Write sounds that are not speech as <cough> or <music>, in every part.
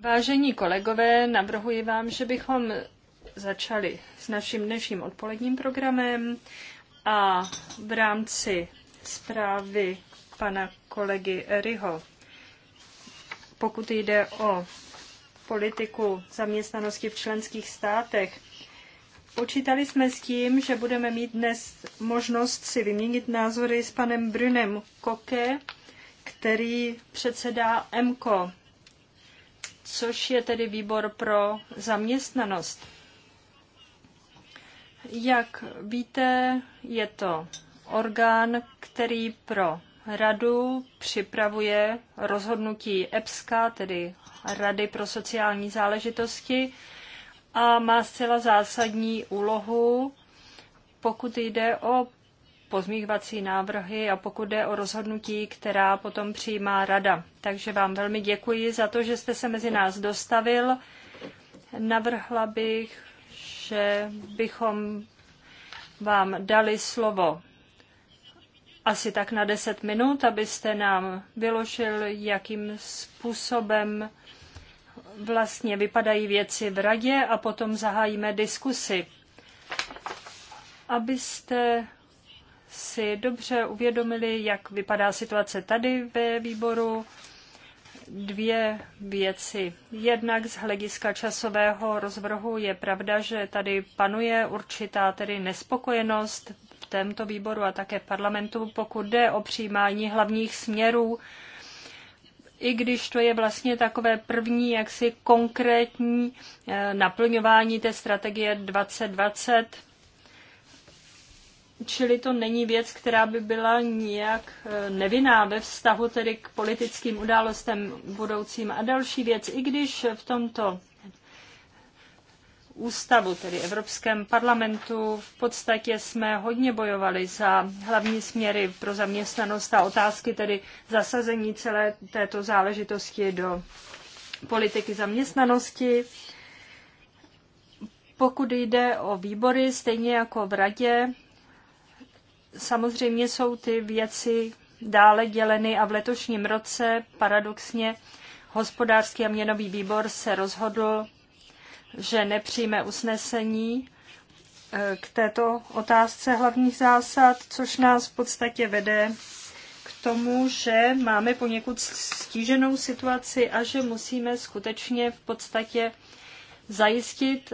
Vážení kolegové, navrhuji vám, že bychom začali s naším dnešním odpoledním programem a v rámci zprávy pana kolegy Eryho, pokud jde o politiku zaměstnanosti v členských státech, Počítali jsme s tím, že budeme mít dnes možnost si vyměnit názory s panem Brunem Koke, který předsedá MKO, což je tedy výbor pro zaměstnanost. Jak víte, je to orgán, který pro radu připravuje rozhodnutí EPSKA, tedy Rady pro sociální záležitosti, a má zcela zásadní úlohu, pokud jde o pozměňovací návrhy a pokud jde o rozhodnutí, která potom přijímá rada. Takže vám velmi děkuji za to, že jste se mezi nás dostavil. Navrhla bych, že bychom vám dali slovo asi tak na 10 minut, abyste nám vyložil, jakým způsobem vlastně vypadají věci v radě a potom zahájíme diskusy. Abyste si dobře uvědomili, jak vypadá situace tady ve výboru. Dvě věci. Jednak z hlediska časového rozvrhu je pravda, že tady panuje určitá tedy nespokojenost v tomto výboru a také v parlamentu, pokud jde o přijímání hlavních směrů i když to je vlastně takové první jaksi konkrétní eh, naplňování té strategie 2020, Čili to není věc, která by byla nijak e, nevinná ve vztahu tedy k politickým událostem budoucím. A další věc, i když v tomto ústavu, tedy Evropském parlamentu, v podstatě jsme hodně bojovali za hlavní směry pro zaměstnanost a otázky tedy zasazení celé této záležitosti do politiky zaměstnanosti. Pokud jde o výbory, stejně jako v radě, samozřejmě jsou ty věci dále děleny a v letošním roce paradoxně hospodářský a měnový výbor se rozhodl, že nepřijme usnesení e, k této otázce hlavních zásad, což nás v podstatě vede k tomu, že máme poněkud stíženou situaci a že musíme skutečně v podstatě zajistit,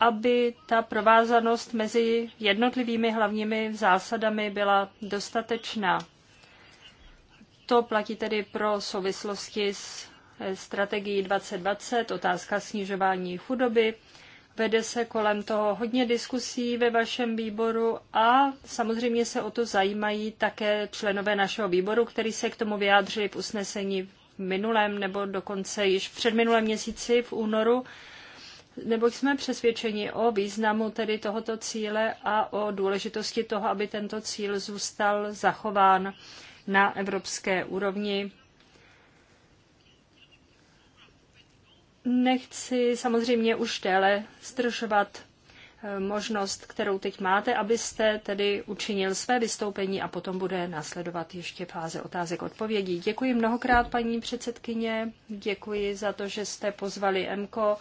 aby ta provázanost mezi jednotlivými hlavními zásadami byla dostatečná. To platí tedy pro souvislosti s eh, strategií 2020, otázka snižování chudoby. Vede se kolem toho hodně diskusí ve vašem výboru a samozřejmě se o to zajímají také členové našeho výboru, který se k tomu vyjádřili v usnesení v minulém nebo dokonce již před minulém měsíci v únoru neboť jsme přesvědčeni o významu tedy tohoto cíle a o důležitosti toho, aby tento cíl zůstal zachován na evropské úrovni. Nechci samozřejmě už déle zdržovat eh, možnost, kterou teď máte, abyste tedy učinil své vystoupení a potom bude následovat ještě fáze otázek odpovědí. Děkuji mnohokrát, paní předsedkyně, děkuji za to, že jste pozvali MKO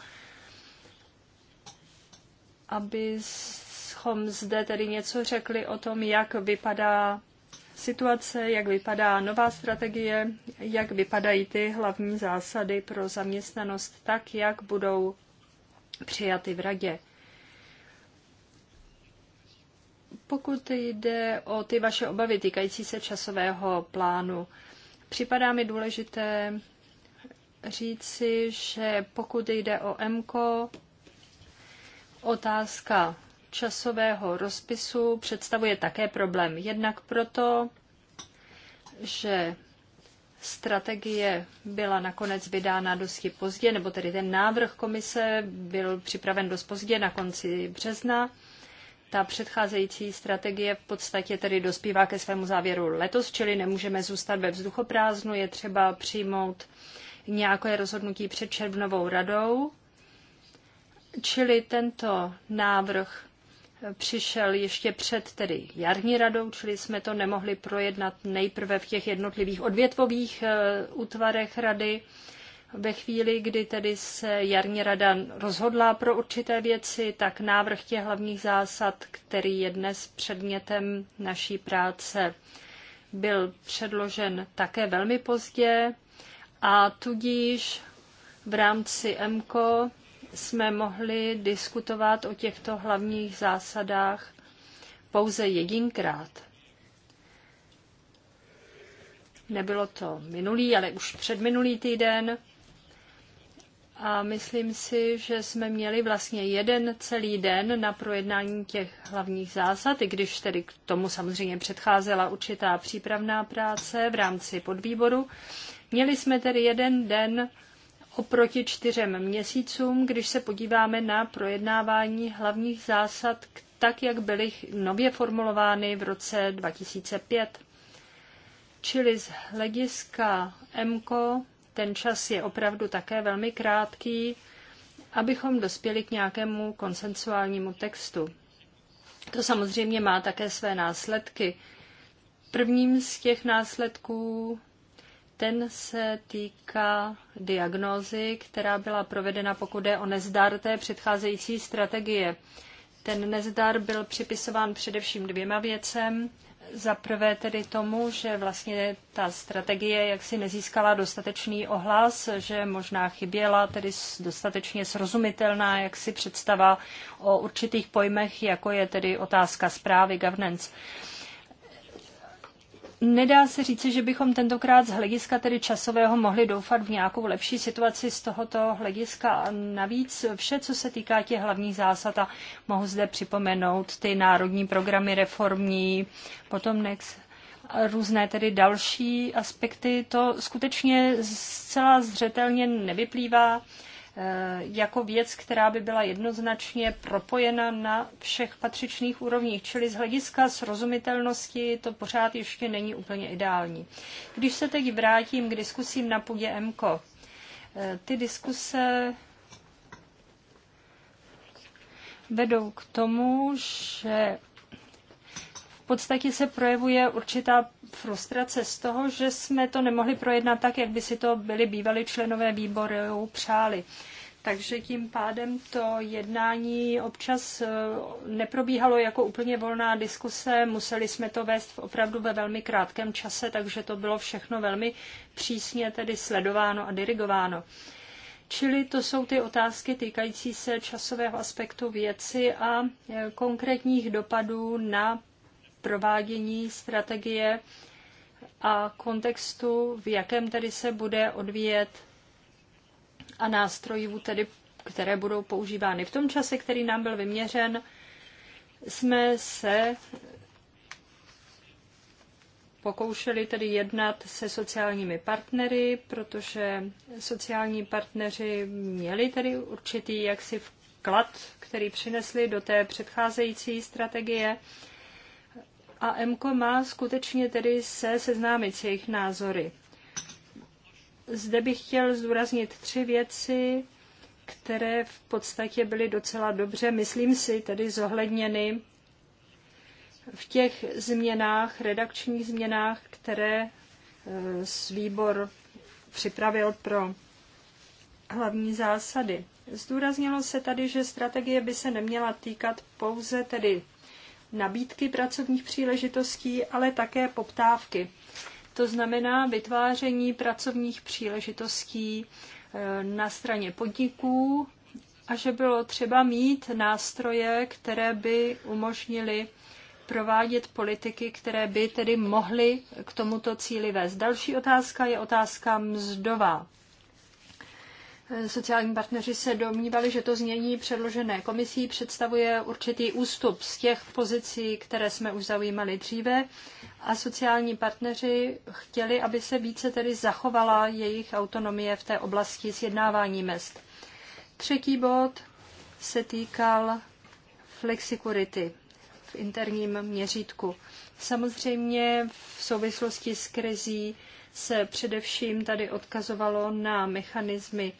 abychom zde tedy něco řekli o tom, jak vypadá situace, jak vypadá nová strategie, jak vypadají ty hlavní zásady pro zaměstnanost, tak jak budou přijaty v radě. Pokud jde o ty vaše obavy týkající se časového plánu, připadá mi důležité říci, že pokud jde o MKO, Otázka časového rozpisu představuje také problém. Jednak proto, že strategie byla nakonec vydána dosti pozdě, nebo tedy ten návrh komise byl připraven dost pozdě na konci března. Ta předcházející strategie v podstatě tedy dospívá ke svému závěru letos, čili nemůžeme zůstat ve vzduchoprázdnu, je třeba přijmout nějaké rozhodnutí před červnovou radou Čili tento návrh přišel ještě před tedy jarní radou, čili jsme to nemohli projednat nejprve v těch jednotlivých odvětvových eh, útvarech rady. Ve chvíli, kdy tedy se jarní rada rozhodla pro určité věci, tak návrh těch hlavních zásad, který je dnes předmětem naší práce, byl předložen také velmi pozdě a tudíž v rámci MKO jsme mohli diskutovat o těchto hlavních zásadách pouze jedinkrát. Nebylo to minulý, ale už předminulý týden. A myslím si, že jsme měli vlastně jeden celý den na projednání těch hlavních zásad, i když tedy k tomu samozřejmě předcházela určitá přípravná práce v rámci podvýboru. Měli jsme tedy jeden den oproti čtyřem měsícům, když se podíváme na projednávání hlavních zásad, tak jak byly nově formulovány v roce 2005. Čili z hlediska MKO ten čas je opravdu také velmi krátký, abychom dospěli k nějakému konsensuálnímu textu. To samozřejmě má také své následky. Prvním z těch následků ten se týká diagnózy, která byla provedena, pokud je o nezdar té předcházející strategie. Ten nezdar byl připisován především dvěma věcem. Za prvé tedy tomu, že vlastně ta strategie jaksi nezískala dostatečný ohlas, že možná chyběla tedy dostatečně srozumitelná jaksi představa o určitých pojmech, jako je tedy otázka zprávy governance nedá se říci, že bychom tentokrát z hlediska tedy časového mohli doufat v nějakou lepší situaci z tohoto hlediska. A navíc vše, co se týká těch hlavních zásad, a mohu zde připomenout ty národní programy reformní, potom next různé tedy další aspekty, to skutečně zcela zřetelně nevyplývá jako věc, která by byla jednoznačně propojena na všech patřičných úrovních. Čili z hlediska srozumitelnosti to pořád ještě není úplně ideální. Když se teď vrátím k diskusím na půdě MKO, eh, ty diskuse vedou k tomu, že v podstatě se projevuje určitá frustrace z toho, že jsme to nemohli projednat tak, jak by si to byli bývali členové výboru přáli. Takže tím pádem to jednání občas eh, neprobíhalo jako úplně volná diskuse, museli jsme to vést opravdu ve velmi krátkém čase, takže to bylo všechno velmi přísně tedy sledováno a dirigováno. Čili to jsou ty otázky týkající se časového aspektu věci a eh, konkrétních dopadů na provádění strategie a kontextu, v jakém tedy se bude odvíjet a nástrojů, tedy, které budou používány. V tom čase, který nám byl vyměřen, jsme se pokoušeli tedy jednat se sociálními partnery, protože sociální partneři měli tedy určitý jaksi vklad, který přinesli do té předcházející strategie a EMKO má skutečně tedy se seznámit s jejich názory. Zde bych chtěl zdůraznit tři věci, které v podstatě byly docela dobře, myslím si, tedy zohledněny v těch změnách, redakčních změnách, které e, výbor připravil pro hlavní zásady. Zdůraznilo se tady, že strategie by se neměla týkat pouze tedy nabídky pracovních příležitostí, ale také poptávky. To znamená vytváření pracovních příležitostí eh, na straně podniků a že bylo třeba mít nástroje, které by umožnily provádět politiky, které by tedy mohly k tomuto cíli vést. Další otázka je otázka mzdová. Sociální partneři se domnívali, že to znění předložené komisí představuje určitý ústup z těch pozicí, které jsme už zaujímali dříve a sociální partneři chtěli, aby se více tedy zachovala jejich autonomie v té oblasti sjednávání mest. Třetí bod se týkal flexikurity v interním měřítku. Samozřejmě v souvislosti s krizí se především tady odkazovalo na mechanismy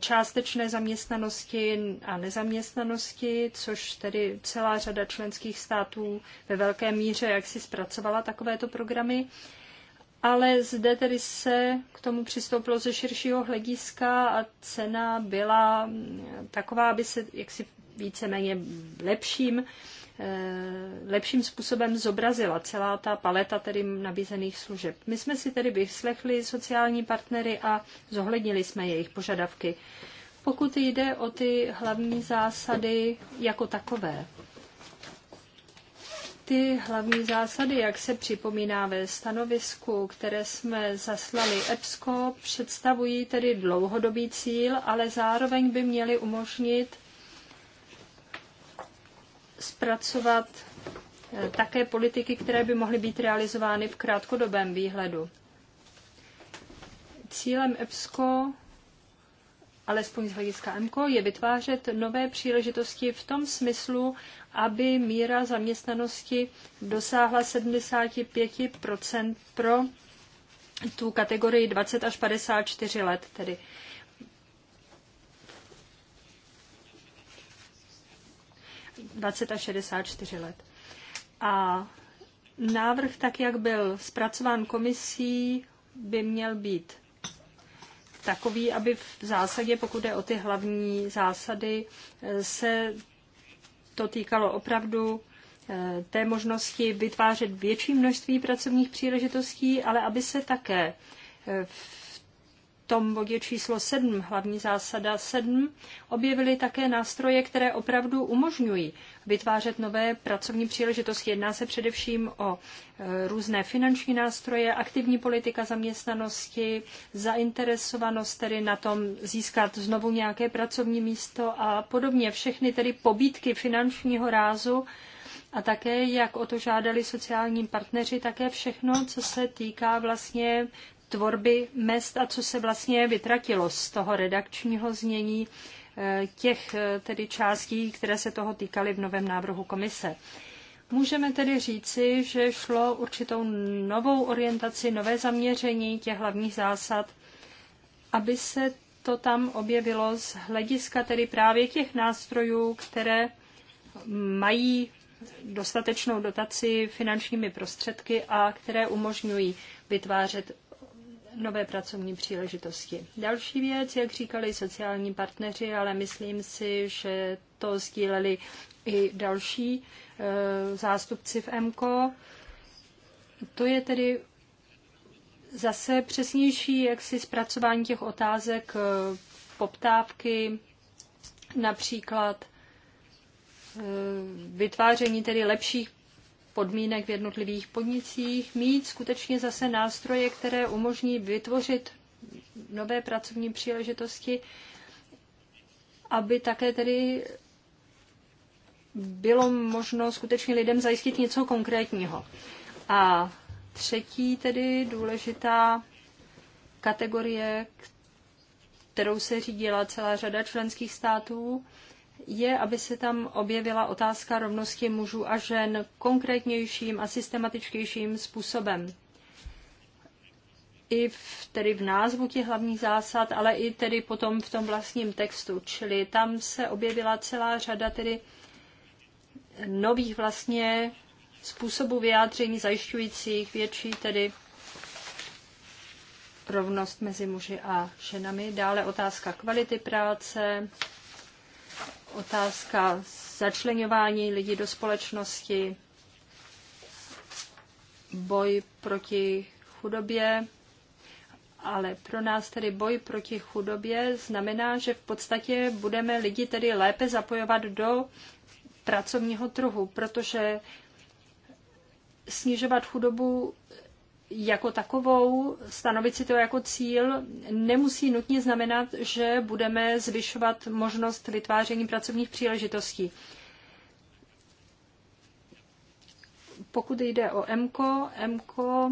částečné zaměstnanosti a nezaměstnanosti, což tedy celá řada členských států ve velké míře jak si zpracovala takovéto programy. Ale zde tedy se k tomu přistoupilo ze širšího hlediska a cena byla taková, aby se jaksi víceméně lepším Eh, lepším způsobem zobrazila celá ta paleta tedy nabízených služeb. My jsme si tedy vyslechli sociální partnery a zohlednili jsme jejich požadavky. Pokud jde o ty hlavní zásady jako takové, ty hlavní zásady, jak se připomíná ve stanovisku, které jsme zaslali EPSCO, představují tedy dlouhodobý cíl, ale zároveň by měly umožnit zpracovat eh, také politiky, které by mohly být realizovány v krátkodobém výhledu. Cílem EBSCO, alespoň z hlediska EMCO, je vytvářet nové příležitosti v tom smyslu, aby míra zaměstnanosti dosáhla 75 pro tu kategorii 20 až 54 let. Tedy 20 až 64 let. A návrh, tak jak byl zpracován komisí, by měl být takový, aby v zásadě, pokud je o ty hlavní zásady, eh, se to týkalo opravdu eh, té možnosti vytvářet větší množství pracovních příležitostí, ale aby se také eh, v tom bodě číslo 7, hlavní zásada 7, objevily také nástroje, které opravdu umožňují vytvářet nové pracovní příležitosti. Jedná se především o e, různé finanční nástroje, aktivní politika zaměstnanosti, zainteresovanost tedy na tom získat znovu nějaké pracovní místo a podobně. Všechny tedy pobídky finančního rázu a také, jak o to žádali sociální partneři, také všechno, co se týká vlastně tvorby mest a co se vlastně vytratilo z toho redakčního znění eh, těch eh, tedy částí, které se toho týkaly v novém návrhu komise. Můžeme tedy říci, že šlo určitou novou orientaci, nové zaměření těch hlavních zásad, aby se to tam objevilo z hlediska tedy právě těch nástrojů, které mají dostatečnou dotaci finančními prostředky a které umožňují vytvářet nové pracovní příležitosti. Další věc, jak říkali sociální partneři, ale myslím si, že to sdíleli i další eh, zástupci v MKO, to je tedy zase přesnější jak si zpracování těch otázek eh, poptávky, například eh, vytváření tedy lepších podmínek v jednotlivých podnicích, mít skutečně zase nástroje, které umožní vytvořit nové pracovní příležitosti, aby také tedy bylo možno skutečně lidem zajistit něco konkrétního. A třetí tedy důležitá kategorie, kterou se řídila celá řada členských států, je, aby se tam objevila otázka rovnosti mužů a žen konkrétnějším a systematičtějším způsobem. I v, tedy v názvu těch hlavních zásad, ale i tedy potom v tom vlastním textu. Čili tam se objevila celá řada tedy nových vlastně způsobů vyjádření zajišťujících větší tedy rovnost mezi muži a ženami. Dále otázka kvality práce, otázka začlenování lidí do společnosti, boj proti chudobě, ale pro nás tedy boj proti chudobě znamená, že v podstatě budeme lidi tedy lépe zapojovat do pracovního trhu, protože snižovat chudobu jako takovou, stanovit si to jako cíl, nemusí nutně znamenat, že budeme zvyšovat možnost vytváření pracovních příležitostí. Pokud jde o MKO, MKO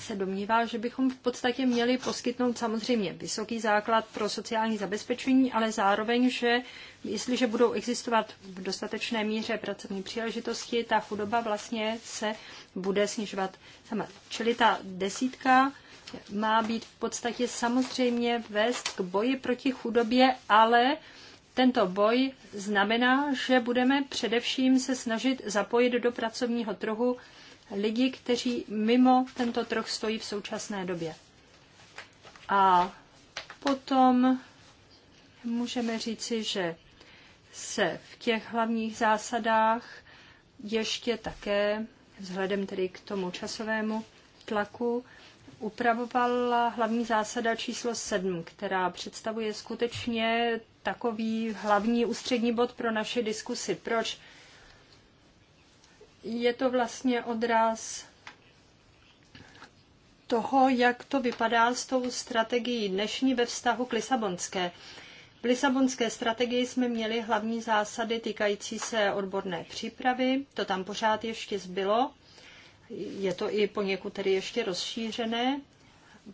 se domnívá, že bychom v podstatě měli poskytnout samozřejmě vysoký základ pro sociální zabezpečení, ale zároveň, že jestliže budou existovat v dostatečné míře pracovní příležitosti, ta chudoba vlastně se bude snižovat sama. Čili ta desítka má být v podstatě samozřejmě vést k boji proti chudobě, ale tento boj znamená, že budeme především se snažit zapojit do pracovního trhu lidi, kteří mimo tento trh stojí v současné době. A potom můžeme říci, že se v těch hlavních zásadách ještě také, vzhledem tedy k tomu časovému tlaku, upravovala hlavní zásada číslo 7, která představuje skutečně takový hlavní ústřední bod pro naše diskusy. Proč je to vlastně odraz toho, jak to vypadá s tou strategií dnešní ve vztahu k Lisabonské. V Lisabonské strategii jsme měli hlavní zásady týkající se odborné přípravy, to tam pořád ještě zbylo, je to i poněkud tedy ještě rozšířené.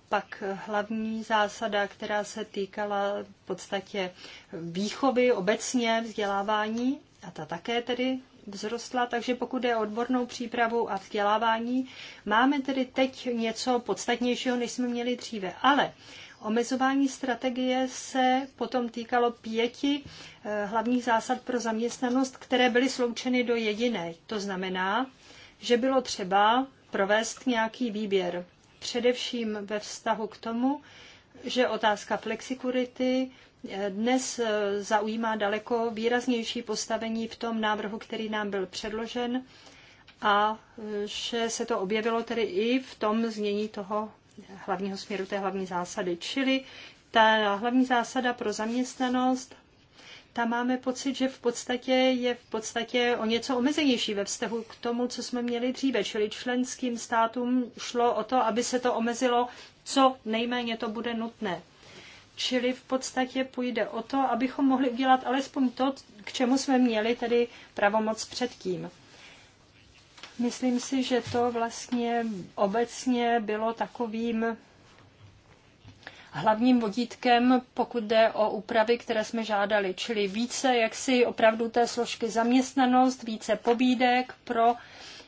Pak hlavní zásada, která se týkala v podstatě výchovy obecně, vzdělávání, a ta také tedy vzrostla, takže pokud je odbornou přípravu a vzdělávání, máme tedy teď něco podstatnějšího, než jsme měli dříve. Ale Omezování strategie se potom týkalo pěti eh, hlavních zásad pro zaměstnanost, které byly sloučeny do jediné. To znamená, že bylo třeba provést nějaký výběr, především ve vztahu k tomu, že otázka flexikurity dnes eh, zaujímá daleko výraznější postavení v tom návrhu, který nám byl předložen a že eh, se to objevilo tedy i v tom znění toho hlavního směru, té hlavní zásady. Čili ta hlavní zásada pro zaměstnanost, tam máme pocit, že v podstatě je v podstatě o něco omezenější ve vztahu k tomu, co jsme měli dříve. Čili členským státům šlo o to, aby se to omezilo, co nejméně to bude nutné. Čili v podstatě půjde o to, abychom mohli udělat alespoň to, k čemu jsme měli tedy pravomoc předtím. Myslím si, že to vlastně obecně bylo takovým hlavním vodítkem, pokud jde o úpravy, které jsme žádali, čili více jaksi opravdu té složky zaměstnanost, více pobídek pro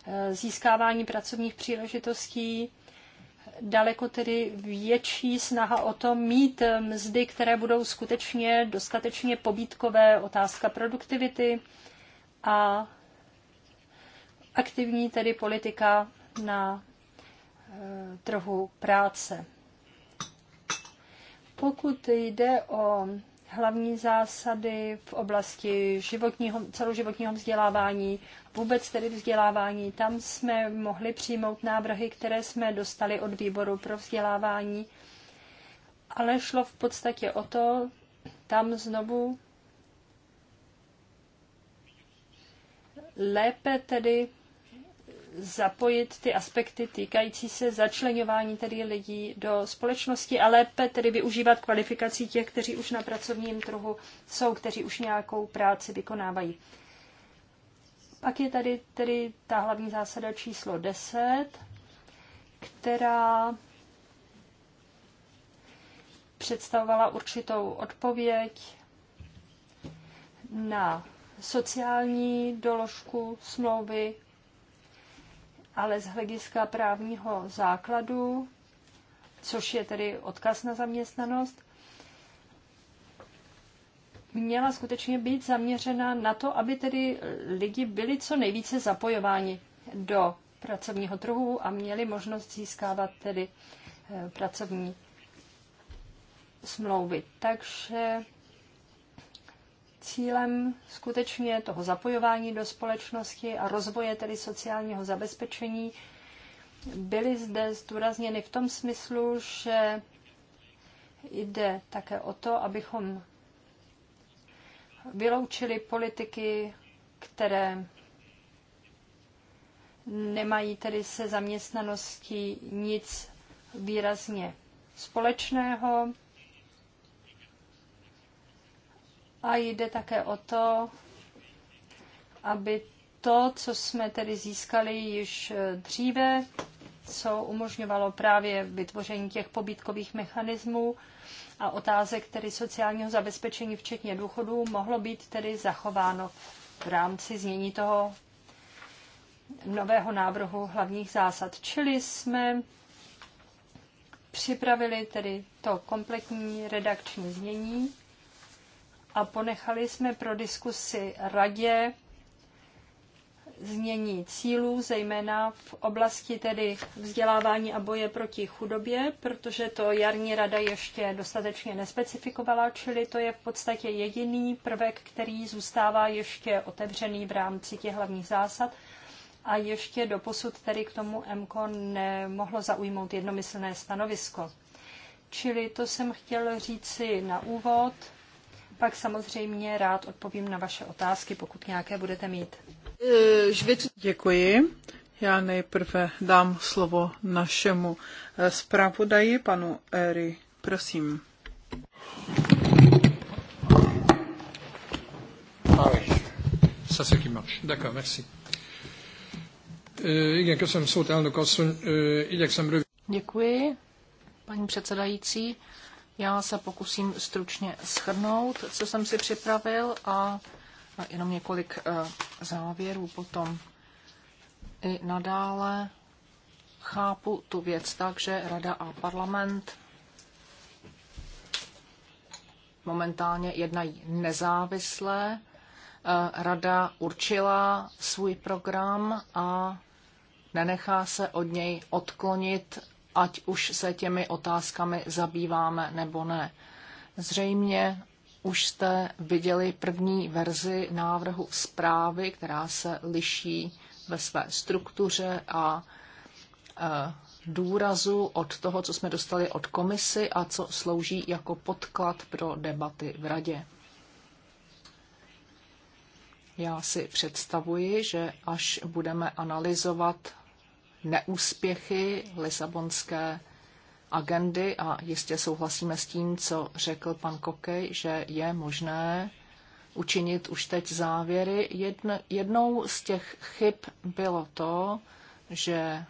eh, získávání pracovních příležitostí daleko tedy větší snaha o to mít eh, mzdy, které budou skutečně dostatečně pobídkové, otázka produktivity a aktivní tedy politika na eh, trhu práce. Pokud jde o hlavní zásady v oblasti životního, celoživotního vzdělávání, vůbec tedy vzdělávání. Tam jsme mohli přijmout návrhy, které jsme dostali od výboru pro vzdělávání, ale šlo v podstatě o to, tam znovu lépe tedy zapojit ty aspekty týkající se začlenování tedy lidí do společnosti a lépe tedy využívat kvalifikací těch, kteří už na pracovním trhu jsou, kteří už nějakou práci vykonávají. Pak je tady tedy ta hlavní zásada číslo 10, která představovala určitou odpověď na sociální doložku smlouvy ale z hlediska právního základu, což je tedy odkaz na zaměstnanost, měla skutečně být zaměřena na to, aby tedy lidi byli co nejvíce zapojováni do pracovního trhu a měli možnost získávat tedy eh, pracovní smlouvy. Takže cílem skutečně toho zapojování do společnosti a rozvoje tedy sociálního zabezpečení byly zde zdůrazněny v tom smyslu, že jde také o to, abychom vyloučili politiky, které nemají tedy se zaměstnaností nic výrazně společného, A jde také o to, aby to, co jsme tedy získali již eh, dříve, co umožňovalo právě vytvoření těch pobítkových mechanismů a otázek tedy sociálního zabezpečení, včetně důchodů, mohlo být tedy zachováno v rámci změní toho nového návrhu hlavních zásad. Čili jsme připravili tedy to kompletní redakční znění a ponechali jsme pro diskusi radě změní cílů, zejména v oblasti tedy vzdělávání a boje proti chudobě, protože to jarní rada ještě dostatečně nespecifikovala, čili to je v podstatě jediný prvek, který zůstává ještě otevřený v rámci těch hlavních zásad. A ještě do posud tedy k tomu MKO nemohlo zaujmout jednomyslné stanovisko. Čili to jsem chtěl říci na úvod. Pak samozřejmě rád odpovím na vaše otázky, pokud nějaké budete mít. Děkuji. Já nejprve dám slovo našemu eh, zpravodaji, panu Eri. Prosím. merci. Eh, eh, Děkuji, paní předsedající. Já se pokusím stručně schrnout, co jsem si připravil a jenom několik eh, závěrů potom. I nadále chápu tu věc tak, že Rada a parlament momentálně jednají nezávisle. Eh, Rada určila svůj program a nenechá se od něj odklonit ať už se těmi otázkami zabýváme nebo ne. Zřejmě už jste viděli první verzi návrhu zprávy, která se liší ve své struktuře a e, důrazu od toho, co jsme dostali od komisy a co slouží jako podklad pro debaty v radě. Já si představuji, že až budeme analyzovat neúspěchy Lisabonské agendy a jistě souhlasíme s tím, co řekl pan Kokej, že je možné učinit už teď závěry. jednou z těch chyb bylo to, že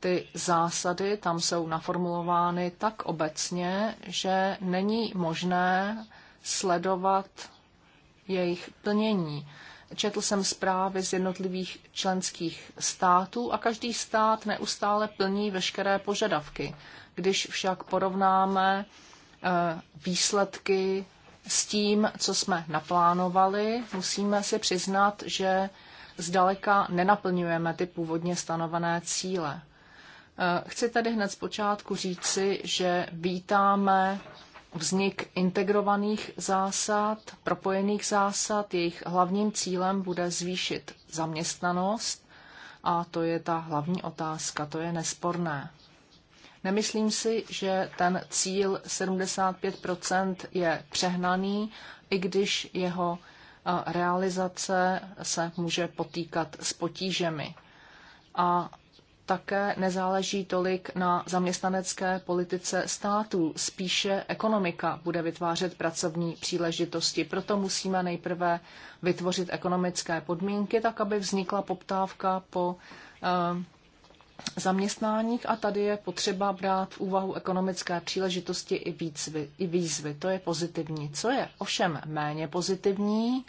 ty zásady tam jsou naformulovány tak obecně, že není možné sledovat jejich plnění. Četl jsem zprávy z jednotlivých členských států a každý stát neustále plní veškeré požadavky. Když však porovnáme eh, výsledky s tím, co jsme naplánovali, musíme si přiznat, že zdaleka nenaplňujeme ty původně stanovené cíle. Eh, chci tedy hned z počátku říci, že vítáme vznik integrovaných zásad, propojených zásad. Jejich hlavním cílem bude zvýšit zaměstnanost a to je ta hlavní otázka, to je nesporné. Nemyslím si, že ten cíl 75 je přehnaný, i když jeho eh, realizace se může potýkat s potížemi. A také nezáleží tolik na zaměstnanecké politice států, spíše ekonomika bude vytvářet pracovní příležitosti. Proto musíme nejprve vytvořit ekonomické podmínky, tak aby vznikla poptávka po eh, zaměstnáních a tady je potřeba brát v úvahu ekonomické příležitosti i výzvy. I výzvy. To je pozitivní. Co je ovšem méně pozitivní,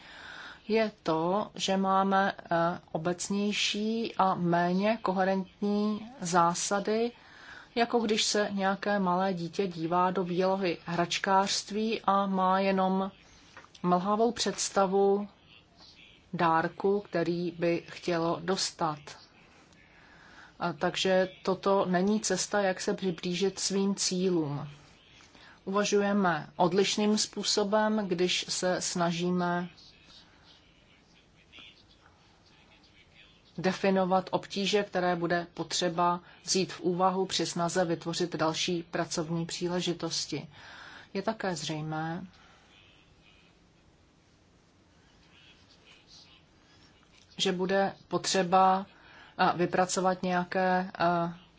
je to, že máme eh, obecnější a méně koherentní zásady, jako když se nějaké malé dítě dívá do výlohy hračkářství a má jenom mlhavou představu dárku, který by chtělo dostat. A takže toto není cesta, jak se přiblížit svým cílům. Uvažujeme odlišným způsobem, když se snažíme definovat obtíže, které bude potřeba vzít v úvahu při snaze vytvořit další pracovní příležitosti. Je také zřejmé, že bude potřeba vypracovat nějaké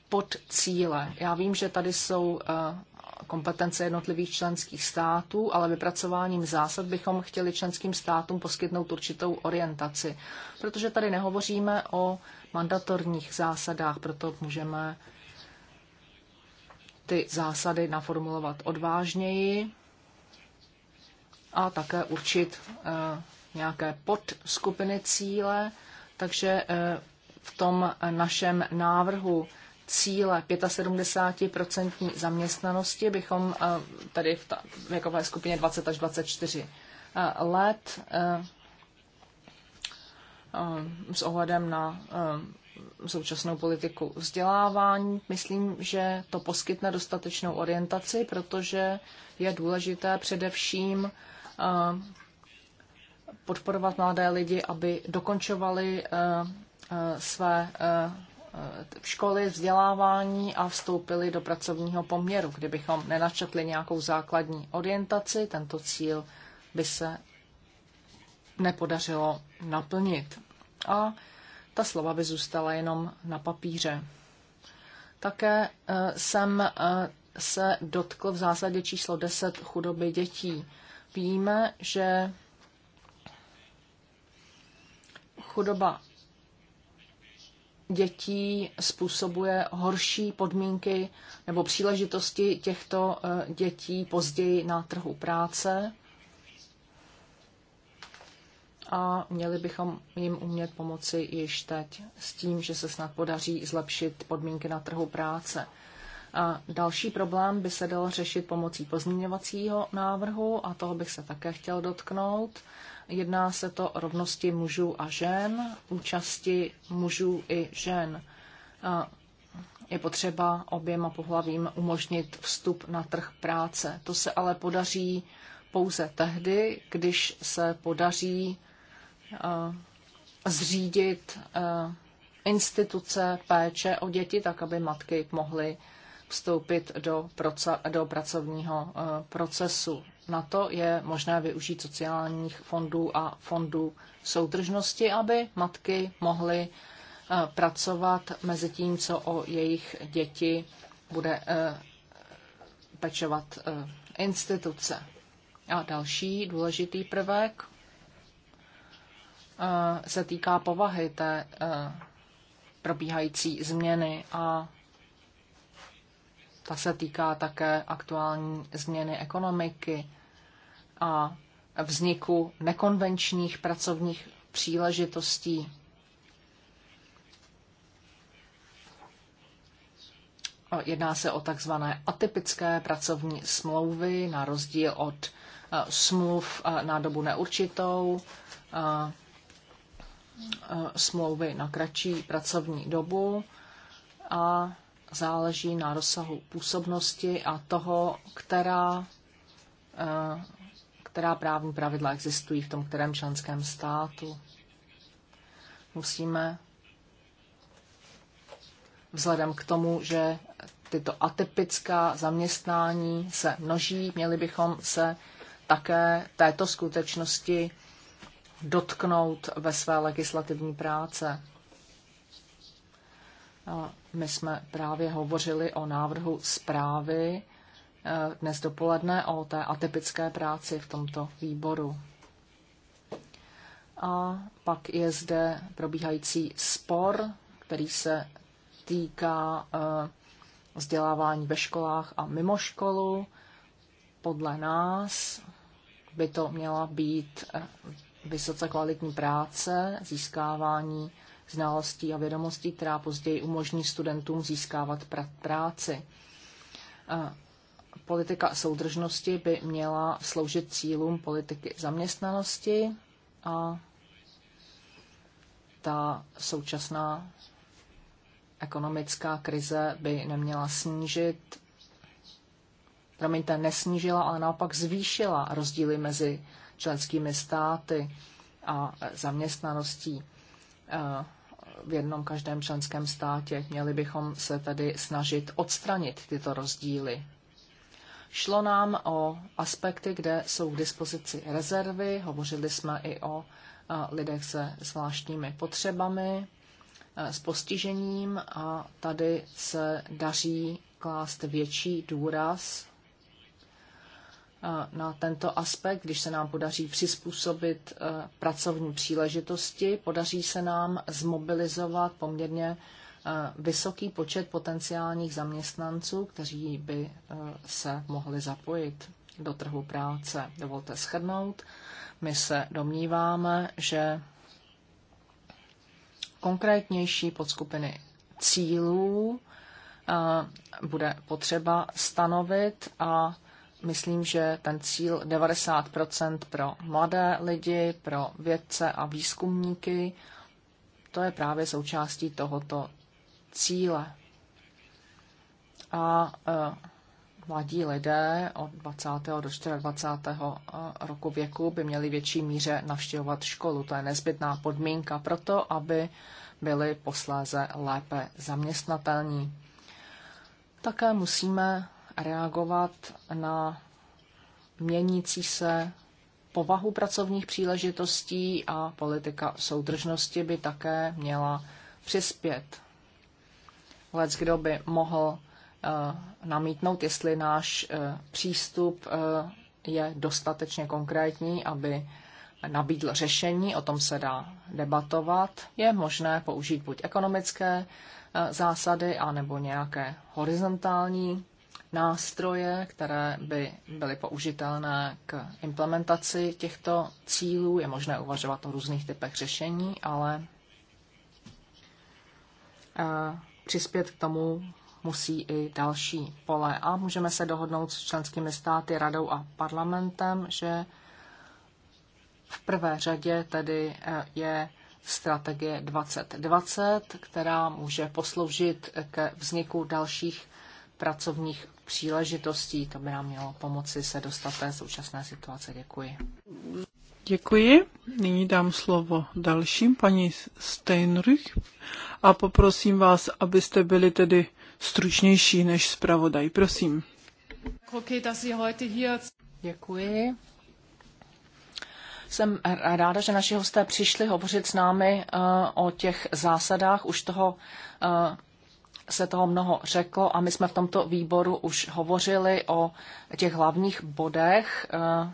podcíle. Já vím, že tady jsou kompetence jednotlivých členských států, ale vypracováním zásad bychom chtěli členským státům poskytnout určitou orientaci. Protože tady nehovoříme o mandatorních zásadách, proto můžeme ty zásady naformulovat odvážněji a také určit eh, nějaké podskupiny cíle. Takže eh, v tom našem návrhu cíle 75% zaměstnanosti bychom eh, tady v ta věkové skupině 20 až 24 eh, let eh, s ohledem na současnou politiku vzdělávání. Myslím, že to poskytne dostatečnou orientaci, protože je důležité především podporovat mladé lidi, aby dokončovali své Eh, školy, vzdělávání a vstoupili do pracovního poměru. Kdybychom nenačetli nějakou základní orientaci, tento cíl by se nepodařilo naplnit. A ta slova by zůstala jenom na papíře. Také eh, jsem eh, se dotkl v zásadě číslo 10 chudoby dětí. Víme, že chudoba dětí způsobuje horší podmínky nebo příležitosti těchto eh, dětí později na trhu práce a měli bychom jim umět pomoci již teď s tím, že se snad podaří zlepšit podmínky na trhu práce. A další problém by se dal řešit pomocí pozměňovacího návrhu a toho bych se také chtěl dotknout. Jedná se to o rovnosti mužů a žen, účasti mužů i žen. Je potřeba oběma pohlavím umožnit vstup na trh práce. To se ale podaří pouze tehdy, když se podaří zřídit instituce péče o děti, tak aby matky mohly vstoupit do, proce, do pracovního procesu na to je možné využít sociálních fondů a fondů soudržnosti, aby matky mohly eh, pracovat mezi tím, co o jejich děti bude eh, pečovat eh, instituce. A další důležitý prvek se týká povahy té probíhající změny a ta se týká také aktuální změny ekonomiky a vzniku nekonvenčních pracovních příležitostí. Jedná se o takzvané atypické pracovní smlouvy na rozdíl od e, smluv e, na dobu neurčitou, e, smlouvy na kratší pracovní dobu a záleží na rozsahu působnosti a toho, která která právní pravidla existují v tom kterém členském státu. Musíme vzhledem k tomu, že tyto atypická zaměstnání se množí, měli bychom se také této skutečnosti dotknout ve své legislativní práce. My jsme právě hovořili o návrhu zprávy Eh, dnes dopoledne o té atypické práci v tomto výboru. A pak je zde probíhající spor, který se týká eh, vzdělávání ve školách a mimo školu. Podle nás by to měla být eh, vysoce kvalitní práce, získávání znalostí a vědomostí, která později umožní studentům získávat práci politika soudržnosti by měla sloužit cílům politiky zaměstnanosti a ta současná ekonomická krize by neměla snížit, promiňte, nesnížila, ale naopak zvýšila rozdíly mezi členskými státy a zaměstnaností eh, v jednom každém členském státě. Měli bychom se tedy snažit odstranit tyto rozdíly. Šlo nám o aspekty, kde jsou k dispozici rezervy, hovořili jsme i o lidech se zvláštními potřebami, s postižením a tady se daří klást větší důraz na tento aspekt, když se nám podaří přizpůsobit pracovní příležitosti, podaří se nám zmobilizovat poměrně Eh, vysoký počet potenciálních zaměstnanců, kteří by eh, se mohli zapojit do trhu práce. Dovolte shrnout. My se domníváme, že konkrétnější podskupiny cílů eh, bude potřeba stanovit a myslím, že ten cíl 90 pro mladé lidi, pro vědce a výzkumníky, to je právě součástí tohoto cíle. A e, mladí lidé od 20. do 24. E, roku věku by měli větší míře navštěvovat školu. To je nezbytná podmínka pro to, aby byli posléze lépe zaměstnatelní. Také musíme reagovat na měnící se povahu pracovních příležitostí a politika soudržnosti by také měla přispět Lec, kdo by mohl eh, namítnout, jestli náš eh, přístup eh, je dostatečně konkrétní, aby nabídl řešení, o tom se dá debatovat. Je možné použít buď ekonomické zásady, anebo nějaké horizontální nástroje, které by byly použitelné k implementaci těchto cílů. Je možné uvažovat o různých typech řešení, ale přispět k tomu musí i další pole. A můžeme se dohodnout s členskými státy, radou a parlamentem, že v prvé řadě tedy eh, je strategie 2020, která může posloužit ke vzniku dalších pracovních příležitostí. To by nám mělo pomoci se dostat té současné situace. Děkuji. Děkuji. Nyní dám slovo dalším, paní Steinrich, a poprosím vás, abyste byli tedy stručnější než zpravodaj. Prosím. Děkuji. Jsem ráda, že naši hosté přišli hovořit s námi eh, o těch zásadách. Už toho eh, se toho mnoho řeklo a my jsme v tomto výboru už hovořili o těch hlavních bodech eh,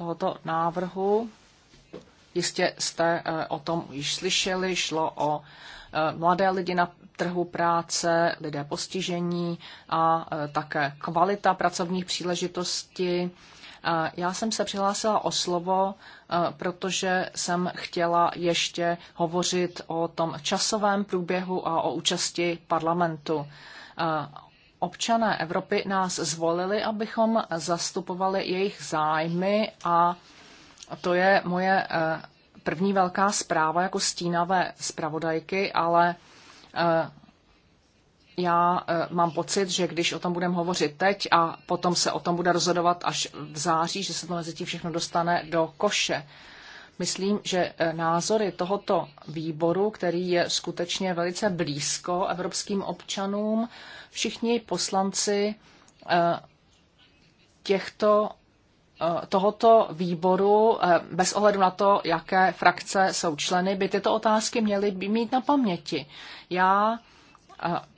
tohoto návrhu. Jistě jste eh, o tom již slyšeli, šlo o eh, mladé lidi na trhu práce, lidé postižení a eh, také kvalita pracovních příležitostí. Já jsem se přihlásila o slovo, protože jsem chtěla ještě hovořit o tom časovém průběhu a o účasti parlamentu občané Evropy nás zvolili, abychom zastupovali jejich zájmy a to je moje eh, první velká zpráva jako stínavé zpravodajky, ale eh, já eh, mám pocit, že když o tom budeme hovořit teď a potom se o tom bude rozhodovat až v září, že se to mezi tím všechno dostane do koše. Myslím, že e, názory tohoto výboru, který je skutečně velice blízko evropským občanům, všichni poslanci e, těchto e, tohoto výboru, bez ohledu na to, jaké frakce jsou členy, by tyto otázky měly mít na paměti. Já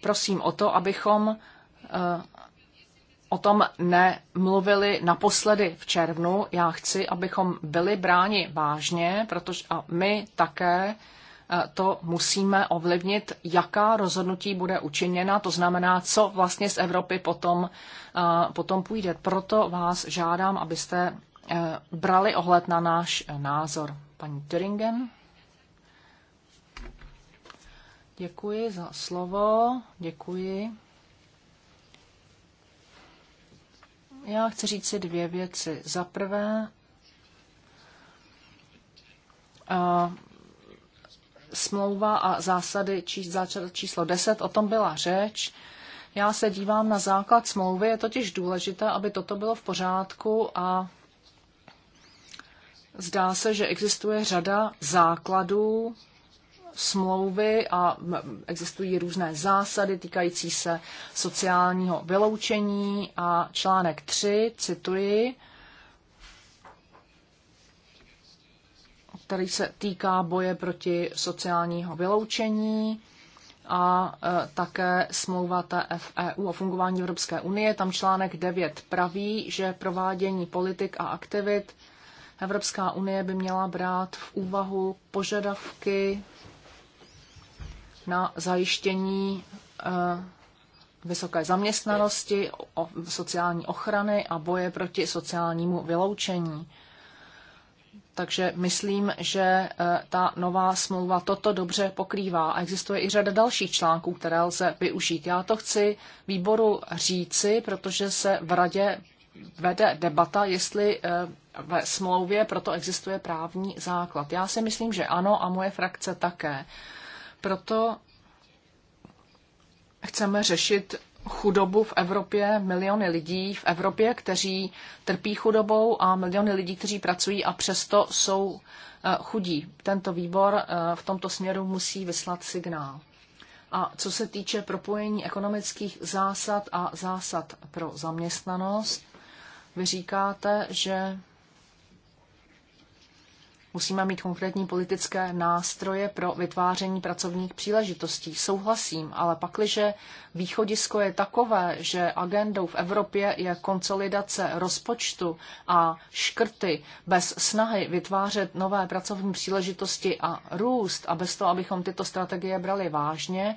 prosím o to, abychom o tom nemluvili naposledy v červnu. Já chci, abychom byli bráni vážně, protože a my také eh, to musíme ovlivnit, jaká rozhodnutí bude učiněna, to znamená, co vlastně z Evropy potom, eh, potom půjde. Proto vás žádám, abyste eh, brali ohled na náš názor. Paní Turingen. Děkuji za slovo, děkuji Já chci říct si dvě věci. Za prvé, a smlouva a zásady číslo 10, o tom byla řeč. Já se dívám na základ smlouvy, je totiž důležité, aby toto bylo v pořádku a zdá se, že existuje řada základů, smlouvy a existují různé zásady týkající se sociálního vyloučení a článek 3, cituji, který se týká boje proti sociálního vyloučení a e, také smlouva TFEU o fungování Evropské unie. Tam článek 9 praví, že provádění politik a aktivit Evropská unie by měla brát v úvahu požadavky na zajištění eh, vysoké zaměstnanosti, sociální ochrany a boje proti sociálnímu vyloučení. Takže myslím, že eh, ta nová smlouva toto dobře pokrývá a existuje i řada dalších článků, které lze využít. Já to chci výboru říci, protože se v radě vede debata, jestli eh, ve smlouvě proto existuje právní základ. Já si myslím, že ano a moje frakce také. Proto chceme řešit chudobu v Evropě, miliony lidí v Evropě, kteří trpí chudobou a miliony lidí, kteří pracují a přesto jsou eh, chudí. Tento výbor eh, v tomto směru musí vyslat signál. A co se týče propojení ekonomických zásad a zásad pro zaměstnanost, vy říkáte, že Musíme mít konkrétní politické nástroje pro vytváření pracovních příležitostí. Souhlasím, ale pakliže východisko je takové, že agendou v Evropě je konsolidace rozpočtu a škrty bez snahy vytvářet nové pracovní příležitosti a růst a bez toho, abychom tyto strategie brali vážně,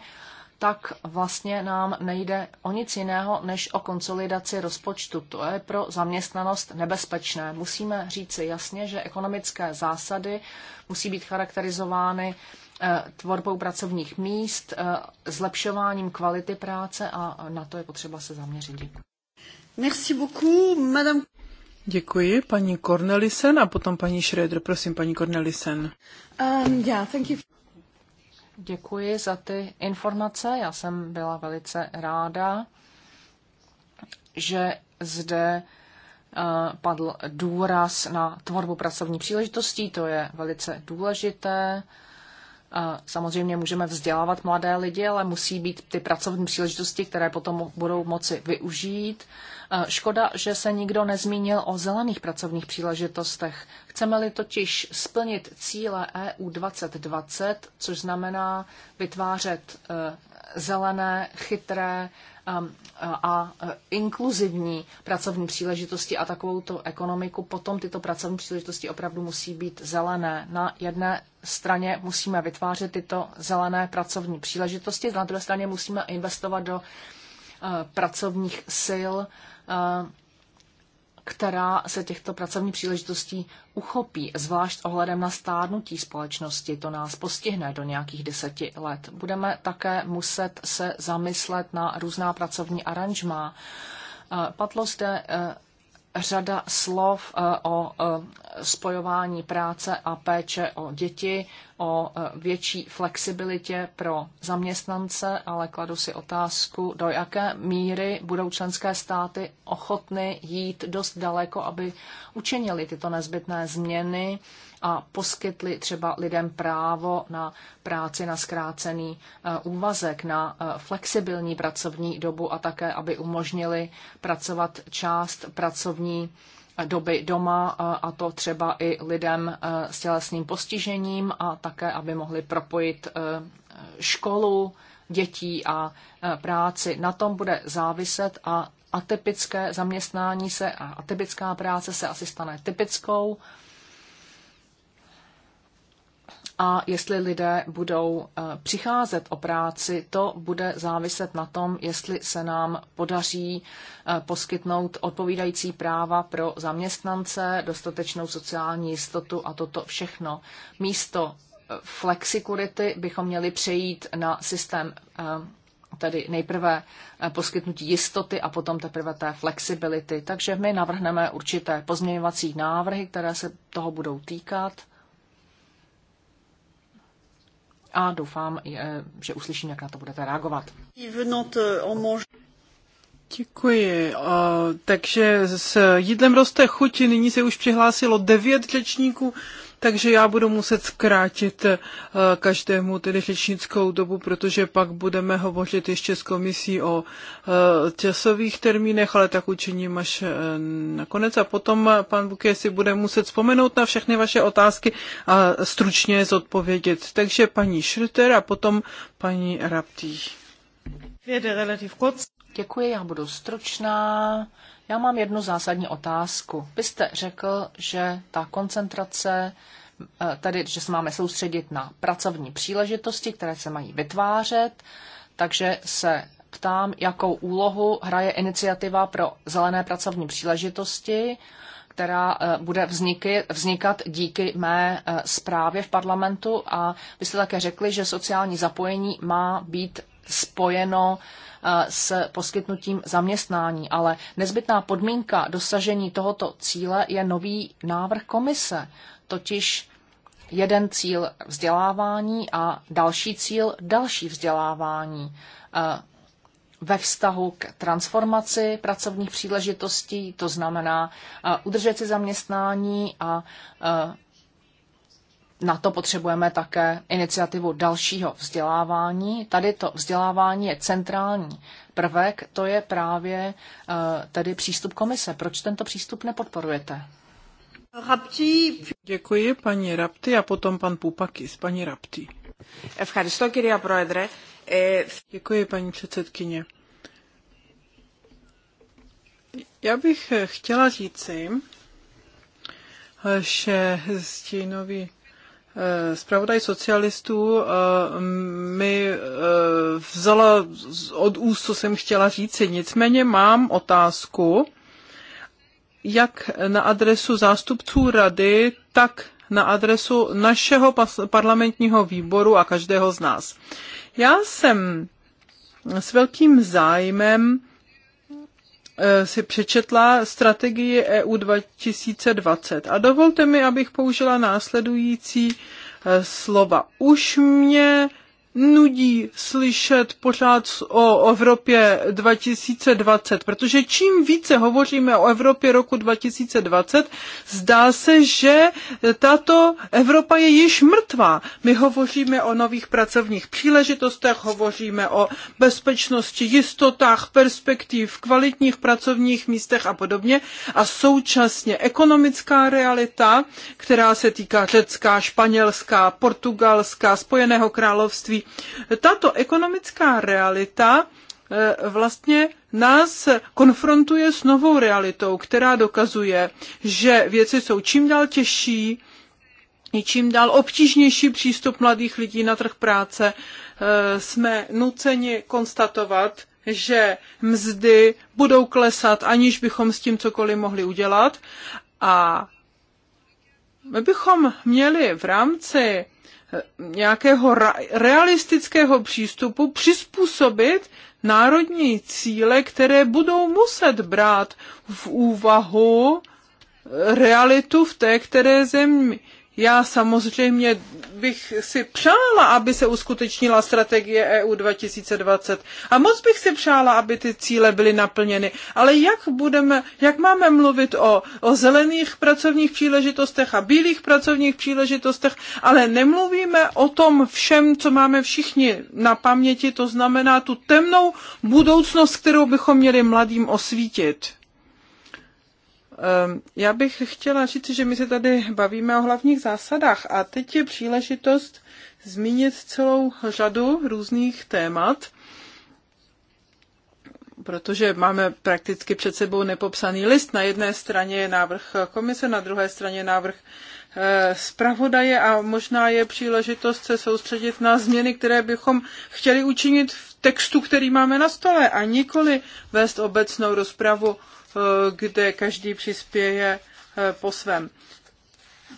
tak vlastně nám nejde o nic jiného, než o konsolidaci rozpočtu. To je pro zaměstnanost nebezpečné. Musíme říci jasně, že ekonomické zásady musí být charakterizovány eh, tvorbou pracovních míst, eh, zlepšováním kvality práce a na to je potřeba se zaměřit. Merci beaucoup, madame. Děkuji, paní Cornelisen a potom paní Schroeder. Prosím, paní Cornelisen. Um, yeah, thank you. Děkuji za ty informace. Já jsem byla velice ráda, že zde eh, padl důraz na tvorbu pracovní příležitostí. To je velice důležité. Eh, samozřejmě můžeme vzdělávat mladé lidi, ale musí být ty pracovní příležitosti, které potom budou moci využít. Eh, škoda, že se nikdo nezmínil o zelených pracovních příležitostech. Chceme-li totiž splnit cíle EU 2020, což znamená vytvářet eh, zelené, chytré a eh, inkluzivní pracovní příležitosti a takovouto ekonomiku, potom tyto pracovní příležitosti opravdu musí být zelené. Na jedné straně musíme vytvářet tyto zelené pracovní příležitosti, na druhé straně musíme investovat do pracovních sil Eh, která se těchto pracovních příležitostí uchopí, zvlášť ohledem na stárnutí společnosti. To nás postihne do nějakých deseti let. Budeme také muset se zamyslet na různá pracovní aranžma. Eh, padlo zde eh, řada slov eh, o eh, spojování práce a péče o děti, o eh, větší flexibilitě pro zaměstnance, ale kladu si otázku, do jaké míry budou členské státy ochotny jít dost daleko, aby učinili tyto nezbytné změny a poskytli třeba lidem právo na práci na zkrácený eh, úvazek, na eh, flexibilní pracovní dobu a také, aby umožnili pracovat část pracovní eh, doby doma, a to třeba i lidem s tělesným postižením a také, aby mohli propojit školu, dětí a práci. Na tom bude záviset a atypické zaměstnání se a atypická práce se asi stane typickou a jestli lidé budou eh, přicházet o práci, to bude záviset na tom, jestli se nám podaří eh, poskytnout odpovídající práva pro zaměstnance, dostatečnou sociální jistotu a toto všechno. Místo eh, flexikurity bychom měli přejít na systém tedy nejprve poskytnutí jistoty a potom teprve té flexibility. Takže my navrhneme určité pozměňovací návrhy, které se toho budou týkat a doufám, e, že uslyším, jak na to budete reagovat. Děkuji. Uh, takže s jídlem roste chuť. Nyní se už přihlásilo devět řečníků. Uh, takže já budu muset zkrátit eh, každému tedy řečnickou dobu, protože pak budeme hovořit ještě s komisí o eh, časových termínech, ale tak učiním až eh, nakonec. A potom pan Buké si bude muset vzpomenout na všechny vaše otázky a stručně zodpovědět. Takže paní Schröter a potom paní Raptý. Děkuji, já budu stručná. Já mám jednu zásadní otázku. Vy jste řekl, že ta koncentrace, eh, tedy že se máme soustředit na pracovní příležitosti, které se mají vytvářet, takže se ptám, jakou úlohu hraje iniciativa pro zelené pracovní příležitosti, která eh, bude vzniky, vznikat díky mé eh, zprávě v parlamentu. A vy jste také řekli, že sociální zapojení má být spojeno eh, s poskytnutím zaměstnání, ale nezbytná podmínka dosažení tohoto cíle je nový návrh komise, totiž jeden cíl vzdělávání a další cíl další vzdělávání eh, ve vztahu k transformaci pracovních příležitostí, to znamená eh, udržet si zaměstnání a na to potřebujeme také iniciativu dalšího vzdělávání. Tady to vzdělávání je centrální prvek, to je právě eh, tedy přístup komise. Proč tento přístup nepodporujete? Děkuji paní Rapti a potom pan Pupakis. Paní Rapti. E, Děkuji paní předsedkyně. Já bych chtěla říci, že stínový Eh, zpravodaj socialistů eh, mi eh, vzala od úst, co jsem chtěla říci. Nicméně mám otázku, jak na adresu zástupců rady, tak na adresu našeho parlamentního výboru a každého z nás. Já jsem s velkým zájmem Eh, si přečetla strategii EU 2020 a dovolte mi, abych použila následující eh, slova. Už mě nudí slyšet pořád o Evropě 2020, protože čím více hovoříme o Evropě roku 2020, zdá se, že tato Evropa je již mrtvá. My hovoříme o nových pracovních příležitostech, hovoříme o bezpečnosti, jistotách, perspektiv, kvalitních pracovních místech a podobně. A současně ekonomická realita, která se týká Řecka, Španělska, Portugalska, Spojeného království, tato ekonomická realita eh, vlastně nás konfrontuje s novou realitou, která dokazuje, že věci jsou čím dál těžší, čím dál obtížnější přístup mladých lidí na trh práce. Eh, Jsme nuceni konstatovat, že mzdy budou klesat, aniž bychom s tím cokoliv mohli udělat. A my bychom měli v rámci nějakého realistického přístupu přizpůsobit národní cíle, které budou muset brát v úvahu realitu v té které zemi. Já samozřejmě bych si přála, aby se uskutečnila strategie EU 2020 a moc bych si přála, aby ty cíle byly naplněny. Ale jak budeme, jak máme mluvit o, o zelených pracovních příležitostech a bílých pracovních příležitostech, ale nemluvíme o tom všem, co máme všichni na paměti, to znamená tu temnou budoucnost, kterou bychom měli mladým osvítit. Ehm, já bych chtěla říct, že my se tady bavíme o hlavních zásadách a teď je příležitost zmínit celou řadu různých témat, protože máme prakticky před sebou nepopsaný list. Na jedné straně je návrh komise, na druhé straně je návrh eh, zpravodaje a možná je příležitost se soustředit na změny, které bychom chtěli učinit v textu, který máme na stole a nikoli vést obecnou rozpravu kde každý přispěje eh, po svém.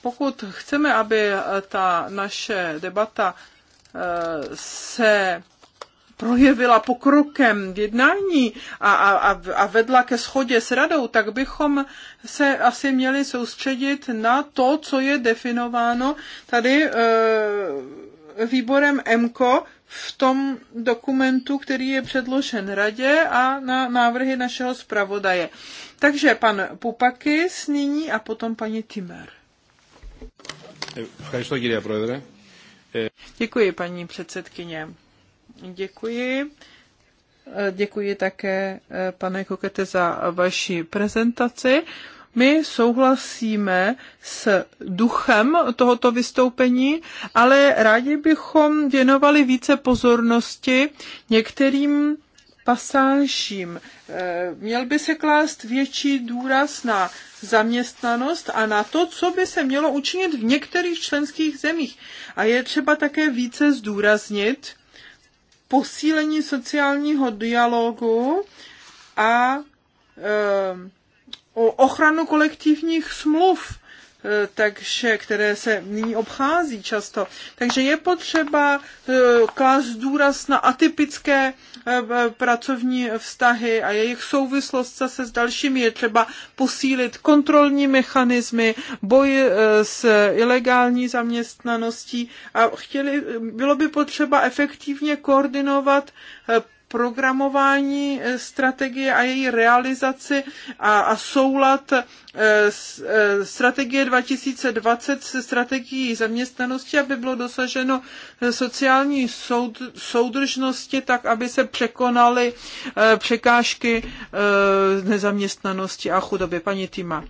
Pokud chceme, aby eh, ta naše debata eh, se projevila pokrokem v jednání a, a, a vedla ke schodě s radou, tak bychom se asi měli soustředit na to, co je definováno tady výborem EMCO v tom dokumentu, který je předložen radě a na návrhy našeho zpravodaje. Takže pan Pupakis nyní a potom paní Timer. Děkuji, paní předsedkyně. Děkuji. Děkuji také, eh, pane Kokete, za vaši prezentaci. My souhlasíme s duchem tohoto vystoupení, ale rádi bychom věnovali více pozornosti některým pasážím. E, měl by se klást větší důraz na zaměstnanost a na to, co by se mělo učinit v některých členských zemích. A je třeba také více zdůraznit posílení sociálního dialogu a e, O ochranu kolektivních smluv, e, takže, které se nyní obchází často. Takže je potřeba e, klást důraz na atypické e, pracovní vztahy a jejich souvislost se s dalšími. Je třeba posílit kontrolní mechanismy, boj s ilegální zaměstnaností a chtěli, bylo by potřeba efektivně koordinovat programování eh, strategie a její realizaci a, a soulad eh, eh, strategie 2020 se strategií zaměstnanosti, aby bylo dosaženo sociální soudržnosti tak, aby se překonaly překážky nezaměstnanosti a chudoby. Paní Týma.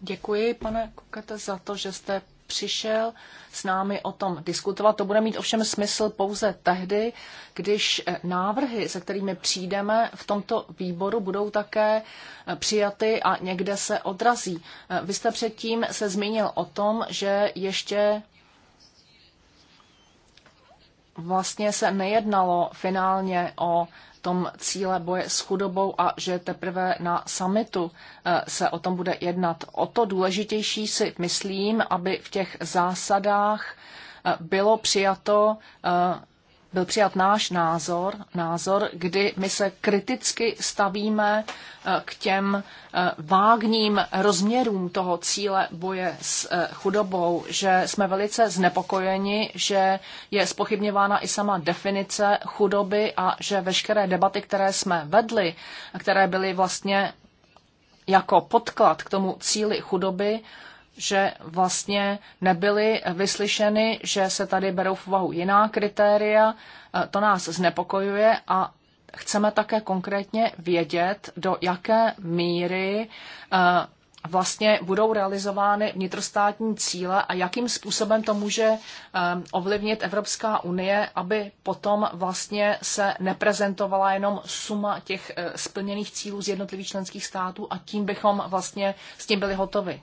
Děkuji, pane Kokete, za to, že jste přišel s námi o tom diskutovat. To bude mít ovšem smysl pouze tehdy, když eh, návrhy, se kterými přijdeme v tomto výboru, budou také eh, přijaty a někde se odrazí. Eh, vy jste předtím se zmínil o tom, že ještě vlastně se nejednalo finálně o tom cíle boje s chudobou a že teprve na samitu eh, se o tom bude jednat. O to důležitější si myslím, aby v těch zásadách eh, bylo přijato eh, byl přijat náš názor, názor, kdy my se kriticky stavíme eh, k těm eh, vágním rozměrům toho cíle boje s eh, chudobou, že jsme velice znepokojeni, že je spochybněvána i sama definice chudoby a že veškeré debaty, které jsme vedli, které byly vlastně jako podklad k tomu cíli chudoby, že vlastně nebyly vyslyšeny, že se tady berou v úvahu jiná kritéria. E, to nás znepokojuje a chceme také konkrétně vědět, do jaké míry e, vlastně budou realizovány vnitrostátní cíle a jakým způsobem to může eh, ovlivnit Evropská unie, aby potom vlastně se neprezentovala jenom suma těch eh, splněných cílů z jednotlivých členských států a tím bychom vlastně s tím byli hotovi.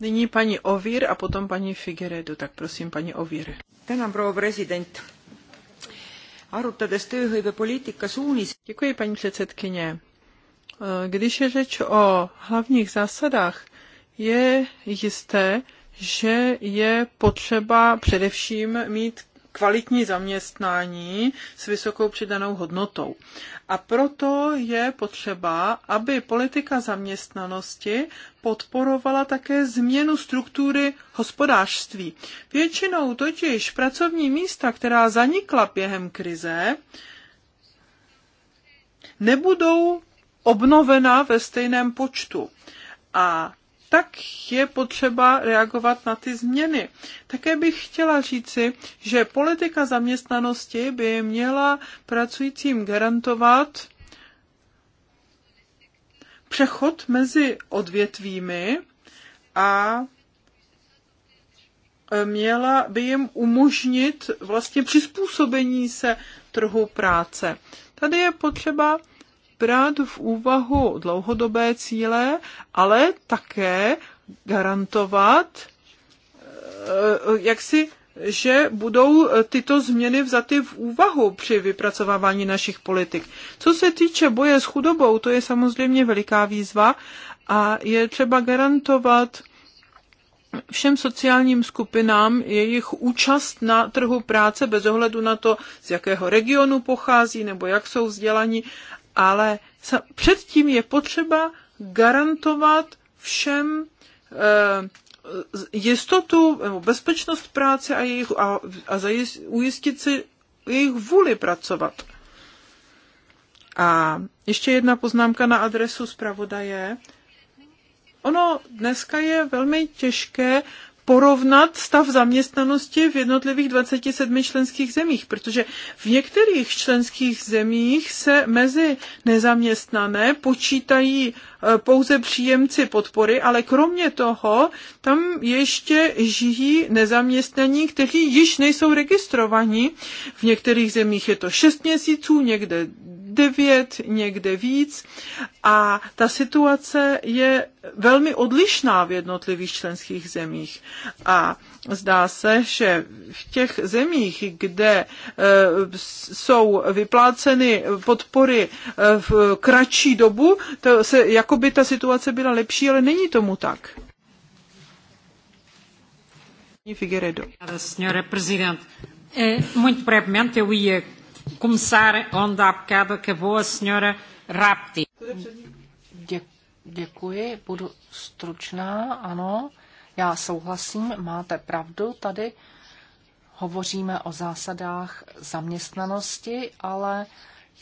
Nyní paní Ovír a potom paní Figueredo, tak prosím paní Ovír. Tänan, proua president. Arutades tööhõivepoliitika suunis. Děkuji, paní předsedkyně. Eh, když je řeč o hlavních zásadách, je jisté, že je potřeba především mít kvalitní zaměstnání s vysokou přidanou hodnotou. A proto je potřeba, aby politika zaměstnanosti podporovala také změnu struktury hospodářství. Většinou totiž pracovní místa, která zanikla během krize, nebudou obnovena ve stejném počtu. A tak je potřeba reagovat na ty změny. Také bych chtěla říci, že politika zaměstnanosti by měla pracujícím garantovat přechod mezi odvětvími a měla by jim umožnit vlastně přizpůsobení se trhu práce. Tady je potřeba brát v úvahu dlouhodobé cíle, ale také garantovat, eh, jak si že budou tyto změny vzaty v úvahu při vypracovávání našich politik. Co se týče boje s chudobou, to je samozřejmě veliká výzva a je třeba garantovat všem sociálním skupinám jejich účast na trhu práce bez ohledu na to, z jakého regionu pochází nebo jak jsou vzdělaní ale předtím je potřeba garantovat všem eh, jistotu nebo bezpečnost práce a, jejich, a, a zajist, ujistit si jejich vůli pracovat. A ještě jedna poznámka na adresu zpravodaje. Ono dneska je velmi těžké porovnat stav zaměstnanosti v jednotlivých 27 členských zemích, protože v některých členských zemích se mezi nezaměstnané počítají e, pouze příjemci podpory, ale kromě toho tam ještě žijí nezaměstnaní, kteří již nejsou registrovaní. V některých zemích je to 6 měsíců, někde devět, někde víc. A ta situace je velmi odlišná v jednotlivých členských zemích. A zdá se, že v těch zemích, kde eh, jsou vypláceny podpory eh, v kratší dobu, to se, by ta situace byla lepší, ale není tomu tak. Figueiredo. Senhora Presidente, eh, muito brevemente eu ia começar onde há bocado acabou a senhora Rapti. děkuji, budu stručná, ano. Já souhlasím, máte pravdu, tady hovoříme o zásadách zaměstnanosti, ale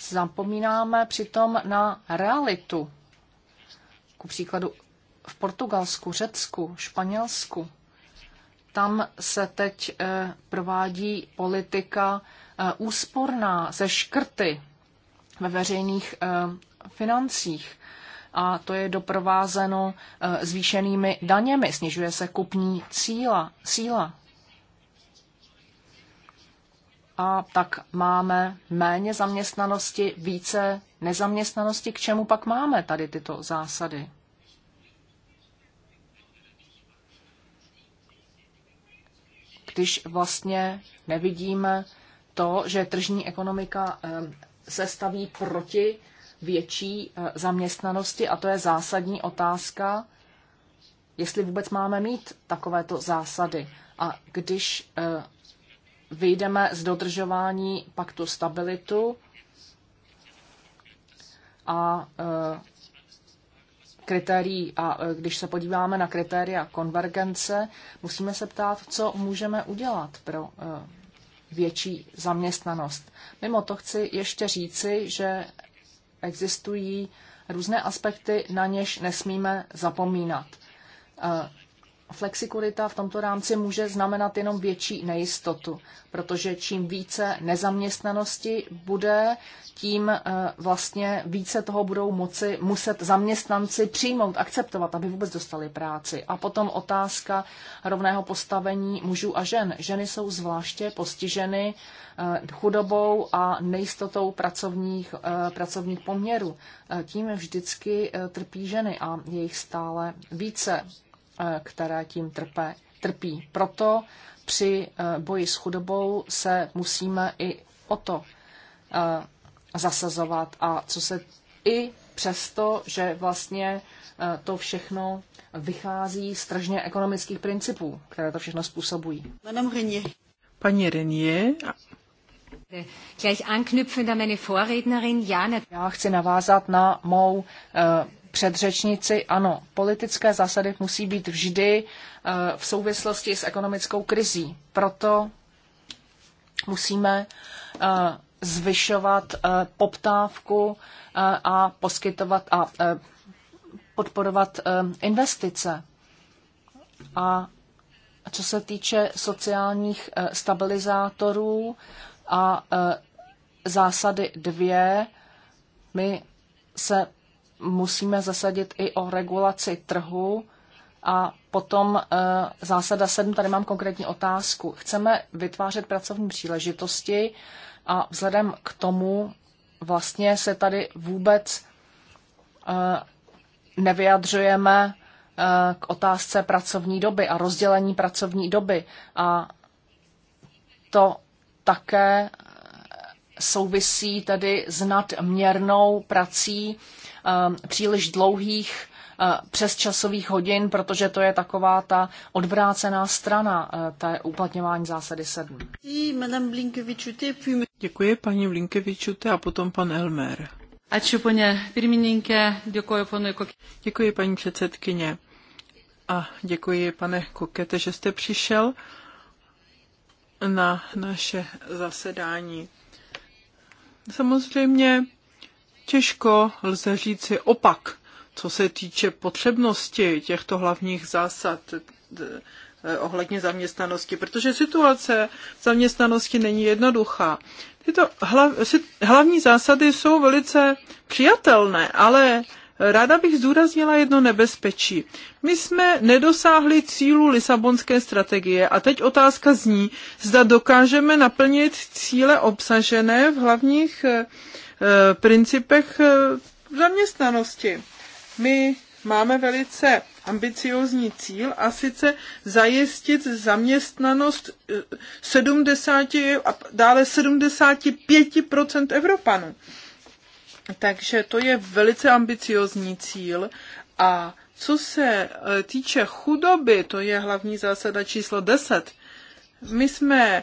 zapomínáme přitom na realitu. Ku příkladu v Portugalsku, Řecku, Španělsku. Tam se teď eh, provádí politika Eh, úsporná se škrty ve veřejných eh, financích a to je doprovázeno eh, zvýšenými daněmi. Snižuje se kupní síla. síla. A tak máme méně zaměstnanosti, více nezaměstnanosti. K čemu pak máme tady tyto zásady? Když vlastně nevidíme to, že tržní ekonomika ehm, se staví proti větší eh, zaměstnanosti a to je zásadní otázka, jestli vůbec máme mít takovéto zásady. A když eh, vyjdeme z dodržování paktu stabilitu a eh, kritérií a když se podíváme na kritéria konvergence, musíme se ptát, co můžeme udělat pro větší zaměstnanost. Mimo to chci ještě říci, že existují různé aspekty, na něž nesmíme zapomínat. Eh, flexikurita v tomto rámci může znamenat jenom větší nejistotu, protože čím více nezaměstnanosti bude, tím eh, vlastně více toho budou moci muset zaměstnanci přijmout, akceptovat, aby vůbec dostali práci. A potom otázka rovného postavení mužů a žen. Ženy jsou zvláště postiženy eh, chudobou a nejistotou pracovních, eh, pracovních poměrů. Tím vždycky trpí ženy a jejich stále více. Eh, která tím trpe, trpí. Proto při eh, boji s chudobou se musíme i o to eh, zasazovat a co se i přesto, že vlastně to všechno vychází z tržně ekonomických principů, které to všechno způsobují. Paní Renier. Já chci navázat na mou předřečnici, ano, politické zásady musí být vždy eh, v souvislosti s ekonomickou krizí. Proto musíme eh, zvyšovat eh, poptávku a poskytovat a podporovat investice. A co se týče sociálních stabilizátorů a zásady dvě, my se musíme zasadit i o regulaci trhu a potom eh, zásada 7, tady mám konkrétní otázku. Chceme vytvářet pracovní příležitosti a vzhledem k tomu vlastně se tady vůbec eh, nevyjadřujeme eh, k otázce pracovní doby a rozdělení pracovní doby. A to také souvisí tedy s nadměrnou prací Um, příliš dlouhých uh, přes časových hodin, protože to je taková ta odvrácená strana uh, té uplatňování zásady 7. Děkuji paní Blinkevičute a potom pan Elmer. Ačiū, paní pirmininkė, děkuji panu Děkuji, paní předsedkyně. A děkuji, pane Kokete, že jste přišel na naše zasedání. Samozřejmě Těžko lze říci opak, co se týče potřebnosti těchto hlavních zásad eh, ohledně zaměstnanosti, protože situace zaměstnanosti není jednoduchá. Tyto hlavní zásady jsou velice přijatelné, ale Ráda bych zdůraznila jedno nebezpečí. My jsme nedosáhli cílu Lisabonské strategie a teď otázka zní, zda dokážeme naplnit cíle obsažené v hlavních eh, Eh, principech eh, zaměstnanosti. My máme velice ambiciozní cíl a sice zajistit zaměstnanost 70 eh, a dále 75 Evropanů. Takže to je velice ambiciozní cíl a co se týče chudoby, to je hlavní zásada číslo 10, my jsme eh,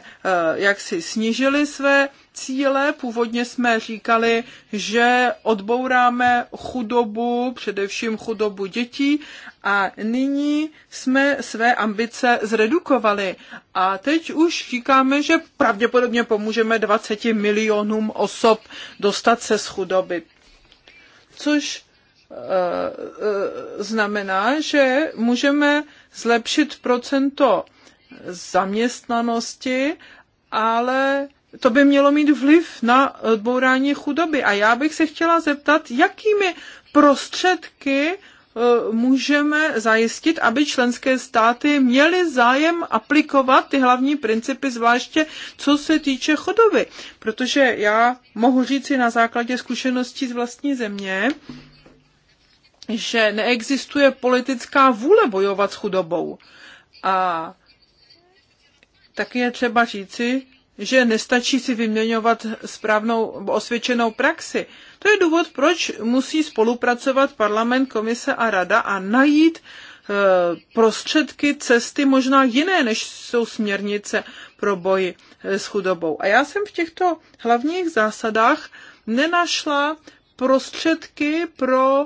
jaksi snížili své cíle. Původně jsme říkali, že odbouráme chudobu, především chudobu dětí a nyní jsme své ambice zredukovali. A teď už říkáme, že pravděpodobně pomůžeme 20 milionům osob dostat se z chudoby. Což eh, eh, znamená, že můžeme zlepšit procento zaměstnanosti, ale to by mělo mít vliv na odbourání chudoby. A já bych se chtěla zeptat, jakými prostředky e, můžeme zajistit, aby členské státy měly zájem aplikovat ty hlavní principy, zvláště co se týče chodovy, Protože já mohu říci na základě zkušeností z vlastní země, že neexistuje politická vůle bojovat s chudobou. A tak je třeba říci, že nestačí si vyměňovat správnou osvědčenou praxi. To je důvod, proč musí spolupracovat parlament, komise a rada a najít eh, prostředky, cesty možná jiné, než jsou směrnice pro boji eh, s chudobou. A já jsem v těchto hlavních zásadách nenašla prostředky pro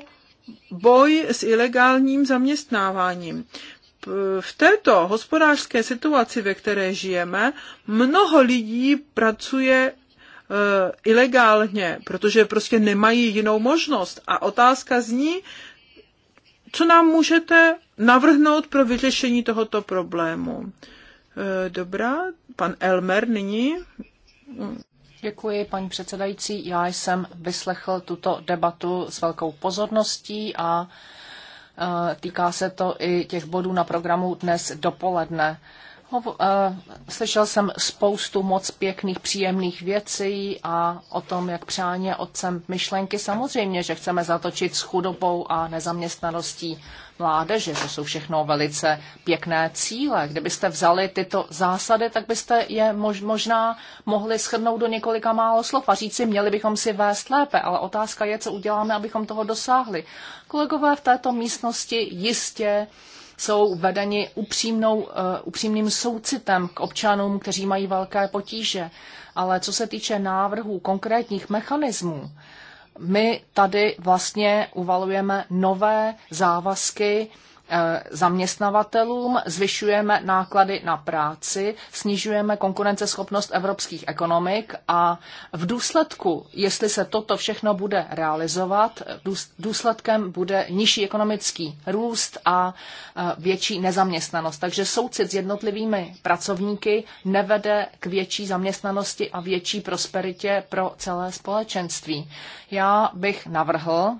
boj s ilegálním zaměstnáváním v této hospodářské situaci, ve které žijeme, mnoho lidí pracuje e, ilegálně, protože prostě nemají jinou možnost. A otázka zní, co nám můžete navrhnout pro vyřešení tohoto problému. E, dobrá, pan Elmer nyní. Děkuji, paní předsedající. Já jsem vyslechl tuto debatu s velkou pozorností a Eh, týká se to i těch bodů na programu dnes dopoledne uh, slyšel jsem spoustu moc pěkných, příjemných věcí a o tom, jak přáně otcem myšlenky. Samozřejmě, že chceme zatočit s chudobou a nezaměstnaností mládeže. To jsou všechno velice pěkné cíle. Kdybyste vzali tyto zásady, tak byste je mož, možná mohli schrnout do několika málo slov a říci, měli bychom si vést lépe, ale otázka je, co uděláme, abychom toho dosáhli. Kolegové v této místnosti jistě jsou vedeni upřímnou, eh, upřímným soucitem k občanům, kteří mají velké potíže. Ale co se týče návrhů konkrétních mechanismů, my tady vlastně uvalujeme nové závazky Eh, zaměstnavatelům, zvyšujeme náklady na práci, snižujeme konkurenceschopnost evropských ekonomik a v důsledku, jestli se toto všechno bude realizovat, důsledkem bude nižší ekonomický růst a eh, větší nezaměstnanost. Takže soucit s jednotlivými pracovníky nevede k větší zaměstnanosti a větší prosperitě pro celé společenství. Já bych navrhl,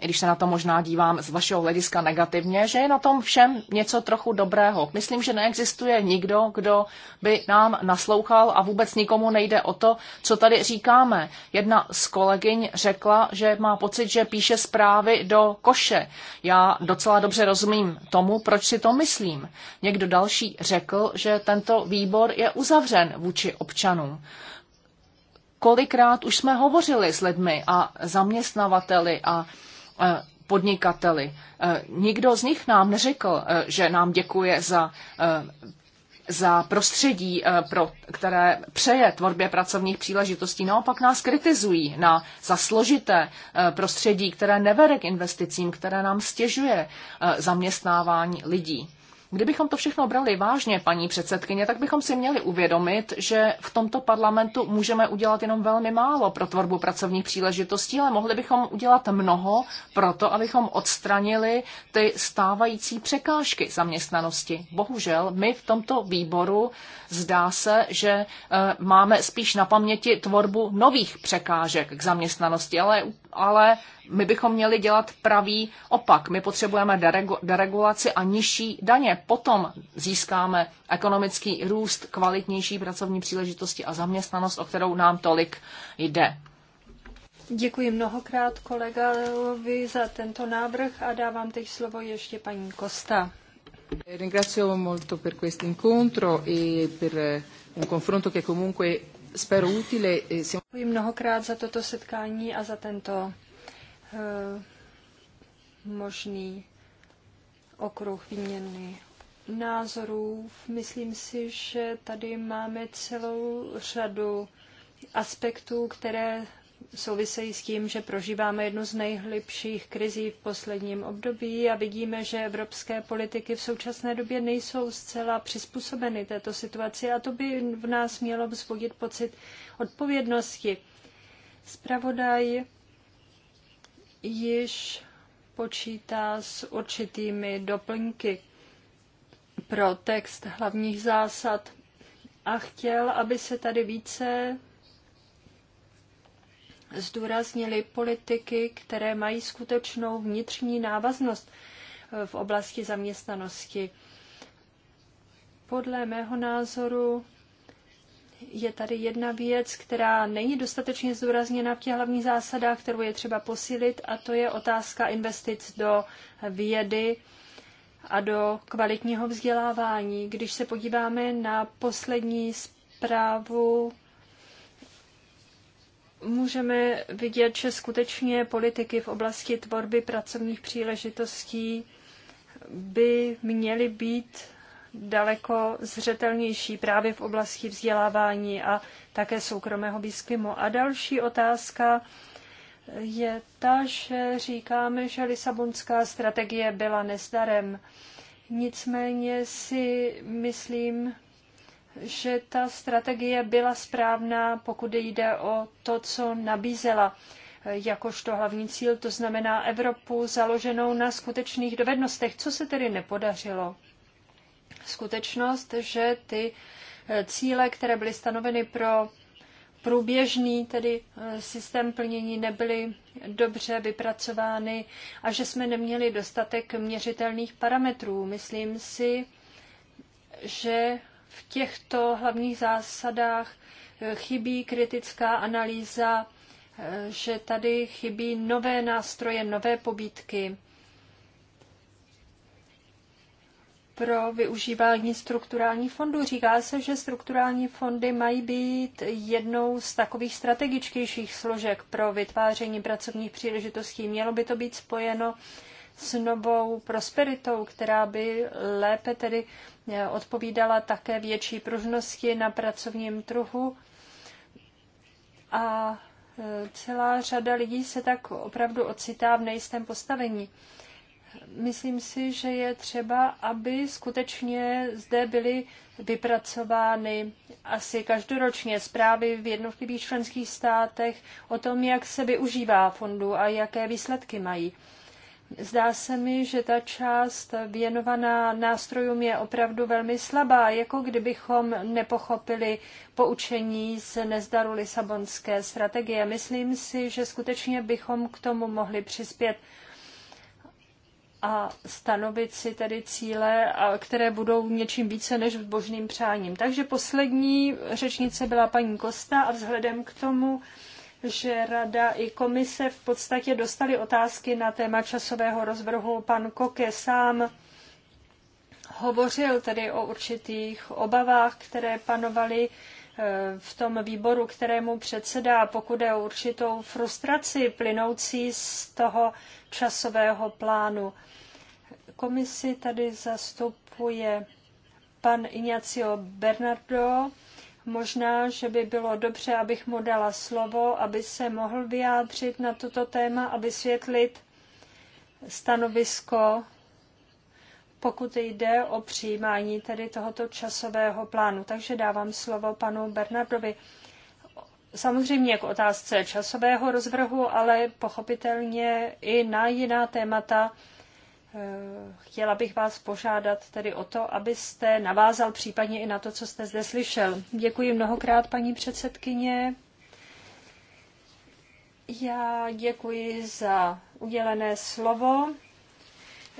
i když se na to možná dívám z vašeho hlediska negativně, že je na tom všem něco trochu dobrého. Myslím, že neexistuje nikdo, kdo by nám naslouchal a vůbec nikomu nejde o to, co tady říkáme. Jedna z kolegyň řekla, že má pocit, že píše zprávy do koše. Já docela dobře rozumím tomu, proč si to myslím. Někdo další řekl, že tento výbor je uzavřen vůči občanům kolikrát už jsme hovořili s lidmi a zaměstnavateli a Eh, podnikateli. Eh, nikdo z nich nám neřekl, eh, že nám děkuje za za prostředí, pro, které přeje tvorbě pracovních příležitostí. Naopak nás kritizují na, za složité prostředí, které nevede k investicím, které nám stěžuje zaměstnávání lidí. Kdybychom to všechno brali vážně, paní předsedkyně, tak bychom si měli uvědomit, že v tomto parlamentu můžeme udělat jenom velmi málo pro tvorbu pracovních příležitostí, ale mohli bychom udělat mnoho pro to, abychom odstranili ty stávající překážky zaměstnanosti. Bohužel my v tomto výboru zdá se, že eh, máme spíš na paměti tvorbu nových překážek k zaměstnanosti, ale, ale my bychom měli dělat pravý opak. My potřebujeme deregulaci a nižší daně. Potom získáme ekonomický růst, kvalitnější pracovní příležitosti a zaměstnanost, o kterou nám tolik jde. Děkuji mnohokrát kolegovi za tento návrh a dávám teď slovo ještě paní Kosta. Eh, ringrazio molto per questo incontro e per eh, un confronto che comunque spero utile. E Děkuji mnohokrát za toto setkání a za tento uh, možný okruh výměny názorů. Myslím si, že tady máme celou řadu aspektů, které souvisejí s tím, že prožíváme jednu z nejhlubších krizí v posledním období a vidíme, že evropské politiky v současné době nejsou zcela přizpůsobeny této situaci a to by v nás mělo vzbudit pocit odpovědnosti. Spravodaj již počítá s určitými doplňky pro text hlavních zásad a chtěl, aby se tady více zdůraznili politiky, které mají skutečnou vnitřní návaznost eh, v oblasti zaměstnanosti. Podle mého názoru je tady jedna věc, která není dostatečně zdůrazněna v těch hlavních zásadách, kterou je třeba posílit, a to je otázka investic do vědy a do kvalitního vzdělávání. Když se podíváme na poslední zprávu můžeme vidět, že skutečně politiky v oblasti tvorby pracovních příležitostí by měly být daleko zřetelnější právě v oblasti vzdělávání a také soukromého výzkumu. A další otázka je ta, že říkáme, že Lisabonská strategie byla nezdarem. Nicméně si myslím, že ta strategie byla správná, pokud jde o to, co nabízela jakožto hlavní cíl, to znamená Evropu založenou na skutečných dovednostech. Co se tedy nepodařilo? Skutečnost, že ty eh, cíle, které byly stanoveny pro průběžný tedy eh, systém plnění nebyly dobře vypracovány a že jsme neměli dostatek měřitelných parametrů. Myslím si, že v těchto hlavních zásadách eh, chybí kritická analýza, eh, že tady chybí nové nástroje, nové pobídky pro využívání strukturálních fondů. Říká se, že strukturální fondy mají být jednou z takových strategičtějších složek pro vytváření pracovních příležitostí. Mělo by to být spojeno s novou prosperitou, která by lépe tedy eh, odpovídala také větší pružnosti na pracovním trhu. A eh, celá řada lidí se tak opravdu ocitá v nejistém postavení. Myslím si, že je třeba, aby skutečně zde byly vypracovány asi každoročně zprávy v jednotlivých členských státech o tom, jak se využívá fondu a jaké výsledky mají. Zdá se mi, že ta část věnovaná nástrojům je opravdu velmi slabá, jako kdybychom nepochopili poučení z nezdaru Lisabonské strategie. Myslím si, že skutečně bychom k tomu mohli přispět a stanovit si tedy cíle, které budou něčím více než božným přáním. Takže poslední řečnice byla paní Kosta a vzhledem k tomu, že rada i komise v podstatě dostali otázky na téma časového rozvrhu. Pan Koke sám hovořil tedy o určitých obavách, které panovaly eh, v tom výboru, kterému předsedá, pokud je o určitou frustraci plynoucí z toho časového plánu. Komisi tady zastupuje pan Ignacio Bernardo, Možná, že by bylo dobře, abych mu dala slovo, aby se mohl vyjádřit na toto téma a vysvětlit stanovisko, pokud jde o přijímání tedy tohoto časového plánu. Takže dávám slovo panu Bernardovi. Samozřejmě k otázce časového rozvrhu, ale pochopitelně i na jiná témata, Eh, chtěla bych vás požádat tedy o to, abyste navázal případně i na to, co jste zde slyšel. Děkuji mnohokrát, paní předsedkyně. Já děkuji za udělené slovo.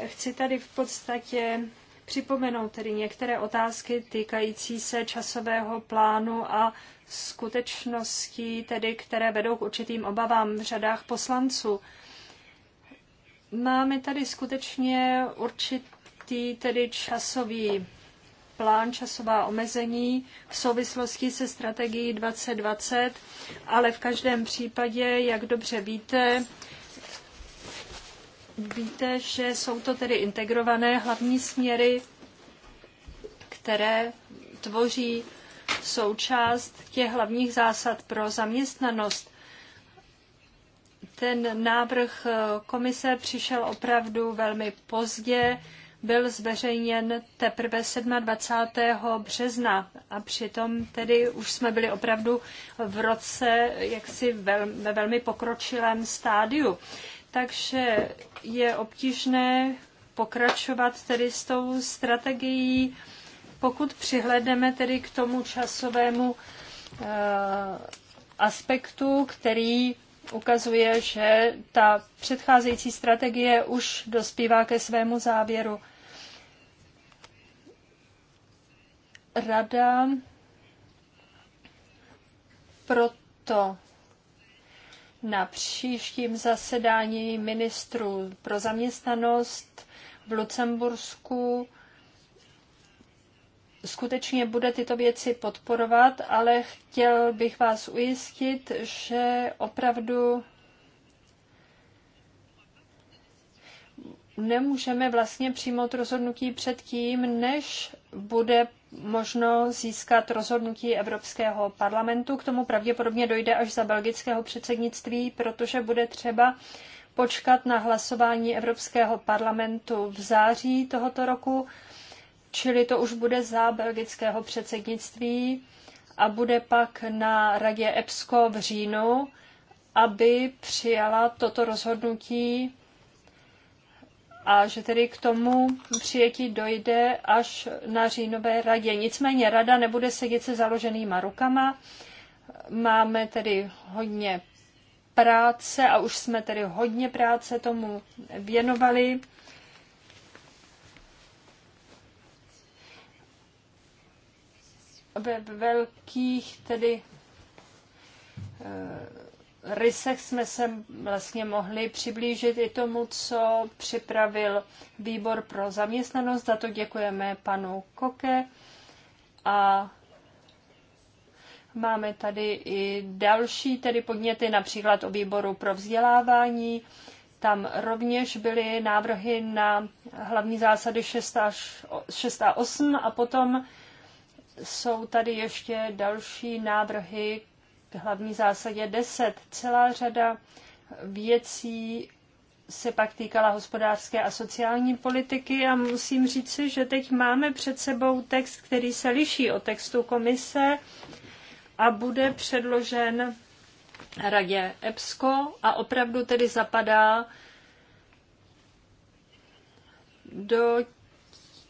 Chci tady v podstatě připomenout tedy některé otázky týkající se časového plánu a skutečností, tedy které vedou k určitým obavám v řadách poslanců. Máme tady skutečně určitý tedy časový plán, časová omezení v souvislosti se strategií 2020, ale v každém případě, jak dobře víte, víte, že jsou to tedy integrované hlavní směry, které tvoří součást těch hlavních zásad pro zaměstnanost. Ten návrh eh, komise přišel opravdu velmi pozdě, byl zveřejněn teprve 27. března a přitom tedy už jsme byli opravdu v roce jaksi ve velmi pokročilém stádiu. Takže je obtížné pokračovat tedy s tou strategií, pokud přihledeme tedy k tomu časovému eh, aspektu, který ukazuje, že ta předcházející strategie už dospívá ke svému závěru. Rada proto na příštím zasedání ministrů pro zaměstnanost v Lucembursku skutečně bude tyto věci podporovat, ale chtěl bych vás ujistit, že opravdu nemůžeme vlastně přijmout rozhodnutí před tím, než bude možno získat rozhodnutí Evropského parlamentu. K tomu pravděpodobně dojde až za belgického předsednictví, protože bude třeba počkat na hlasování Evropského parlamentu v září tohoto roku Čili to už bude za belgického předsednictví a bude pak na radě EPSCO v říjnu, aby přijala toto rozhodnutí a že tedy k tomu přijetí dojde až na říjnové radě. Nicméně rada nebude sedět se založenýma rukama. Máme tedy hodně práce a už jsme tedy hodně práce tomu věnovali. ve velkých tedy eh, rysech jsme se vlastně mohli přiblížit i tomu, co připravil výbor pro zaměstnanost. Za to děkujeme panu Koke a máme tady i další tedy podněty, například o výboru pro vzdělávání. Tam rovněž byly návrhy na hlavní zásady 6 a, 6 a 8 a potom jsou tady ještě další návrhy k hlavní zásadě 10. Celá řada věcí se pak týkala hospodářské a sociální politiky a musím říci, že teď máme před sebou text, který se liší od textu komise a bude předložen radě EPSCO a opravdu tedy zapadá do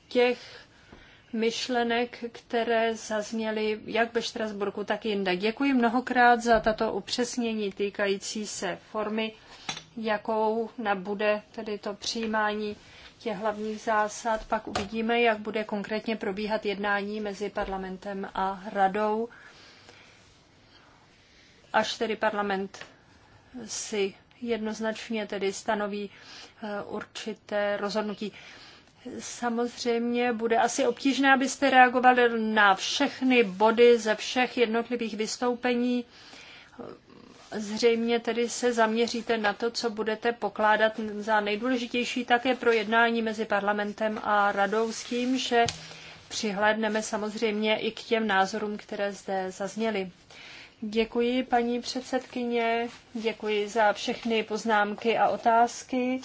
těch myšlenek, které zazněly jak ve Štrasburku, tak i jinde. Děkuji mnohokrát za tato upřesnění týkající se formy, jakou nabude tedy to přijímání těch hlavních zásad. Pak uvidíme, jak bude konkrétně probíhat jednání mezi parlamentem a radou, až tedy parlament si jednoznačně tedy stanoví eh, určité rozhodnutí. Samozřejmě bude asi obtížné, abyste reagovali na všechny body ze všech jednotlivých vystoupení. Zřejmě tedy se zaměříte na to, co budete pokládat za nejdůležitější také pro jednání mezi parlamentem a radou s tím, že přihlédneme samozřejmě i k těm názorům, které zde zazněly. Děkuji, paní předsedkyně, děkuji za všechny poznámky a otázky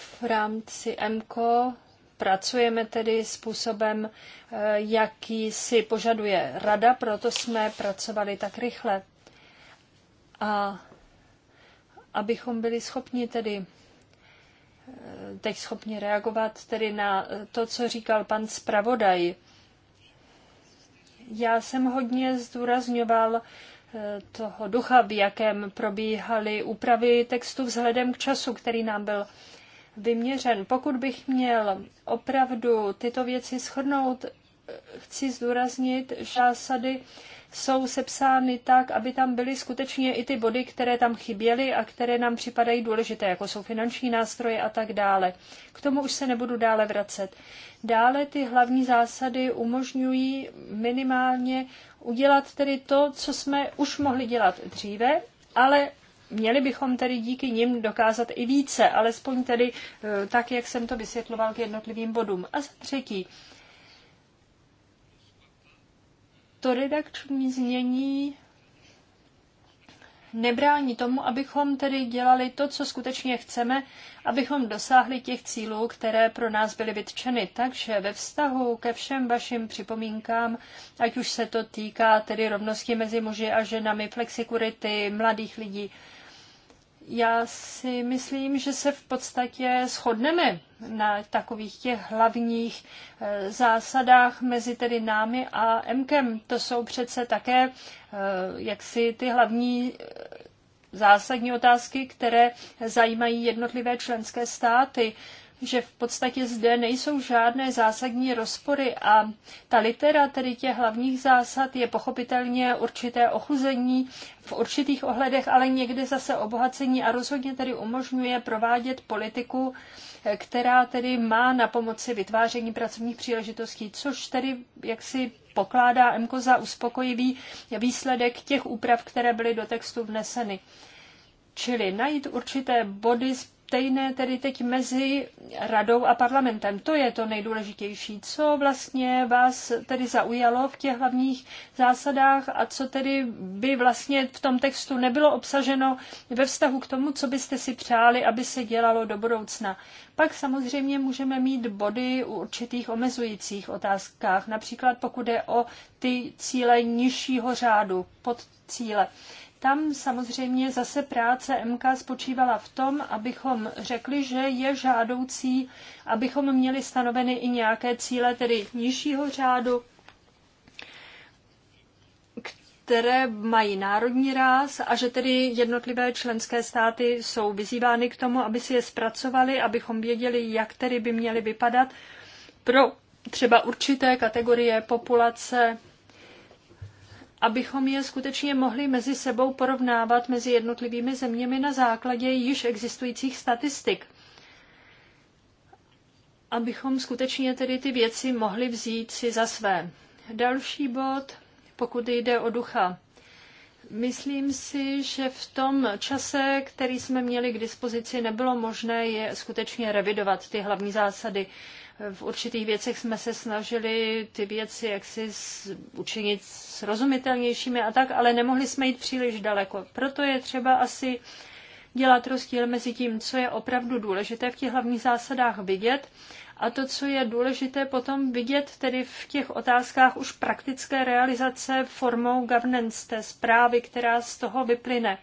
v rámci MKO pracujeme tedy způsobem, eh, jaký si požaduje rada, proto jsme pracovali tak rychle. A abychom byli schopni tedy eh, teď schopni reagovat tedy na eh, to, co říkal pan zpravodaj. Já jsem hodně zdůrazňoval toho ducha, v jakém probíhaly úpravy textu vzhledem k času, který nám byl vyměřen. Pokud bych měl opravdu tyto věci shodnout, chci zdůraznit, že zásady jsou sepsány tak, aby tam byly skutečně i ty body, které tam chyběly a které nám připadají důležité, jako jsou finanční nástroje a tak dále. K tomu už se nebudu dále vracet. Dále ty hlavní zásady umožňují minimálně udělat tedy to, co jsme už mohli dělat dříve, ale Měli bychom tedy díky nim dokázat i více, alespoň tedy eh, tak, jak jsem to vysvětloval k jednotlivým bodům. A za třetí, to redakční znění nebrání tomu, abychom tedy dělali to, co skutečně chceme, abychom dosáhli těch cílů, které pro nás byly vytčeny. Takže ve vztahu ke všem vašim připomínkám, ať už se to týká tedy rovnosti mezi muži a ženami, flexikurity, mladých lidí, já si myslím, že se v podstatě shodneme na takových těch hlavních eh, zásadách mezi tedy námi a MKem. E to jsou přece také eh, jaksi ty hlavní eh, zásadní otázky, které zajímají jednotlivé členské státy že v podstatě zde nejsou žádné zásadní rozpory a ta litera tedy těch hlavních zásad je pochopitelně určité ochuzení v určitých ohledech, ale někde zase obohacení a rozhodně tedy umožňuje provádět politiku, která tedy má na pomoci vytváření pracovních příležitostí, což tedy jaksi pokládá MKO za uspokojivý výsledek těch úprav, které byly do textu vneseny. Čili najít určité body stejné tedy teď mezi radou a parlamentem. To je to nejdůležitější. Co vlastně vás tedy zaujalo v těch hlavních zásadách a co tedy by vlastně v tom textu nebylo obsaženo ve vztahu k tomu, co byste si přáli, aby se dělalo do budoucna. Pak samozřejmě můžeme mít body u určitých omezujících otázkách, například pokud je o ty cíle nižšího řádu, pod cíle. Tam samozřejmě zase práce MK spočívala v tom, abychom řekli, že je žádoucí, abychom měli stanoveny i nějaké cíle, tedy nižšího řádu, které mají národní ráz a že tedy jednotlivé členské státy jsou vyzývány k tomu, aby si je zpracovali, abychom věděli, jak tedy by měly vypadat pro třeba určité kategorie populace abychom je skutečně mohli mezi sebou porovnávat mezi jednotlivými zeměmi na základě již existujících statistik. Abychom skutečně tedy ty věci mohli vzít si za své. Další bod, pokud jde o ducha. Myslím si, že v tom čase, který jsme měli k dispozici, nebylo možné je skutečně revidovat, ty hlavní zásady v určitých věcech jsme se snažili ty věci jaksi učinit srozumitelnějšími a tak, ale nemohli jsme jít příliš daleko. Proto je třeba asi dělat rozdíl mezi tím, co je opravdu důležité v těch hlavních zásadách vidět a to, co je důležité potom vidět tedy v těch otázkách už praktické realizace formou governance té zprávy, která z toho vyplyne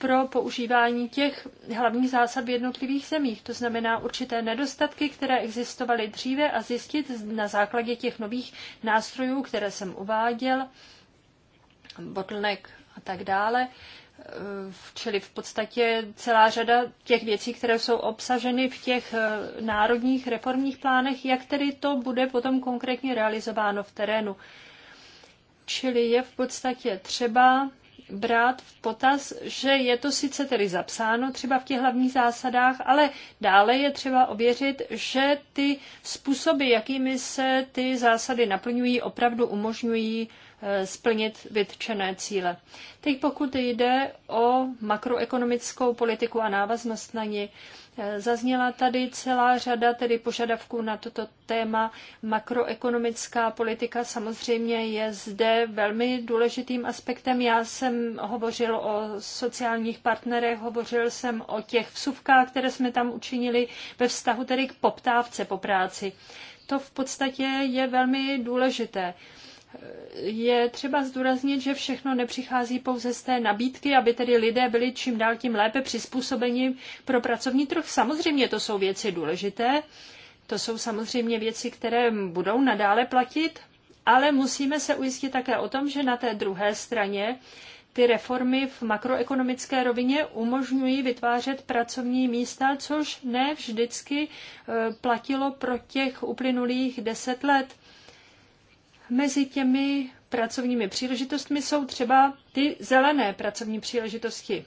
pro používání těch hlavních zásad v jednotlivých zemích, to znamená určité nedostatky, které existovaly dříve a zjistit na základě těch nových nástrojů, které jsem uváděl, bottleneck a tak dále, čili v podstatě celá řada těch věcí, které jsou obsaženy v těch eh, národních reformních plánech, jak tedy to bude potom konkrétně realizováno v terénu. Čili je v podstatě třeba brát v potaz, že je to sice tedy zapsáno třeba v těch hlavních zásadách, ale dále je třeba ověřit, že ty způsoby, jakými se ty zásady naplňují, opravdu umožňují Eh, splnit vytčené cíle. Teď pokud jde o makroekonomickou politiku a návaznost na ní, eh, Zazněla tady celá řada tedy požadavků na toto téma. Makroekonomická politika samozřejmě je zde velmi důležitým aspektem. Já jsem hovořil o sociálních partnerech, hovořil jsem o těch vsuvkách, které jsme tam učinili ve vztahu tedy k poptávce po práci. To v podstatě je velmi důležité je třeba zdůraznit, že všechno nepřichází pouze z té nabídky, aby tedy lidé byli čím dál tím lépe přizpůsobeni pro pracovní trh. Samozřejmě to jsou věci důležité, to jsou samozřejmě věci, které budou nadále platit, ale musíme se ujistit také o tom, že na té druhé straně ty reformy v makroekonomické rovině umožňují vytvářet pracovní místa, což ne vždycky eh, platilo pro těch uplynulých deset let mezi těmi pracovními příležitostmi jsou třeba ty zelené pracovní příležitosti.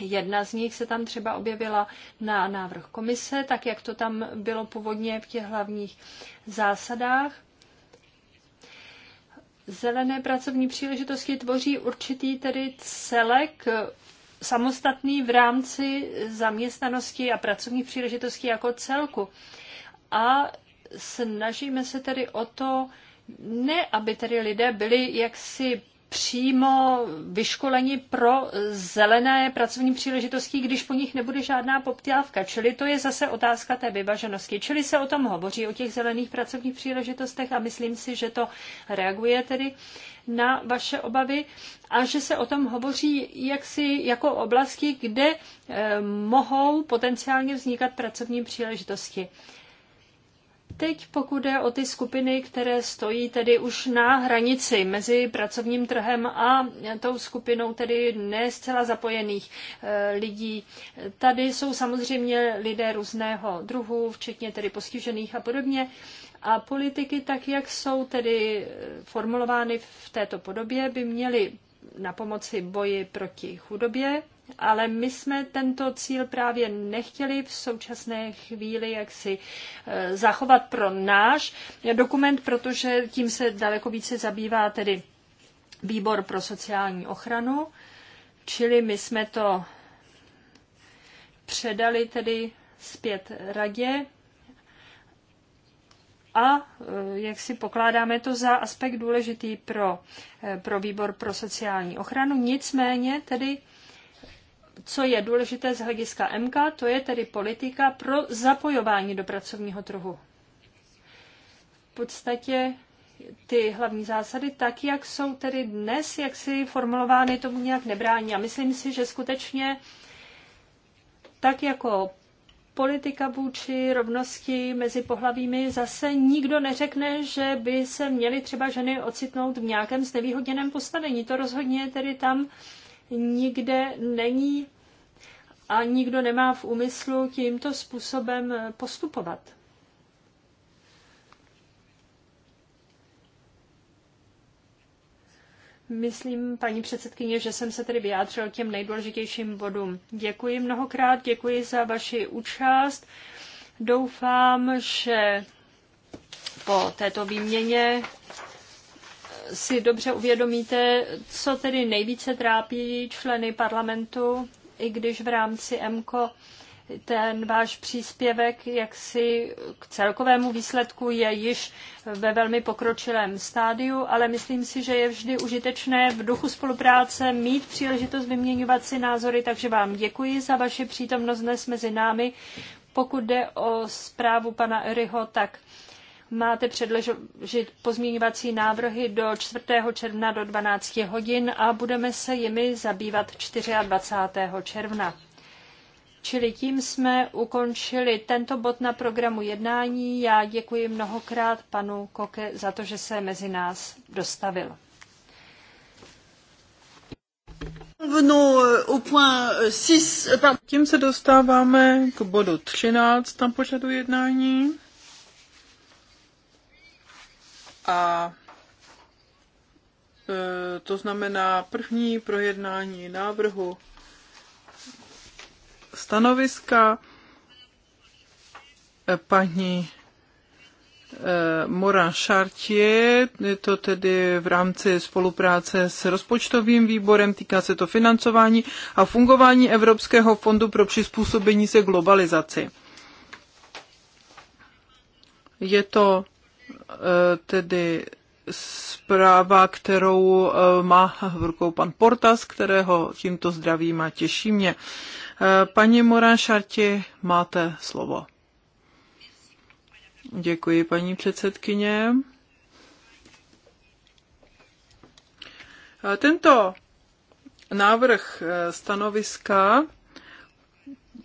Jedna z nich se tam třeba objevila na návrh komise, tak jak to tam bylo původně v těch hlavních zásadách. Zelené pracovní příležitosti tvoří určitý tedy celek samostatný v rámci zaměstnanosti a pracovních příležitostí jako celku. A snažíme se tedy o to ne, aby tedy lidé byli jaksi přímo vyškoleni pro zelené pracovní příležitosti, když po nich nebude žádná poptávka. Čili to je zase otázka té vyvaženosti. Čili se o tom hovoří, o těch zelených pracovních příležitostech a myslím si, že to reaguje tedy na vaše obavy a že se o tom hovoří jaksi jako oblasti, kde eh, mohou potenciálně vznikat pracovní příležitosti. Teď pokud jde o ty skupiny, které stojí tedy už na hranici mezi pracovním trhem a tou skupinou tedy ne zcela zapojených eh, lidí. Tady jsou samozřejmě lidé různého druhu, včetně tedy postižených a podobně. A politiky, tak jak jsou tedy eh, formulovány v této podobě, by měly na pomoci boji proti chudobě, ale my jsme tento cíl právě nechtěli v současné chvíli jak si eh, zachovat pro náš dokument, protože tím se daleko více zabývá tedy výbor pro sociální ochranu, čili my jsme to předali tedy zpět radě a eh, jak si pokládáme to za aspekt důležitý pro, eh, pro výbor pro sociální ochranu. Nicméně tedy co je důležité z hlediska MK, to je tedy politika pro zapojování do pracovního trhu. V podstatě ty hlavní zásady, tak jak jsou tedy dnes, jak si formulovány, tomu nějak nebrání. A myslím si, že skutečně tak jako politika vůči rovnosti mezi pohlavími zase nikdo neřekne, že by se měly třeba ženy ocitnout v nějakém znevýhodněném postavení. To rozhodně tedy tam nikde není a nikdo nemá v úmyslu tímto způsobem eh, postupovat. Myslím, paní předsedkyně, že jsem se tedy vyjádřil těm nejdůležitějším bodům. Děkuji mnohokrát, děkuji za vaši účast. Doufám, že po této výměně eh, si dobře uvědomíte, co tedy nejvíce trápí členy parlamentu i když v rámci MKO ten váš příspěvek jaksi k celkovému výsledku je již ve velmi pokročilém stádiu, ale myslím si, že je vždy užitečné v duchu spolupráce mít příležitost vyměňovat si názory, takže vám děkuji za vaši přítomnost dnes mezi námi. Pokud jde o zprávu pana Eryho, tak máte předložit pozměňovací návrhy do 4. června do 12 hodin a budeme se jimi zabývat 24. června. Čili tím jsme ukončili tento bod na programu jednání. Já děkuji mnohokrát panu Koke za to, že se mezi nás dostavil. Euh, euh, euh, tím se dostáváme k bodu 13 tam pořadu jednání. A e, to znamená první projednání návrhu stanoviska e, paní e, Moran Chartier, je to tedy v rámci spolupráce s rozpočtovým výborem, týká se to financování a fungování Evropského fondu pro přizpůsobení se globalizaci. Je to Eh, tedy zpráva, kterou eh, má v rukou pan Portas, kterého tímto zdravím a těší mě. Eh, paní Moran Šarti, máte slovo. Děkuji, paní předsedkyně. Tento návrh stanoviska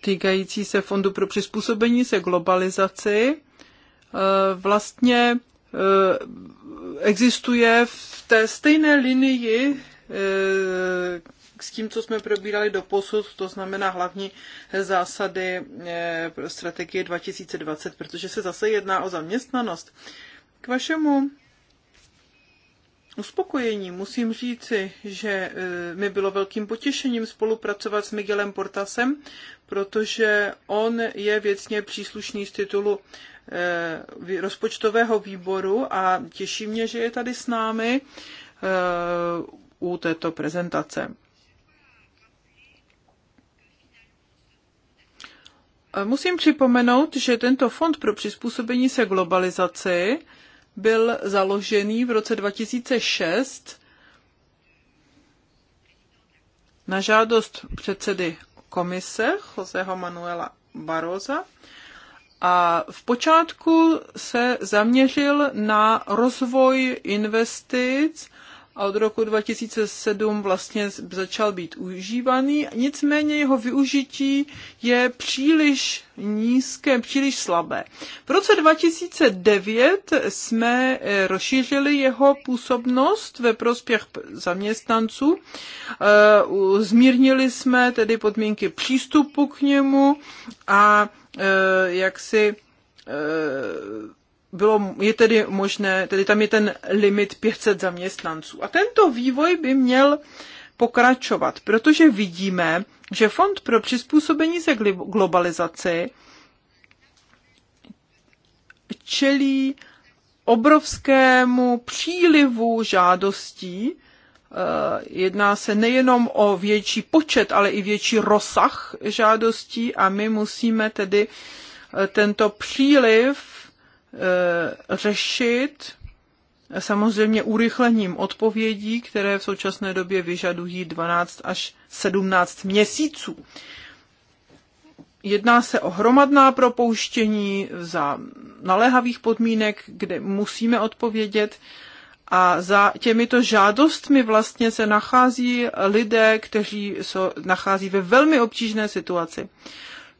týkající se Fondu pro přizpůsobení se globalizaci vlastně Eh, existuje v té stejné linii eh, s tím, co jsme probírali do posud, to znamená hlavní zásady eh, strategie 2020, protože se zase jedná o zaměstnanost. K vašemu uspokojení. Musím říci, že e, mi bylo velkým potěšením spolupracovat s Miguelem Portasem, protože on je věcně příslušný z titulu e, rozpočtového výboru a těší mě, že je tady s námi e, u této prezentace. Musím připomenout, že tento fond pro přizpůsobení se globalizaci byl založený v roce 2006 na žádost předsedy komise Joseho Manuela Baroza a v počátku se zaměřil na rozvoj investic a od roku 2007 vlastně začal být užívaný. Nicméně jeho využití je příliš nízké, příliš slabé. V roce 2009 jsme eh, rozšířili jeho působnost ve prospěch zaměstnanců. Eh, zmírnili jsme tedy podmínky přístupu k němu a eh, jak si bylo, je tedy možné, tedy tam je ten limit 500 zaměstnanců. A tento vývoj by měl pokračovat, protože vidíme, že Fond pro přizpůsobení se globalizaci čelí obrovskému přílivu žádostí. Eh, jedná se nejenom o větší počet, ale i větší rozsah žádostí a my musíme tedy eh, tento příliv Eh, řešit samozřejmě urychlením odpovědí, které v současné době vyžadují 12 až 17 měsíců. Jedná se o hromadná propouštění za naléhavých podmínek, kde musíme odpovědět. A za těmito žádostmi vlastně se nachází lidé, kteří se nachází ve velmi obtížné situaci.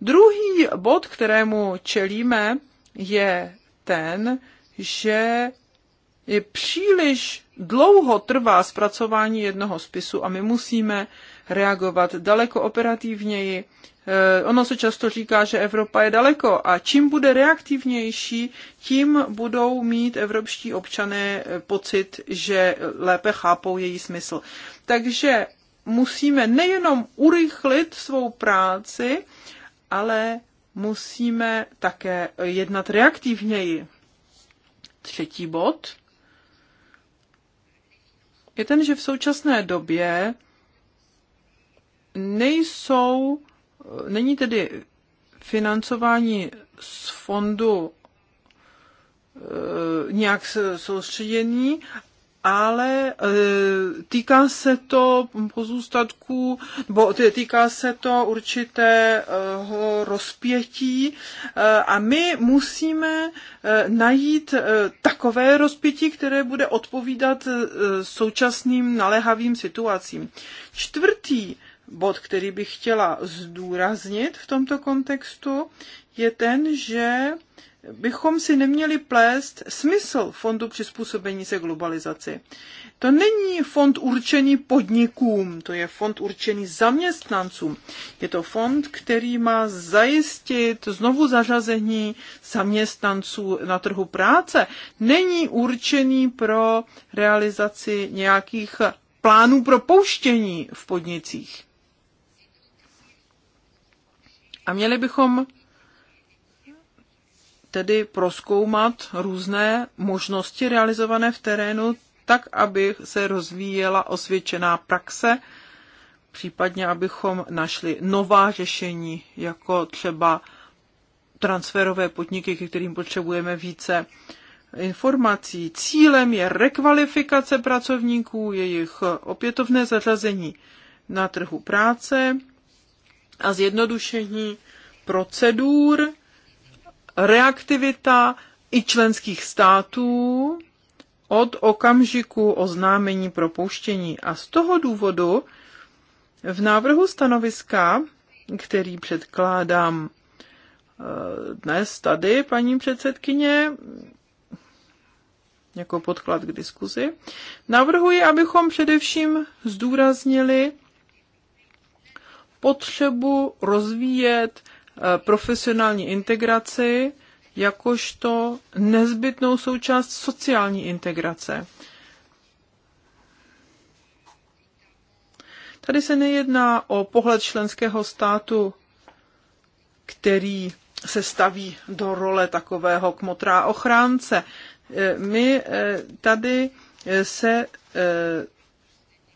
Druhý bod, kterému čelíme, je ten, že je příliš dlouho trvá zpracování jednoho spisu a my musíme reagovat daleko operativněji. Eh, ono se často říká, že Evropa je daleko a čím bude reaktivnější, tím budou mít evropští občané eh, pocit, že lépe chápou její smysl. Takže musíme nejenom urychlit svou práci, ale musíme také jednat reaktivněji. Třetí bod je ten, že v současné době nejsou, není tedy financování z fondu eh, nějak soustředění ale e, týká se to pozůstatků, bo týká se to určitého rozpětí e, a my musíme e, najít takové rozpětí, které bude odpovídat současným naléhavým situacím. Čtvrtý bod, který bych chtěla zdůraznit v tomto kontextu, je ten, že bychom si neměli plést smysl fondu přizpůsobení se globalizaci. To není fond určený podnikům, to je fond určený zaměstnancům. Je to fond, který má zajistit znovu zařazení zaměstnanců na trhu práce. Není určený pro realizaci nějakých plánů pro pouštění v podnicích. A měli bychom tedy proskoumat různé možnosti realizované v terénu, tak, aby se rozvíjela osvědčená praxe, případně abychom našli nová řešení, jako třeba transferové podniky, ke kterým potřebujeme více informací. Cílem je rekvalifikace pracovníků, jejich opětovné zařazení na trhu práce a zjednodušení procedur reaktivita i členských států od okamžiku oznámení propuštění. A z toho důvodu v návrhu stanoviska, který předkládám eh, dnes tady, paní předsedkyně, jako podklad k diskuzi, navrhuji, abychom především zdůraznili potřebu rozvíjet Eh, profesionální integraci jakožto nezbytnou součást sociální integrace. Tady se nejedná o pohled členského státu, který se staví do role takového kmotrá ochránce. Eh, my eh, tady se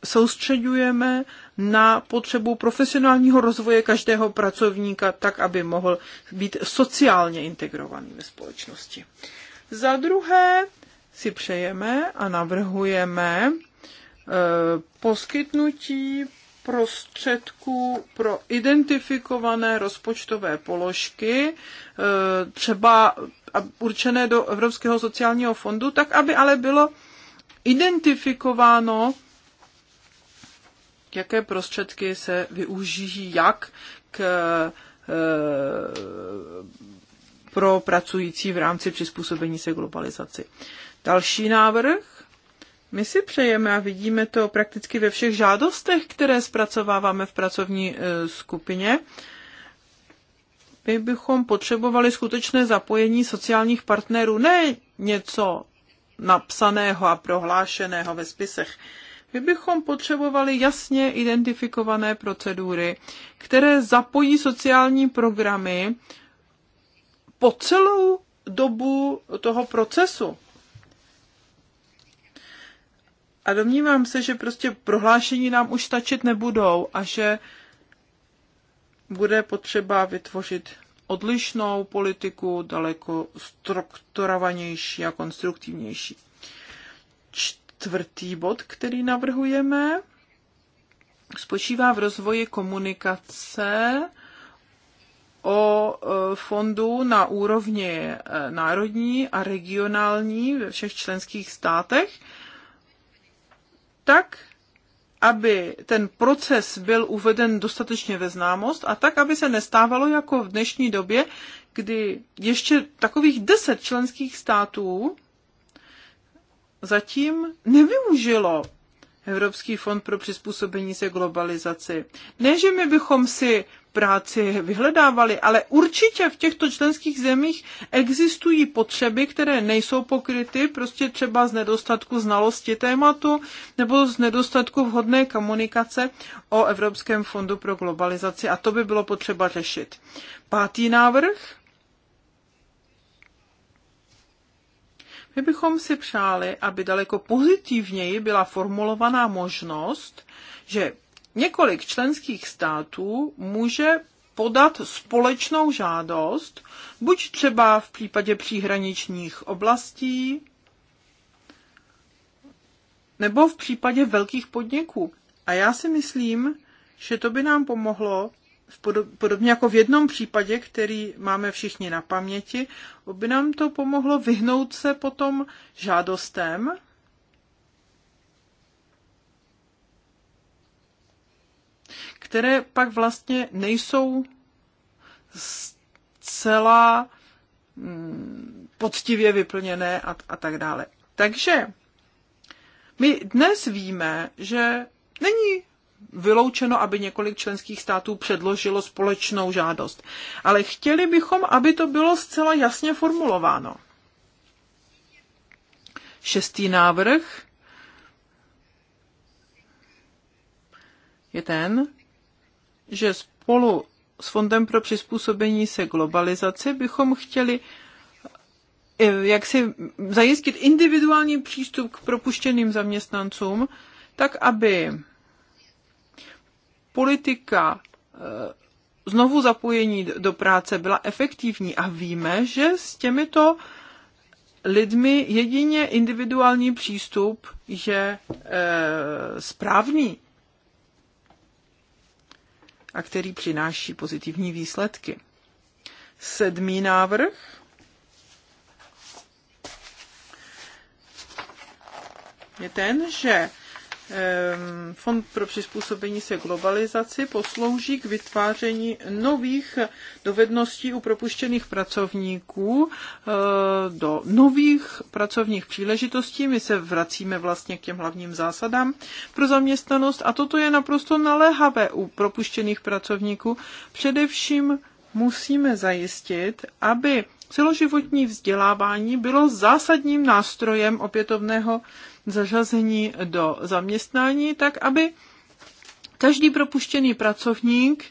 soustředujeme na potřebu profesionálního rozvoje každého pracovníka, tak aby mohl být sociálně integrovaný ve společnosti. Za druhé si přejeme a navrhujeme e, poskytnutí prostředků pro identifikované rozpočtové položky, e, třeba určené do Evropského sociálního fondu, tak aby ale bylo identifikováno, jaké prostředky se využijí jak k, e, pro pracující v rámci přizpůsobení se globalizaci. Další návrh. My si přejeme a vidíme to prakticky ve všech žádostech, které zpracováváme v pracovní e, skupině. My bychom potřebovali skutečné zapojení sociálních partnerů, ne něco napsaného a prohlášeného ve spisech. My bychom potřebovali jasně identifikované procedury, které zapojí sociální programy po celou dobu toho procesu. A domnívám se, že prostě prohlášení nám už stačit nebudou a že bude potřeba vytvořit odlišnou politiku, daleko strukturovanější a konstruktivnější čtvrtý bod, který navrhujeme, spočívá v rozvoji komunikace o e, fondu na úrovni e, národní a regionální ve všech členských státech, tak, aby ten proces byl uveden dostatečně ve známost a tak, aby se nestávalo jako v dnešní době, kdy ještě takových deset členských států zatím nevyužilo Evropský fond pro přizpůsobení se globalizaci. Ne, že my bychom si práci vyhledávali, ale určitě v těchto členských zemích existují potřeby, které nejsou pokryty, prostě třeba z nedostatku znalosti tématu nebo z nedostatku vhodné komunikace o Evropském fondu pro globalizaci a to by bylo potřeba řešit. Pátý návrh My bychom si přáli, aby daleko pozitivněji byla formulovaná možnost, že několik členských států může podat společnou žádost, buď třeba v případě příhraničních oblastí, nebo v případě velkých podniků. A já si myslím, že to by nám pomohlo podobně jako v jednom případě, který máme všichni na paměti, by nám to pomohlo vyhnout se potom žádostem, které pak vlastně nejsou zcela mm, poctivě vyplněné a, a tak dále. Takže my dnes víme, že není vyloučeno, aby několik členských států předložilo společnou žádost. Ale chtěli bychom, aby to bylo zcela jasně formulováno. Šestý návrh je ten, že spolu s Fondem pro přizpůsobení se globalizaci bychom chtěli eh, jak si zajistit individuální přístup k propuštěným zaměstnancům, tak aby politika eh, znovu zapojení do práce byla efektivní a víme, že s těmito lidmi jedině individuální přístup je eh, správný a který přináší pozitivní výsledky. Sedmý návrh. Je ten, že Ehm, Fond pro přizpůsobení se globalizaci poslouží k vytváření nových dovedností u propuštěných pracovníků eh, do nových pracovních příležitostí. My se vracíme vlastně k těm hlavním zásadám pro zaměstnanost a toto je naprosto naléhavé u propuštěných pracovníků. Především musíme zajistit, aby celoživotní vzdělávání bylo zásadním nástrojem opětovného zařazení do zaměstnání, tak aby každý propuštěný pracovník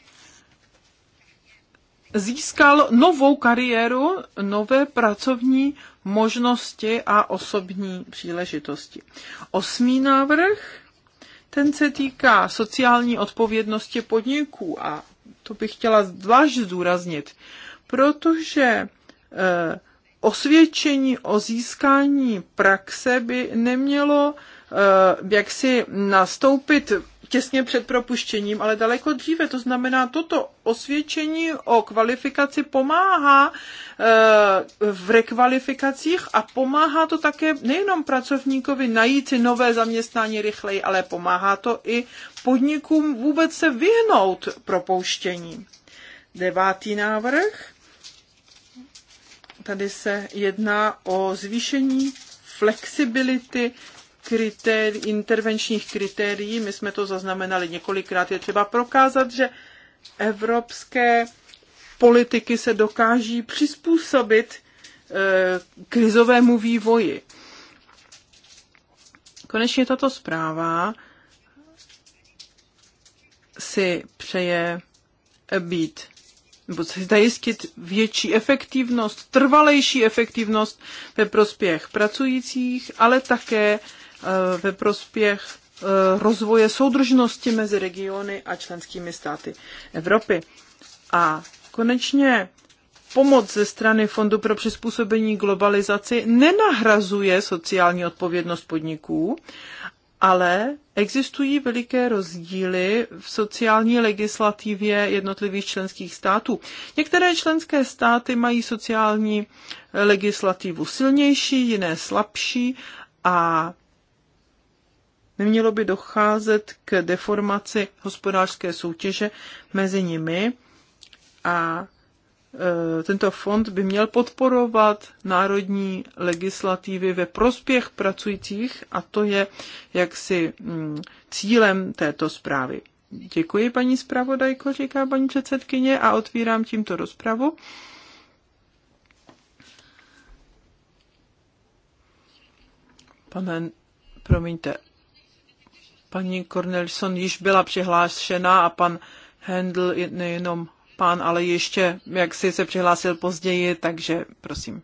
získal novou kariéru, nové pracovní možnosti a osobní příležitosti. Osmý návrh, ten se týká sociální odpovědnosti podniků a to bych chtěla zvlášť zdůraznit, protože eh, osvědčení o získání praxe by nemělo eh, jaksi nastoupit těsně před propuštěním, ale daleko dříve. To znamená, toto osvědčení o kvalifikaci pomáhá eh, v rekvalifikacích a pomáhá to také nejenom pracovníkovi najít si nové zaměstnání rychleji, ale pomáhá to i podnikům vůbec se vyhnout propouštění. Devátý návrh Tady se jedná o zvýšení flexibility kritéri, intervenčních kritérií. My jsme to zaznamenali několikrát. Je třeba prokázat, že evropské politiky se dokáží přizpůsobit eh, krizovému vývoji. Konečně tato zpráva si přeje být nebo zajistit větší efektivnost, trvalejší efektivnost ve prospěch pracujících, ale také eh, ve prospěch eh, rozvoje soudržnosti mezi regiony a členskými státy Evropy. A konečně pomoc ze strany Fondu pro přizpůsobení globalizaci nenahrazuje sociální odpovědnost podniků, ale existují veliké rozdíly v sociální legislativě jednotlivých členských států. Některé členské státy mají sociální eh, legislativu silnější, jiné slabší a nemělo by docházet k deformaci hospodářské soutěže mezi nimi a Eh, tento fond by měl podporovat národní legislativy ve prospěch pracujících a to je jaksi mm, cílem této zprávy. Děkuji paní zpravodajko, říká paní předsedkyně a otvírám tímto rozpravu. Pane, promiňte, paní Cornelson již byla přihlášena a pan Hendl je nejenom pán ale ještě jak si se přihlásil později, takže prosím.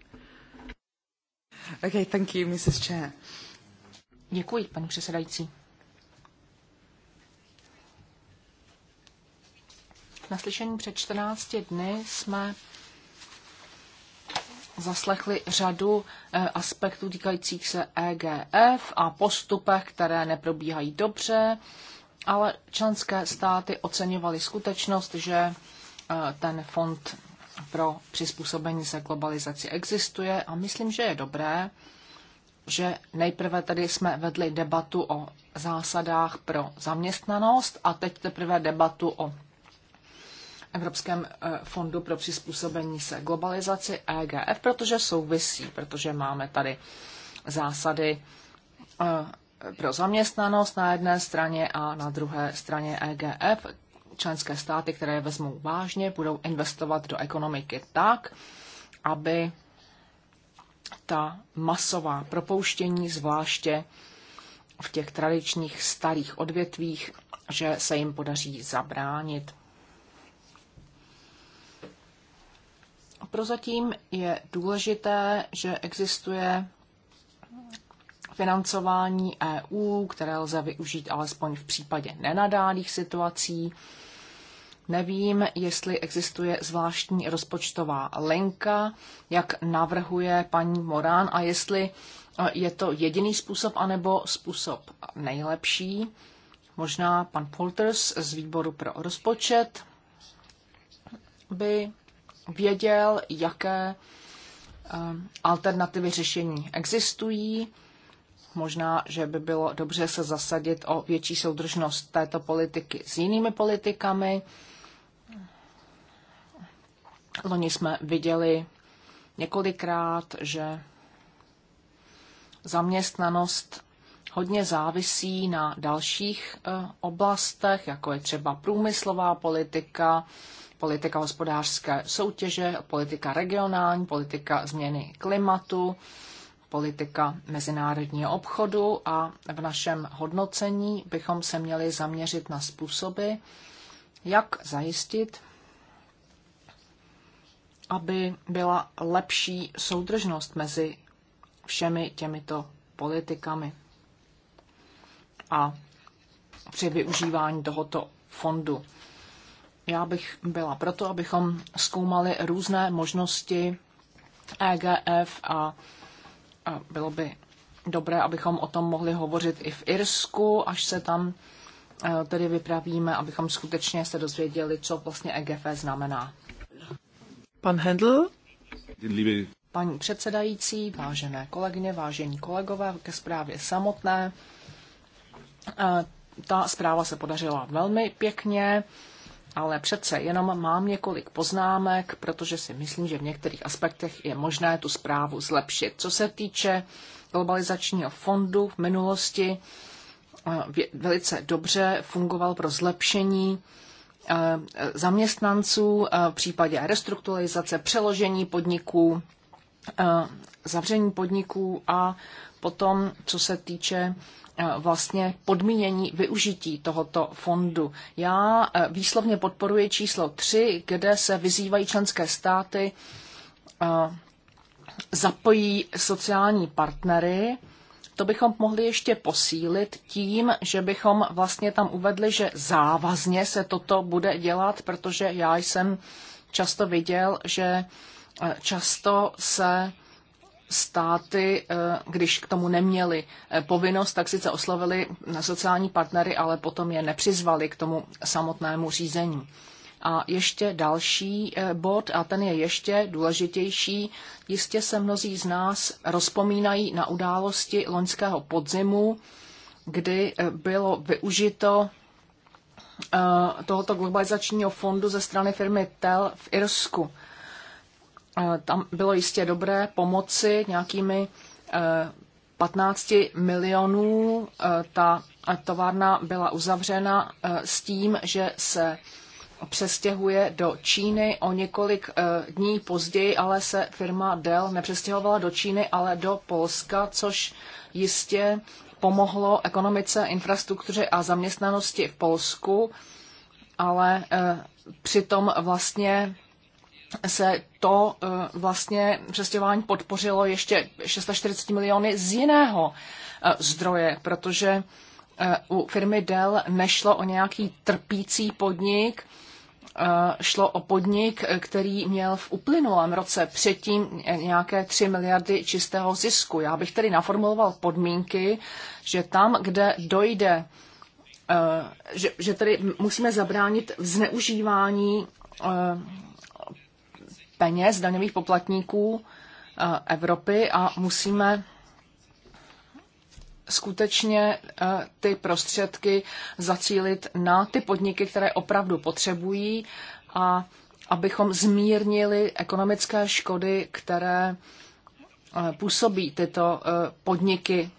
Okay, thank you, Mrs. Chair. Děkuji, paní předsedající. Na slyšení před 14 dny jsme zaslechli řadu eh, aspektů týkajících se EGF a postupech, které neprobíhají dobře, ale členské státy oceňovaly skutečnost, že ten fond pro přizpůsobení se globalizaci existuje a myslím, že je dobré, že nejprve tady jsme vedli debatu o zásadách pro zaměstnanost a teď teprve debatu o Evropském eh, fondu pro přizpůsobení se globalizaci EGF, protože souvisí, protože máme tady zásady eh, pro zaměstnanost na jedné straně a na druhé straně EGF, členské státy, které je vezmou vážně, budou investovat do ekonomiky tak, aby ta masová propouštění, zvláště v těch tradičních starých odvětvích, že se jim podaří zabránit. Prozatím je důležité, že existuje financování EU, které lze využít alespoň v případě nenadálých situací. Nevím, jestli existuje zvláštní rozpočtová linka, jak navrhuje paní Morán, a jestli eh, je to jediný způsob, anebo způsob nejlepší. Možná pan Polters z výboru pro rozpočet by věděl, jaké eh, alternativy řešení existují. Možná, že by bylo dobře se zasadit o větší soudržnost této politiky s jinými politikami. Loni jsme viděli několikrát, že zaměstnanost hodně závisí na dalších e, oblastech, jako je třeba průmyslová politika, politika hospodářské soutěže, politika regionální, politika změny klimatu, politika mezinárodního obchodu a v našem hodnocení bychom se měli zaměřit na způsoby, jak zajistit aby byla lepší soudržnost mezi všemi těmito politikami. A při využívání tohoto fondu. Já bych byla proto, abychom zkoumali různé možnosti EGF a, bylo by dobré, abychom o tom mohli hovořit i v Irsku, až se tam e, tedy vypravíme, abychom skutečně se dozvěděli, co vlastně EGF znamená. Pan Hendl? Paní předsedající, vážené kolegyně, vážení kolegové, ke zprávě samotné. Ta zpráva se podařila velmi pěkně, ale přece jenom mám několik poznámek, protože si myslím, že v některých aspektech je možné tu zprávu zlepšit. Co se týče globalizačního fondu v minulosti, velice dobře fungoval pro zlepšení Eh, zaměstnanců eh, v případě restrukturalizace, přeložení podniků, eh, zavření podniků a potom, co se týče vlastně podmínění využití tohoto fondu. Já výslovně podporuji číslo 3, kde se vyzývají členské státy zapojí sociální partnery to bychom mohli ještě posílit tím, že bychom vlastně tam uvedli, že závazně se toto bude dělat, protože já jsem často viděl, že eh, často se státy, eh, když k tomu neměli eh, povinnost, tak sice oslovili na sociální partnery, ale potom je nepřizvali k tomu samotnému řízení. A ještě další eh, bod, a ten je ještě důležitější. Jistě se mnozí z nás rozpomínají na události loňského podzimu, kdy eh, bylo využito eh, tohoto globalizačního fondu ze strany firmy TEL v Irsku. Tam bylo jistě dobré pomoci nějakými 15 milionů. Ta továrna byla uzavřena s tím, že se přestěhuje do Číny. O několik eh, dní později ale se firma Dell nepřestěhovala do Číny, ale do Polska, což jistě pomohlo ekonomice, infrastruktuře a zaměstnanosti v Polsku, ale eh, přitom vlastně se to eh, vlastně přestěhování podpořilo ještě 640 miliony z jiného zdroje, protože u firmy Dell nešlo o nějaký trpící podnik, Eh, šlo o podnik, který měl v uplynulém roce předtím nějaké 3 miliardy čistého zisku. Já bych tedy naformuloval podmínky, že tam, kde dojde, eh, že, že tedy musíme zabránit zneužívání eh, peněz daňových poplatníků Evropy a musíme skutečně eh, ty prostředky zacílit na ty podniky, které opravdu potřebují a abychom zmírnili ekonomické škody, které eh, působí tyto eh, podniky.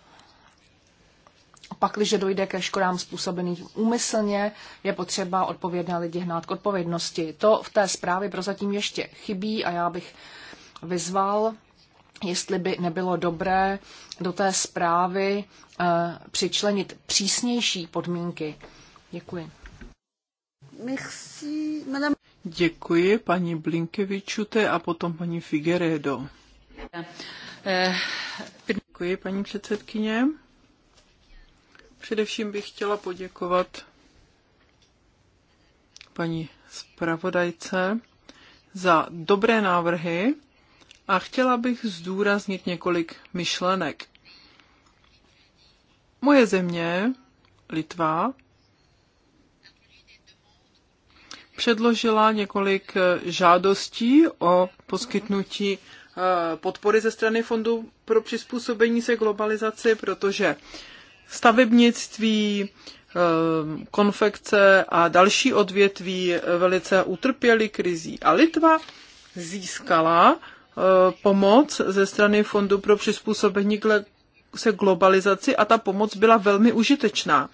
Pak, když dojde ke škodám způsobeným úmyslně, je potřeba odpovědné lidi hnát k odpovědnosti. To v té zprávě prozatím ještě chybí a já bych vyzval jestli by nebylo dobré do té zprávy eh, přičlenit přísnější podmínky. Děkuji. Merci, madame. Děkuji paní Blinkevičute a potom paní Figueredo. Eh, eh, Děkuji paní předsedkyně. Především bych chtěla poděkovat paní zpravodajce za dobré návrhy a chtěla bych zdůraznit několik myšlenek. Moje země, Litva, předložila několik eh, žádostí o poskytnutí eh, podpory ze strany Fondu pro přizpůsobení se globalizaci, protože stavebnictví, eh, konfekce a další odvětví velice utrpěly krizí. A Litva získala Eh, pomoc ze strany Fondu pro přizpůsobení se globalizaci a ta pomoc byla velmi užitečná.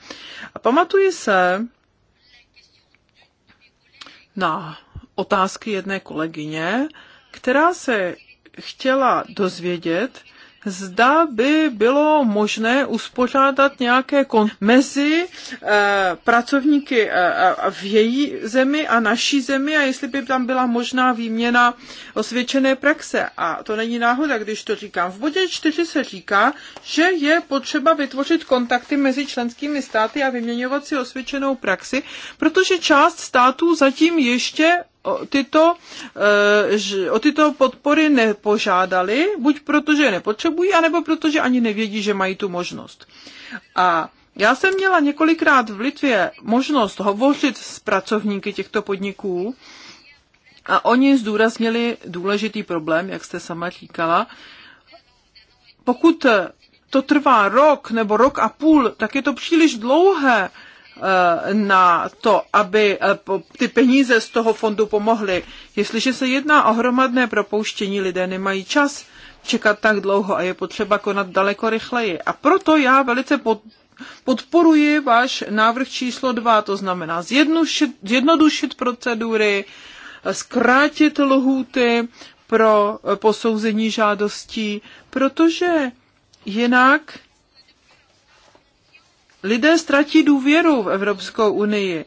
A pamatuji se na otázky jedné kolegyně, která se chtěla dozvědět, zda by bylo možné uspořádat nějaké kon- mezi eh, pracovníky eh, eh, v její zemi a naší zemi a jestli by tam byla možná výměna osvědčené praxe. A to není náhoda, když to říkám. V bodě 4 se říká, že je potřeba vytvořit kontakty mezi členskými státy a vyměňovat si osvědčenou praxi, protože část států zatím ještě o tyto, eh, o tyto podpory nepožádali, buď protože je nepotřebují, anebo protože ani nevědí, že mají tu možnost. A já jsem měla několikrát v Litvě možnost hovořit s pracovníky těchto podniků a oni zdůraznili důležitý problém, jak jste sama říkala. Pokud to trvá rok nebo rok a půl, tak je to příliš dlouhé Eh, na to, aby eh, ty peníze z toho fondu pomohly. Jestliže se jedná o hromadné propouštění, lidé nemají čas čekat tak dlouho a je potřeba konat daleko rychleji. A proto já velice podporuji váš návrh číslo dva, to znamená zjednodušit, zjednodušit procedury, eh, zkrátit lhůty pro posouzení žádostí, protože jinak lidé ztratí důvěru v Evropskou unii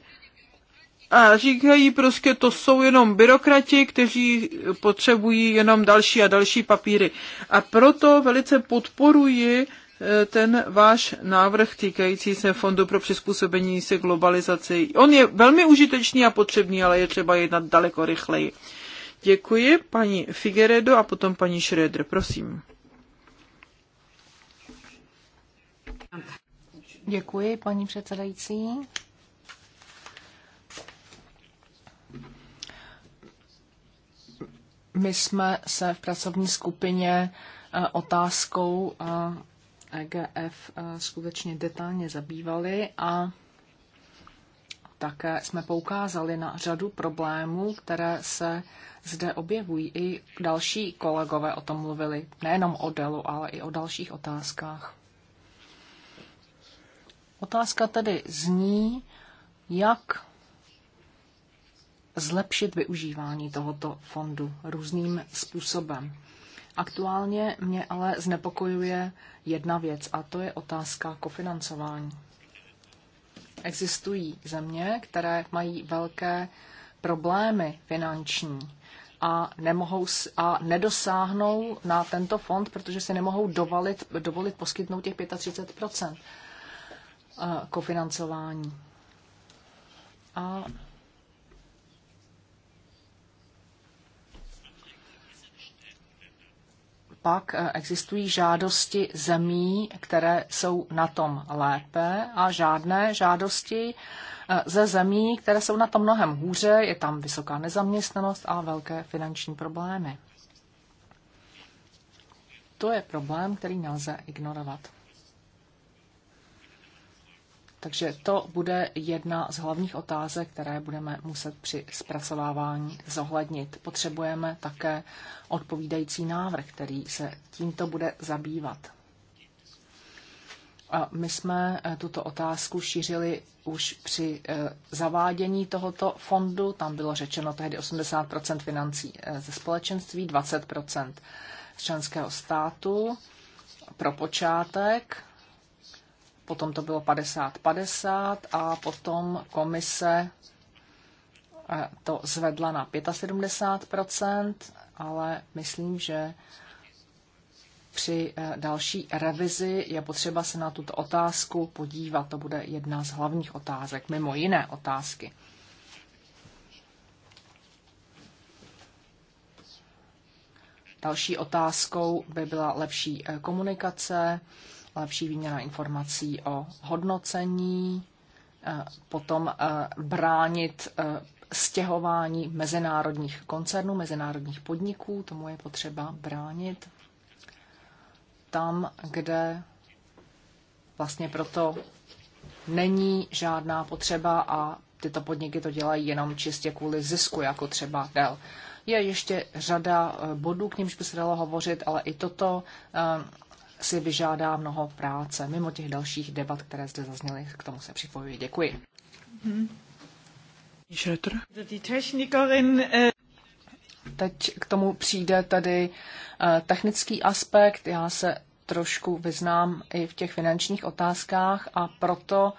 a říkají prostě, to jsou jenom byrokrati, kteří potřebují jenom další a další papíry. A proto velice podporuji eh, ten váš návrh týkající se Fondu pro přizpůsobení se globalizaci. On je velmi užitečný a potřebný, ale je třeba jednat daleko rychleji. Děkuji paní Figueredo a potom paní Schröder, prosím. Děkuji, paní předsedající. My jsme se v pracovní skupině eh, otázkou EGF eh, e eh, skutečně detailně zabývali a také jsme poukázali na řadu problémů, které se zde objevují. I další kolegové o tom mluvili, nejenom o DELu, ale i o dalších otázkách. Otázka tedy zní, jak zlepšit využívání tohoto fondu různým způsobem. Aktuálně mě ale znepokojuje jedna věc a to je otázka kofinancování. Existují země, které mají velké problémy finanční a, nemohou, a nedosáhnou na tento fond, protože si nemohou dovolit, dovolit poskytnout těch 35 kofinancování. A pak eh, existují žádosti zemí, které jsou na tom lépe a žádné žádosti eh, ze zemí, které jsou na tom mnohem hůře, je tam vysoká nezaměstnanost a velké finanční problémy. To je problém, který nelze ignorovat. Takže to bude jedna z hlavních otázek, které budeme muset při zpracovávání zohlednit. Potřebujeme také odpovídající návrh, který se tímto bude zabývat. A my jsme eh, tuto otázku šířili už při eh, zavádění tohoto fondu. Tam bylo řečeno tehdy 80 financí eh, ze společenství, 20 z členského státu pro počátek potom to bylo 50-50 a potom komise eh, to zvedla na 75%, ale myslím, že při eh, další revizi je potřeba se na tuto otázku podívat. To bude jedna z hlavních otázek, mimo jiné otázky. Další otázkou by byla lepší eh, komunikace, lepší výměna informací o hodnocení, eh, potom eh, bránit eh, stěhování mezinárodních koncernů, mezinárodních podniků, tomu je potřeba bránit tam, kde vlastně proto není žádná potřeba a tyto podniky to dělají jenom čistě kvůli zisku, jako třeba Dell. Je ještě řada bodů, k nímž by se dalo hovořit, ale i toto si vyžádá mnoho práce. Mimo těch dalších debat, které zde zazněly, k tomu se připojuji. Děkuji. Äh, Teď k tomu přijde tady äh, technický aspekt. Já se trošku vyznám i v těch finančních otázkách a proto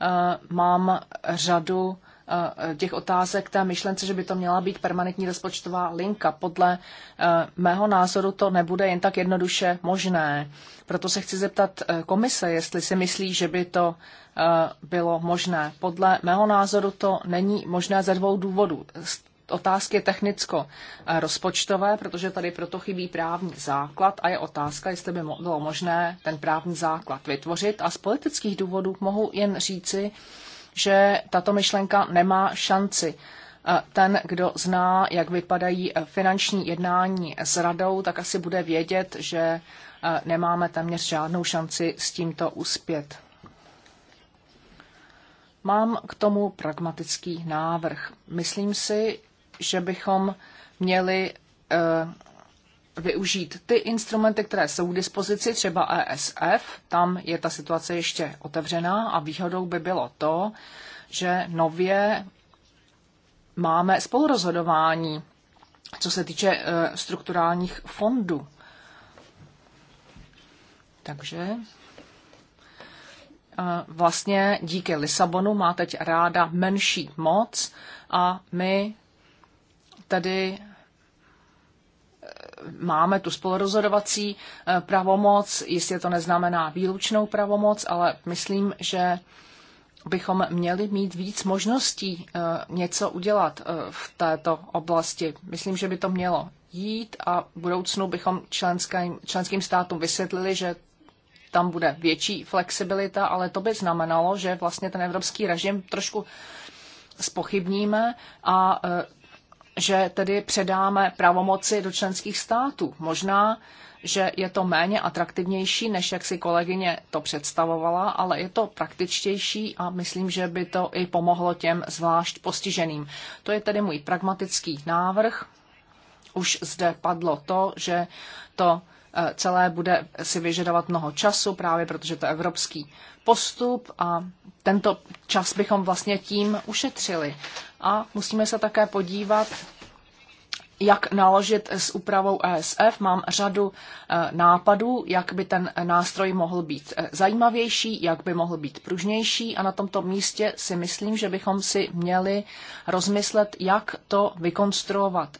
äh, mám řadu Eh, těch otázek té myšlence, že by to měla být permanentní rozpočtová linka. Podle eh, mého názoru to nebude jen tak jednoduše možné. Proto se chci zeptat eh, komise, jestli si myslí, že by to bylo možné. Podle mého názoru to není možné ze dvou důvodů. Otázky je technicko-rozpočtové, protože tady proto chybí právní základ a je otázka, jestli by bylo možné ten právní základ vytvořit. A z politických důvodů mohu jen říci, že tato myšlenka nemá šanci. Eh, ten, kdo zná, jak vypadají eh, finanční jednání s radou, tak asi bude vědět, že eh, nemáme téměř žádnou šanci s tímto uspět. Mám k tomu pragmatický návrh. Myslím si, že bychom měli využít ty instrumenty, které jsou k dispozici, třeba ESF. Tam je ta situace ještě otevřená a výhodou by bylo to, že nově máme spolurozhodování, co se týče e, strukturálních fondů. Takže e, vlastně díky Lisabonu má teď ráda menší moc a my tedy máme tu spolurozhodovací eh, pravomoc, jistě to neznamená výlučnou pravomoc, ale myslím, že bychom měli mít víc možností eh, něco udělat eh, v této oblasti. Myslím, že by to mělo jít a v budoucnu bychom členským, členským státům vysvětlili, že tam bude větší flexibilita, ale to by znamenalo, že vlastně ten evropský režim trošku spochybníme a že tedy předáme pravomoci do členských států. Možná, že je to méně atraktivnější, než jak si kolegyně to představovala, ale je to praktičtější a myslím, že by to i pomohlo těm zvlášť postiženým. To je tedy můj pragmatický návrh. Už zde padlo to, že to eh, celé bude si vyžadovat mnoho času, právě protože to je evropský postup a tento čas bychom vlastně tím ušetřili a musíme se také podívat, jak naložit s úpravou ESF. Mám řadu e, nápadů, jak by ten nástroj mohl být e, zajímavější, jak by mohl být pružnější a na tomto místě si myslím, že bychom si měli rozmyslet, jak to vykonstruovat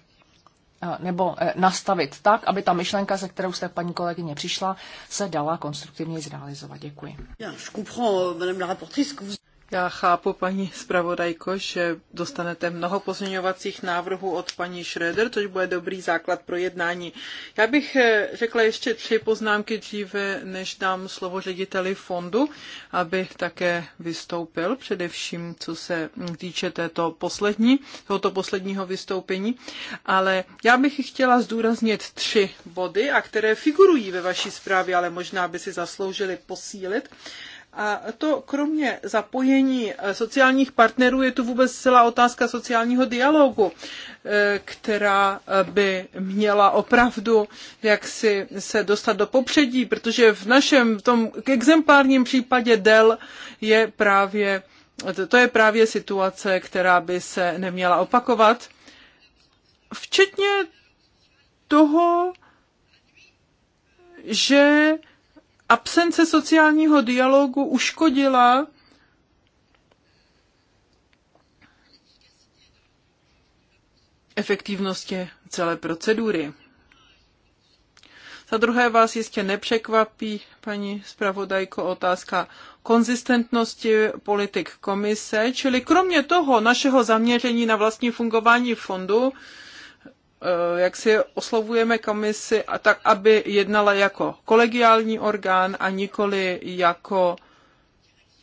e, nebo nastavit tak, aby ta myšlenka, se kterou jste paní kolegyně přišla, se dala konstruktivně zrealizovat. Děkuji. Já chápu, paní zpravodajko, že dostanete mnoho pozměňovacích návrhů od paní Schröder, což bude dobrý základ pro jednání. Já bych eh, řekla ještě tři poznámky dříve, než dám slovo řediteli fondu, aby také vystoupil, především co se týče této poslední, tohoto posledního vystoupení. Ale já bych chtěla zdůraznit tři body, a které figurují ve vaší zprávě, ale možná by si zasloužili posílit. A to kromě zapojení eh, sociálních partnerů je tu vůbec celá otázka sociálního dialogu, eh, která eh, by měla opravdu jaksi se dostat do popředí, protože v našem v tom exemplárním případě del je právě, to je právě situace, která by se neměla opakovat, včetně toho, že absence sociálního dialogu uškodila efektivnosti celé procedury. Za druhé vás jistě nepřekvapí, paní zpravodajko, otázka konzistentnosti politik komise, čili kromě toho našeho zaměření na vlastní fungování fondu, Eh, jak si oslovujeme komisi, a tak aby jednala jako kolegiální orgán a nikoli jako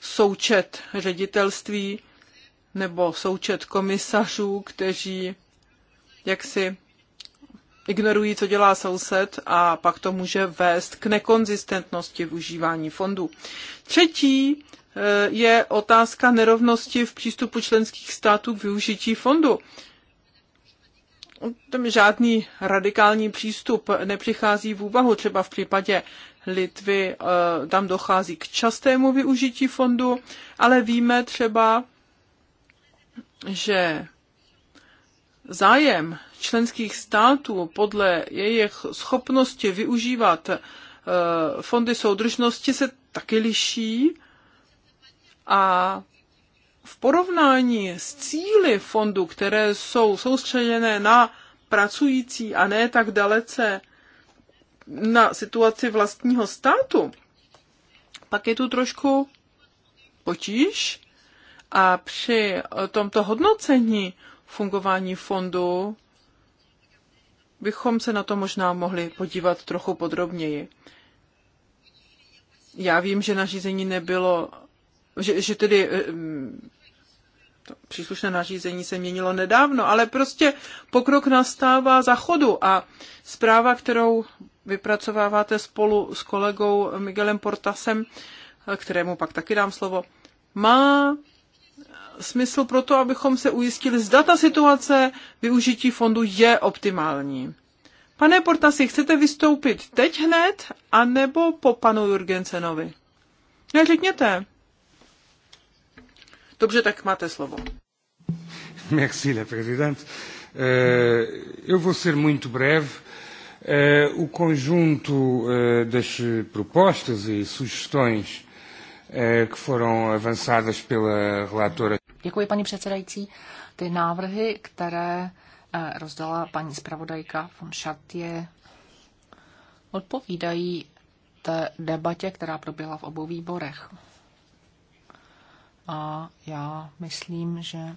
součet ředitelství nebo součet komisařů, kteří jaksi ignorují, co dělá soused a pak to může vést k nekonzistentnosti v užívání fondů. Třetí eh, je otázka nerovnosti v přístupu členských států k využití fondu tam žádný radikální přístup nepřichází v úvahu. Třeba v případě Litvy eh, tam dochází k častému využití fondu, ale víme třeba, že zájem členských států podle jejich schopnosti využívat eh, fondy soudržnosti se taky liší a v porovnání s cíly fondu, které jsou soustředěné na pracující a ne tak dalece na situaci vlastního státu, pak je tu trošku potíž a při tomto hodnocení fungování fondu bychom se na to možná mohli podívat trochu podrobněji. Já vím, že nařízení nebylo, že, že tedy eh, to příslušné nařízení se měnilo nedávno, ale prostě pokrok nastává za chodu a zpráva, kterou vypracováváte spolu s kolegou Miguelem Portasem, kterému pak taky dám slovo, má smysl pro to, abychom se ujistili, zda ta situace využití fondu je optimální. Pane Portasi, chcete vystoupit teď hned, anebo po panu Jurgensenovi? Ne, řekněte. Dobře, tak máte slovo. Merci, le président. Euh, eu vou ser muito breve. Euh, o conjunto euh, das propostas e sugestões que foram avançadas pela relatora. Děkuji, paní předsedající. Ty návrhy, které eh, rozdala paní zpravodajka von Šatě, odpovídají té debatě, která proběhla v obou výborech. A já myslím, že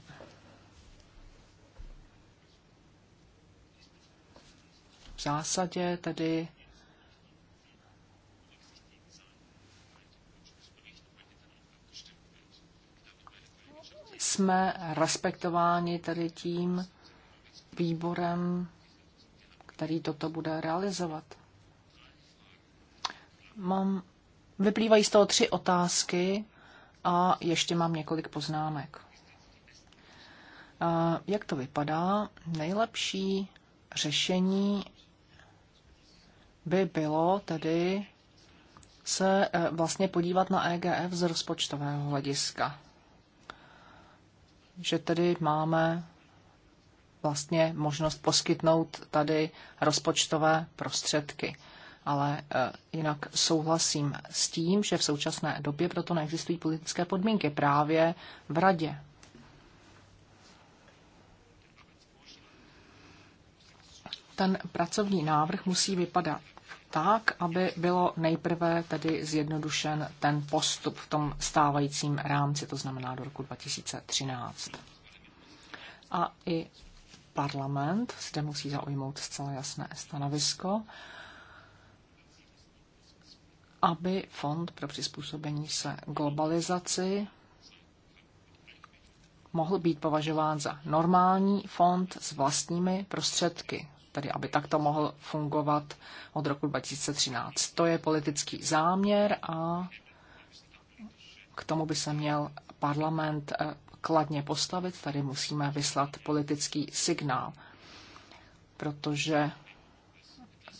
v zásadě tedy jsme respektováni tedy tím výborem, který toto bude realizovat. Mám, vyplývají z toho tři otázky, a ještě mám několik poznámek. Jak to vypadá? Nejlepší řešení by bylo tedy se eh, vlastně podívat na EGF z rozpočtového hlediska. Že tedy máme vlastně možnost poskytnout tady rozpočtové prostředky ale eh, jinak souhlasím s tím, že v současné době proto neexistují politické podmínky právě v radě. Ten pracovní návrh musí vypadat tak, aby bylo nejprve tedy zjednodušen ten postup v tom stávajícím rámci, to znamená do roku 2013. A i parlament zde musí zaujmout zcela jasné stanovisko aby Fond pro přizpůsobení se globalizaci mohl být považován za normální fond s vlastními prostředky, tedy aby takto mohl fungovat od roku 2013. To je politický záměr a k tomu by se měl parlament eh, kladně postavit. Tady musíme vyslat politický signál, protože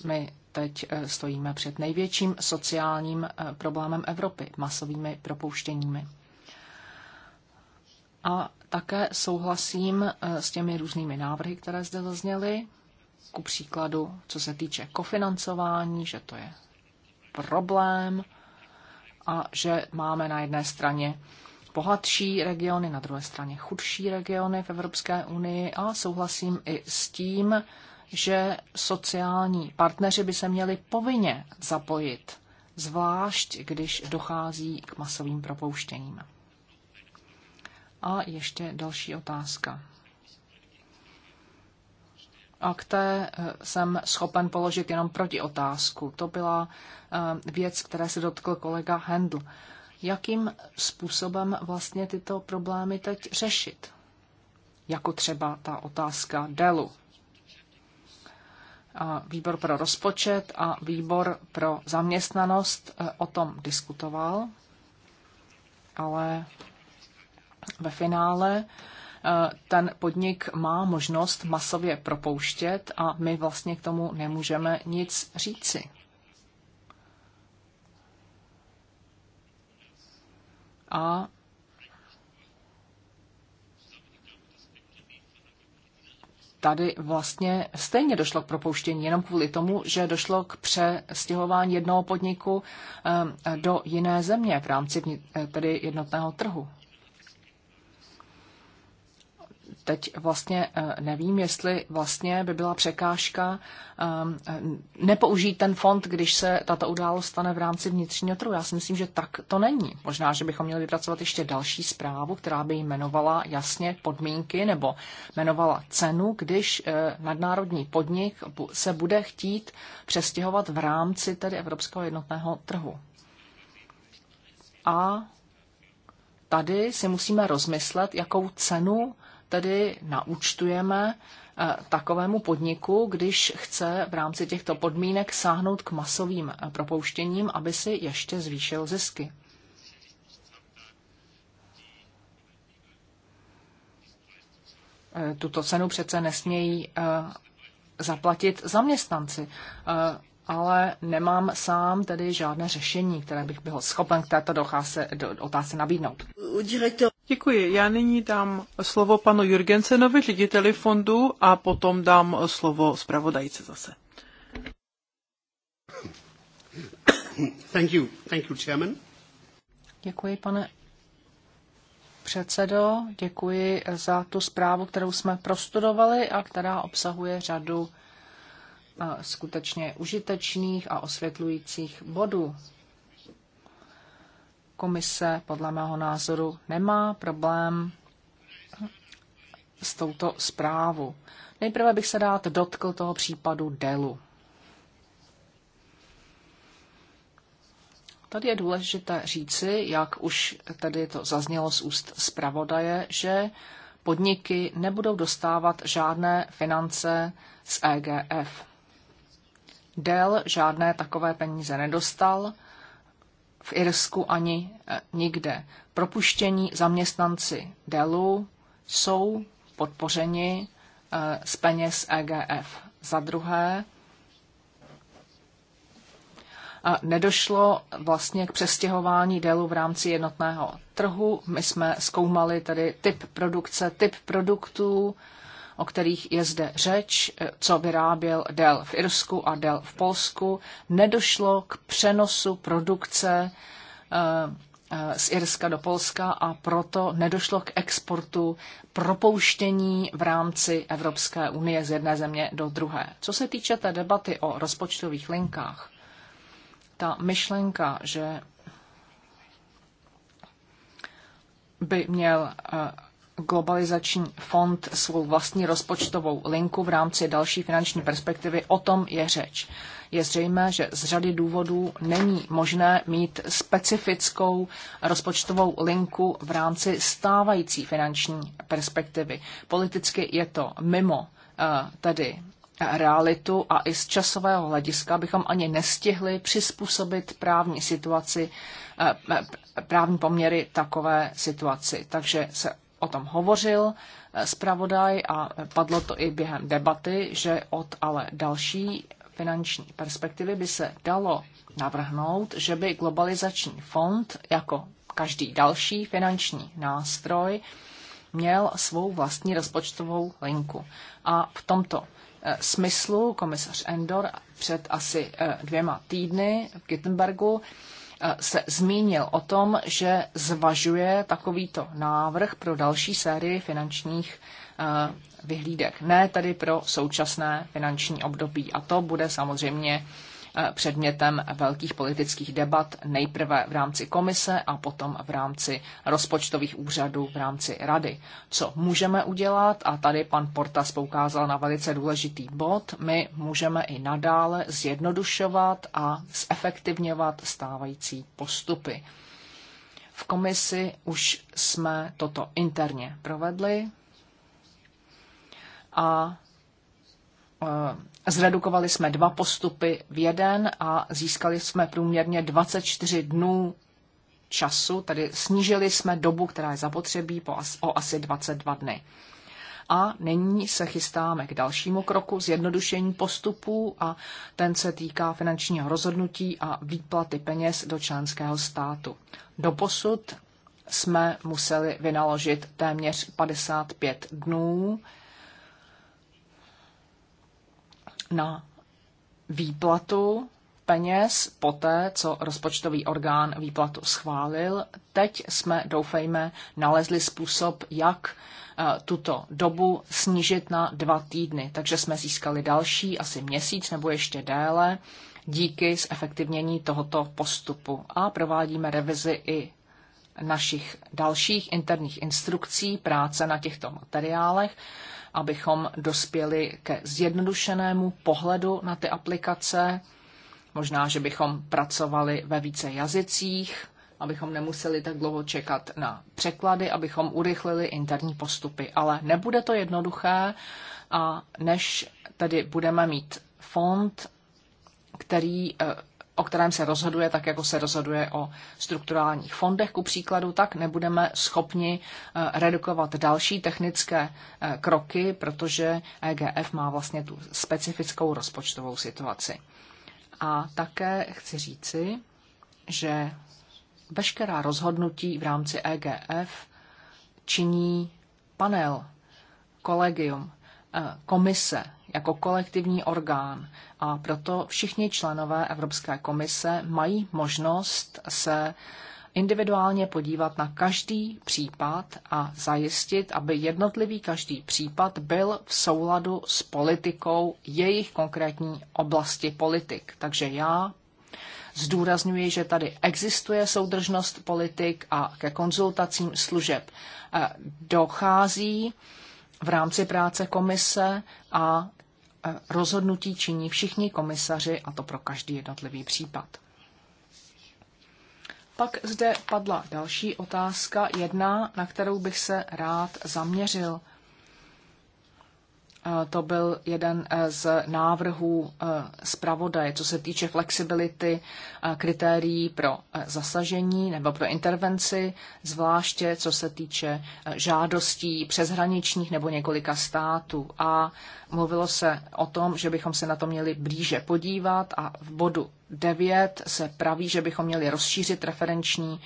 my teď eh, stojíme před největším sociálním eh, problémem Evropy, masovými propouštěními. A také souhlasím eh, s těmi různými návrhy, které zde zazněly. Ku příkladu, co se týče kofinancování, že to je problém a že máme na jedné straně bohatší regiony, na druhé straně chudší regiony v Evropské unii a souhlasím i s tím, že sociální partneři by se měli povinně zapojit, zvlášť když dochází k masovým propouštěním. A ještě další otázka. A k té eh, jsem schopen položit jenom proti otázku. To byla eh, věc, které se dotkl kolega Hendl. Jakým způsobem vlastně tyto problémy teď řešit? Jako třeba ta otázka Delu výbor pro rozpočet a výbor pro zaměstnanost eh, o tom diskutoval, ale ve finále eh, ten podnik má možnost masově propouštět a my vlastně k tomu nemůžeme nic říci. A tady vlastně stejně došlo k propouštění, jenom kvůli tomu, že došlo k přestěhování jednoho podniku ehm, do jiné země v rámci tedy jednotného trhu teď vlastně eh, nevím, jestli vlastně by byla překážka eh, nepoužít ten fond, když se tato událost stane v rámci vnitřního trhu. Já si myslím, že tak to není. Možná, že bychom měli vypracovat ještě další zprávu, která by jmenovala jasně podmínky nebo jmenovala cenu, když eh, nadnárodní podnik se bude chtít přestěhovat v rámci tedy Evropského jednotného trhu. A tady si musíme rozmyslet, jakou cenu tedy naučtujeme eh, takovému podniku, když chce v rámci těchto podmínek sáhnout k masovým eh, propouštěním, aby si ještě zvýšil zisky. Eh, tuto cenu přece nesmějí zaplatit zaměstnanci, ale nemám sám tedy žádné řešení, které bych byl schopen k této docházce, do, otázce nabídnout. Děkuji. Já nyní dám slovo panu Jurgensenovi, řediteli fondu, a potom dám slovo zpravodajce zase. Thank you. Thank you, chairman. Děkuji, pane předsedo. Děkuji za tu zprávu, kterou jsme prostudovali a která obsahuje řadu eh, skutečně užitečných a osvětlujících bodů. Komise podle mého názoru nemá problém s touto zprávu. Nejprve bych se rád dotkl toho případu Delu. Tady je důležité říci, jak už tedy to zaznělo z úst zpravodaje, že podniky nebudou dostávat žádné finance z EGF. Dell žádné takové peníze nedostal v Irsku ani eh, nikde. Propuštění zaměstnanci Delu jsou podpořeni eh, z peněz EGF. Za druhé, eh, nedošlo vlastně k přestěhování Delu v rámci jednotného trhu. My jsme zkoumali tedy typ produkce, typ produktů, o kterých je zde řeč, eh, co vyráběl Dell v Irsku a Dell v Polsku, nedošlo k přenosu produkce eh, eh, z Irska do Polska a proto nedošlo k exportu propouštění v rámci Evropské unie z jedné země do druhé. Co se týče té debaty o rozpočtových linkách, ta myšlenka, že by měl globalizační fond svou vlastní rozpočtovou linku v rámci další finanční perspektivy, o tom je řeč. Je zřejmé, že z řady důvodů není možné mít specifickou rozpočtovou linku v rámci stávající finanční perspektivy. Politicky je to mimo eh, tedy eh, realitu a i z časového hlediska bychom ani nestihli přizpůsobit právní situaci, eh, právní poměry takové situaci. Takže se o tom hovořil eh, zpravodaj a padlo to i během debaty, že od ale další finanční perspektivy by se dalo navrhnout, že by globalizační fond jako každý další finanční nástroj měl svou vlastní rozpočtovou linku. A v tomto eh, smyslu komisař Endor před asi eh, dvěma týdny v Gittenbergu Eh, se zmínil o tom, že zvažuje takovýto návrh pro další sérii finančních eh, vyhlídek, ne tedy pro současné finanční období. A to bude samozřejmě Eh, předmětem velkých politických debat nejprve v rámci komise a potom v rámci rozpočtových úřadů v rámci rady. Co můžeme udělat, a tady pan Portas poukázal na velice důležitý bod, my můžeme i nadále zjednodušovat a zefektivňovat stávající postupy. V komisi už jsme toto interně provedli a eh, Zredukovali jsme dva postupy v jeden a získali jsme průměrně 24 dnů času, tedy snížili jsme dobu, která je zapotřebí, po as, o asi 22 dny. A nyní se chystáme k dalšímu kroku zjednodušení postupů a ten se týká finančního rozhodnutí a výplaty peněz do členského státu. Doposud jsme museli vynaložit téměř 55 dnů na výplatu peněz poté, co rozpočtový orgán výplatu schválil. Teď jsme, doufejme, nalezli způsob, jak eh, tuto dobu snížit na dva týdny. Takže jsme získali další asi měsíc nebo ještě déle díky zefektivnění tohoto postupu. A provádíme revizi i našich dalších interních instrukcí práce na těchto materiálech, abychom dospěli ke zjednodušenému pohledu na ty aplikace. Možná, že bychom pracovali ve více jazycích, abychom nemuseli tak dlouho čekat na překlady, abychom urychlili interní postupy. Ale nebude to jednoduché a než tedy budeme mít fond, který eh, o kterém se rozhoduje, tak jako se rozhoduje o strukturálních fondech, ku příkladu, tak nebudeme schopni eh, redukovat další technické eh, kroky, protože EGF má vlastně tu specifickou rozpočtovou situaci. A také chci říci, že veškerá rozhodnutí v rámci EGF činí panel, kolegium, eh, komise jako kolektivní orgán, a proto všichni členové Evropské komise mají možnost se individuálně podívat na každý případ a zajistit, aby jednotlivý každý případ byl v souladu s politikou jejich konkrétní oblasti politik. Takže já Zdůrazňuji, že tady existuje soudržnost politik a ke konzultacím služeb eh, dochází v rámci práce komise a Eh, rozhodnutí činí všichni komisaři, a to pro každý jednotlivý případ. Pak zde padla další otázka, jedna, na kterou bych se rád zaměřil – to byl jeden eh, z návrhů eh, zpravodaje, co se týče flexibility eh, kritérií pro zasažení nebo pro intervenci, zvláště co se týče žádostí přeshraničních nebo několika států. A mluvilo se o tom, že bychom se na to měli blíže podívat a v bodu 9 se praví, že bychom měli rozšířit referenční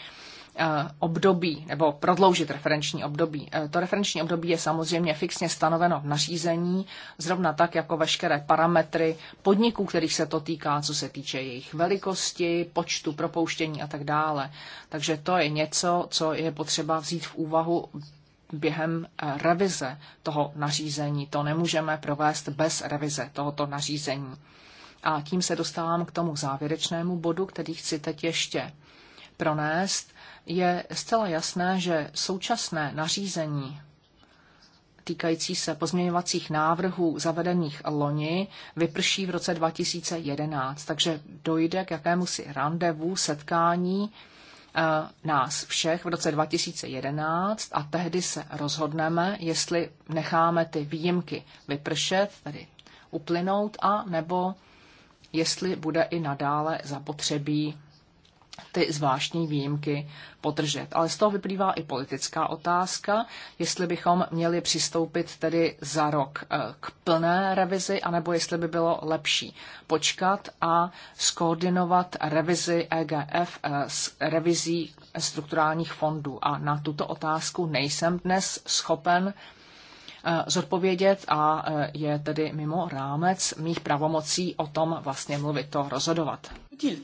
Eh, období nebo prodloužit referenční období. Eh, to referenční období je samozřejmě fixně stanoveno v nařízení, zrovna tak jako veškeré parametry podniků, kterých se to týká, co se týče jejich velikosti, počtu propouštění a tak dále. Takže to je něco, co je potřeba vzít v úvahu během eh, revize toho nařízení. To nemůžeme provést bez revize tohoto nařízení. A tím se dostávám k tomu závěrečnému bodu, který chci teď ještě pronést je zcela jasné, že současné nařízení týkající se pozměňovacích návrhů zavedených loni vyprší v roce 2011, takže dojde k jakémusi randevu, setkání eh, nás všech v roce 2011 a tehdy se rozhodneme, jestli necháme ty výjimky vypršet, tedy uplynout, a nebo jestli bude i nadále zapotřebí ty zvláštní výjimky podržet. Ale z toho vyplývá i politická otázka, jestli bychom měli přistoupit tedy za rok eh, k plné revizi, anebo jestli by bylo lepší počkat a skoordinovat revizi EGF eh, s revizí strukturálních fondů. A na tuto otázku nejsem dnes schopen eh, zodpovědět a je tedy mimo rámec mých pravomocí o tom vlastně mluvit, to rozhodovat. Díl.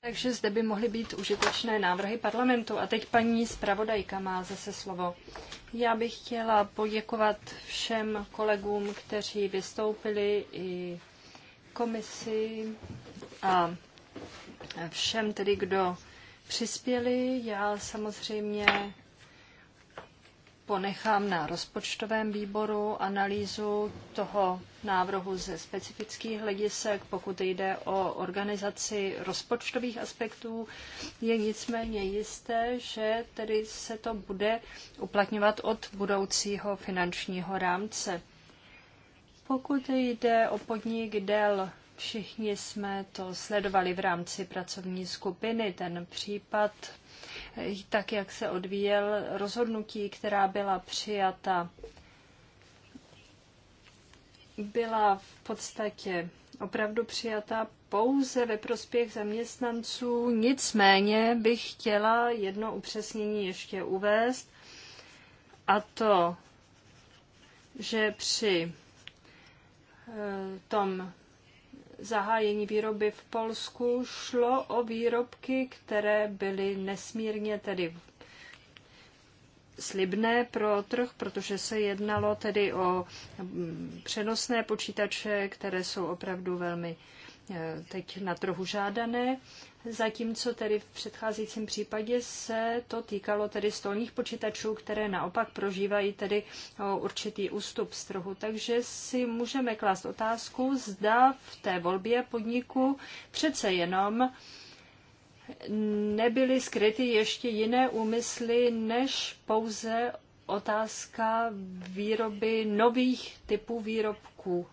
Takže zde by mohly být užitečné návrhy parlamentu. A teď paní zpravodajka má zase slovo. Já bych chtěla poděkovat všem kolegům, kteří vystoupili i komisi a všem tedy, kdo přispěli. Já samozřejmě ponechám na rozpočtovém výboru analýzu toho návrhu ze specifických hledisek, pokud jde o organizaci rozpočtových aspektů. Je nicméně jisté, že tedy se to bude uplatňovat od budoucího finančního rámce. Pokud jde o podnik DEL, všichni jsme to sledovali v rámci pracovní skupiny, ten případ tak jak se odvíjel rozhodnutí, která byla přijata, byla v podstatě opravdu přijata pouze ve prospěch zaměstnanců. Nicméně bych chtěla jedno upřesnění ještě uvést, a to, že při eh, tom zahájení výroby v Polsku šlo o výrobky, které byly nesmírně tedy slibné pro trh, protože se jednalo tedy o mm, přenosné počítače, které jsou opravdu velmi eh, teď na trhu žádané zatímco tedy v předcházejícím případě se to týkalo tedy stolních počítačů, které naopak prožívají tedy určitý ústup z trhu. Takže si můžeme klást otázku, zda v té volbě podniku přece jenom nebyly skryty ještě jiné úmysly než pouze otázka výroby nových typů výrobků.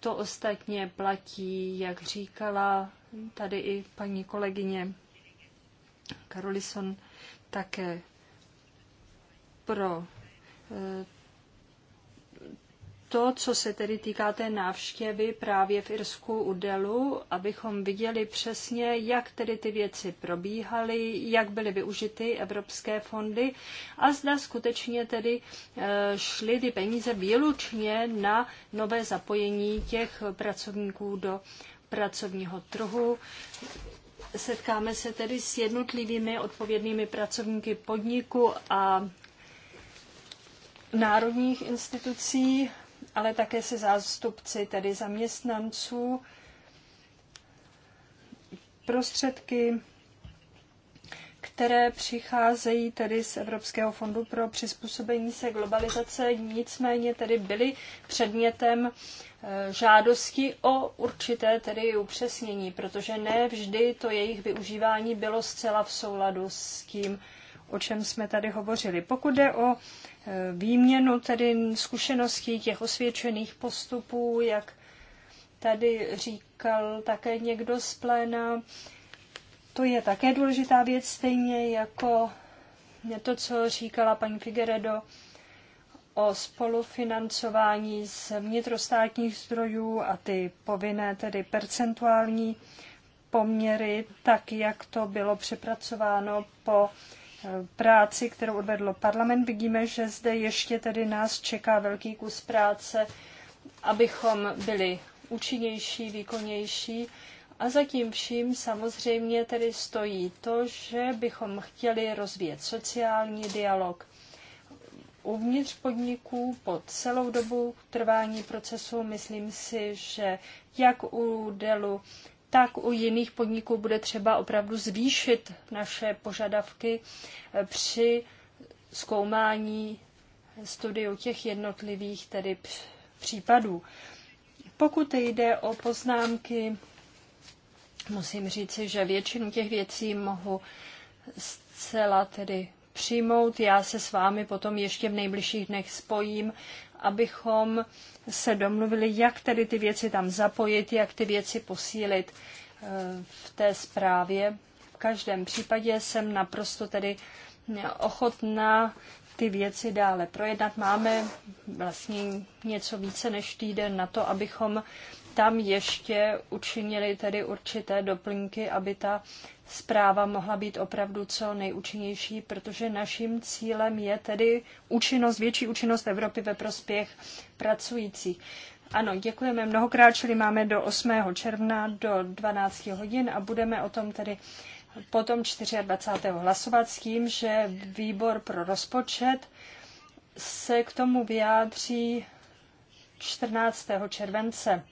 To ostatně platí, jak říkala Tady i paní kolegyně Karolison také pro eh, to, co se tedy týká té návštěvy právě v Irsku u Delu, abychom viděli přesně, jak tedy ty věci probíhaly, jak byly využity evropské fondy a zda skutečně tedy eh, šly ty peníze výlučně na nové zapojení těch pracovníků do pracovního trhu. Setkáme se tedy s jednotlivými odpovědnými pracovníky podniku a národních institucí, ale také se zástupci tedy zaměstnanců. Prostředky které přicházejí tedy z Evropského fondu pro přizpůsobení se globalizace, nicméně tedy byly předmětem e, žádosti o určité tedy upřesnění, protože ne vždy to jejich využívání bylo zcela v souladu s tím, o čem jsme tady hovořili. Pokud jde o e, výměnu tedy zkušeností těch osvědčených postupů, jak tady říkal také někdo z pléna, to je také důležitá věc, stejně jako to, co říkala paní Figueredo o spolufinancování z vnitrostátních zdrojů a ty povinné, tedy percentuální poměry, tak jak to bylo přepracováno po eh, práci, kterou odvedlo parlament. Vidíme, že zde ještě tedy nás čeká velký kus práce, abychom byli účinnější, výkonnější. A tím vším samozřejmě tedy stojí to, že bychom chtěli rozvíjet sociální dialog uvnitř podniků po celou dobu trvání procesu. Myslím si, že jak u Delu, tak u jiných podniků bude třeba opravdu zvýšit naše požadavky eh, při zkoumání studiu těch jednotlivých tedy případů. Pokud jde o poznámky Musím říci, že většinu těch věcí mohu zcela tedy přijmout. Já se s vámi potom ještě v nejbližších dnech spojím, abychom se domluvili, jak tedy ty věci tam zapojit, jak ty věci posílit eh, v té zprávě. V každém případě jsem naprosto tedy ochotná ty věci dále projednat. Máme vlastně něco více než týden na to, abychom tam ještě učinili tedy určité doplňky, aby ta zpráva mohla být opravdu co nejúčinnější, protože naším cílem je tedy účinnost, větší účinnost Evropy ve prospěch pracujících. Ano, děkujeme mnohokrát, čili máme do 8. června do 12 hodin a budeme o tom tedy potom 24. hlasovat s tím, že výbor pro rozpočet se k tomu vyjádří 14. července.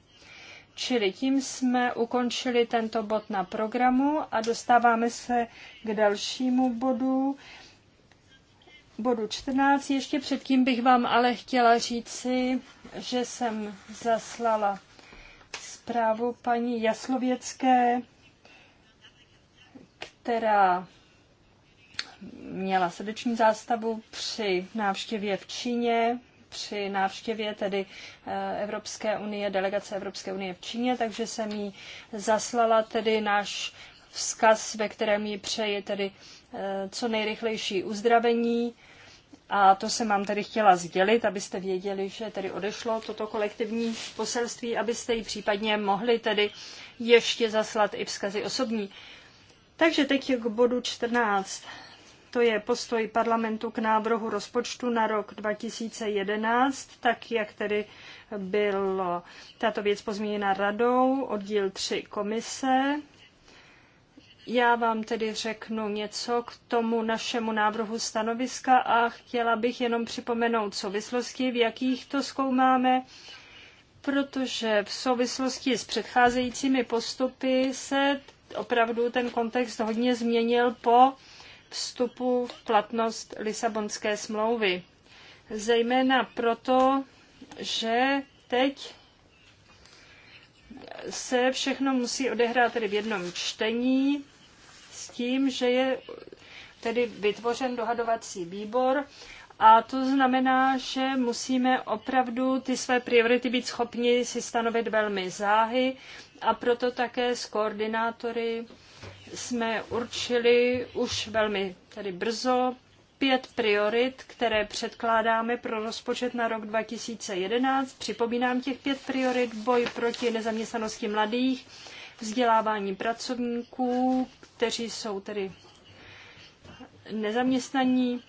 Čili tím jsme ukončili tento bod na programu a dostáváme se k dalšímu bodu, bodu 14. Ještě předtím bych vám ale chtěla říci, že jsem zaslala zprávu paní Jaslověcké, která měla srdeční zástavu při návštěvě v Číně při návštěvě tedy eh, Evropské unie, delegace Evropské unie v Číně, takže jsem jí zaslala tedy náš vzkaz, ve kterém jí přeji tedy eh, co nejrychlejší uzdravení. A to jsem vám tedy chtěla sdělit, abyste věděli, že tedy odešlo toto kolektivní poselství, abyste ji případně mohli tedy ještě zaslat i vzkazy osobní. Takže teď k bodu 14 to je postoj parlamentu k návrhu rozpočtu na rok 2011, tak jak tedy bylo tato věc pozměněna radou, oddíl 3 komise. Já vám tedy řeknu něco k tomu našemu návrhu stanoviska a chtěla bych jenom připomenout souvislosti, v jakých to zkoumáme protože v souvislosti s předcházejícími postupy se opravdu ten kontext hodně změnil po vstupu v platnost Lisabonské smlouvy. Zejména proto, že teď se všechno musí odehrát tedy v jednom čtení s tím, že je tedy vytvořen dohadovací výbor a to znamená, že musíme opravdu ty své priority být schopni si stanovit velmi záhy a proto také s koordinátory jsme určili už velmi tedy brzo pět priorit, které předkládáme pro rozpočet na rok 2011. Připomínám těch pět priorit boj proti nezaměstnanosti mladých, vzdělávání pracovníků, kteří jsou tedy nezaměstnaní,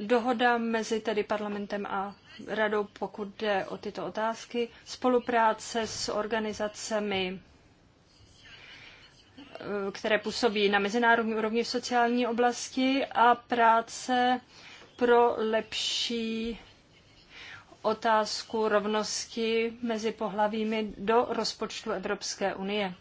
dohoda mezi tedy parlamentem a radou, pokud jde o tyto otázky, spolupráce s organizacemi Eh, které působí na mezinárodní úrovni v sociální oblasti a práce pro lepší otázku rovnosti mezi pohlavími do rozpočtu Evropské unie.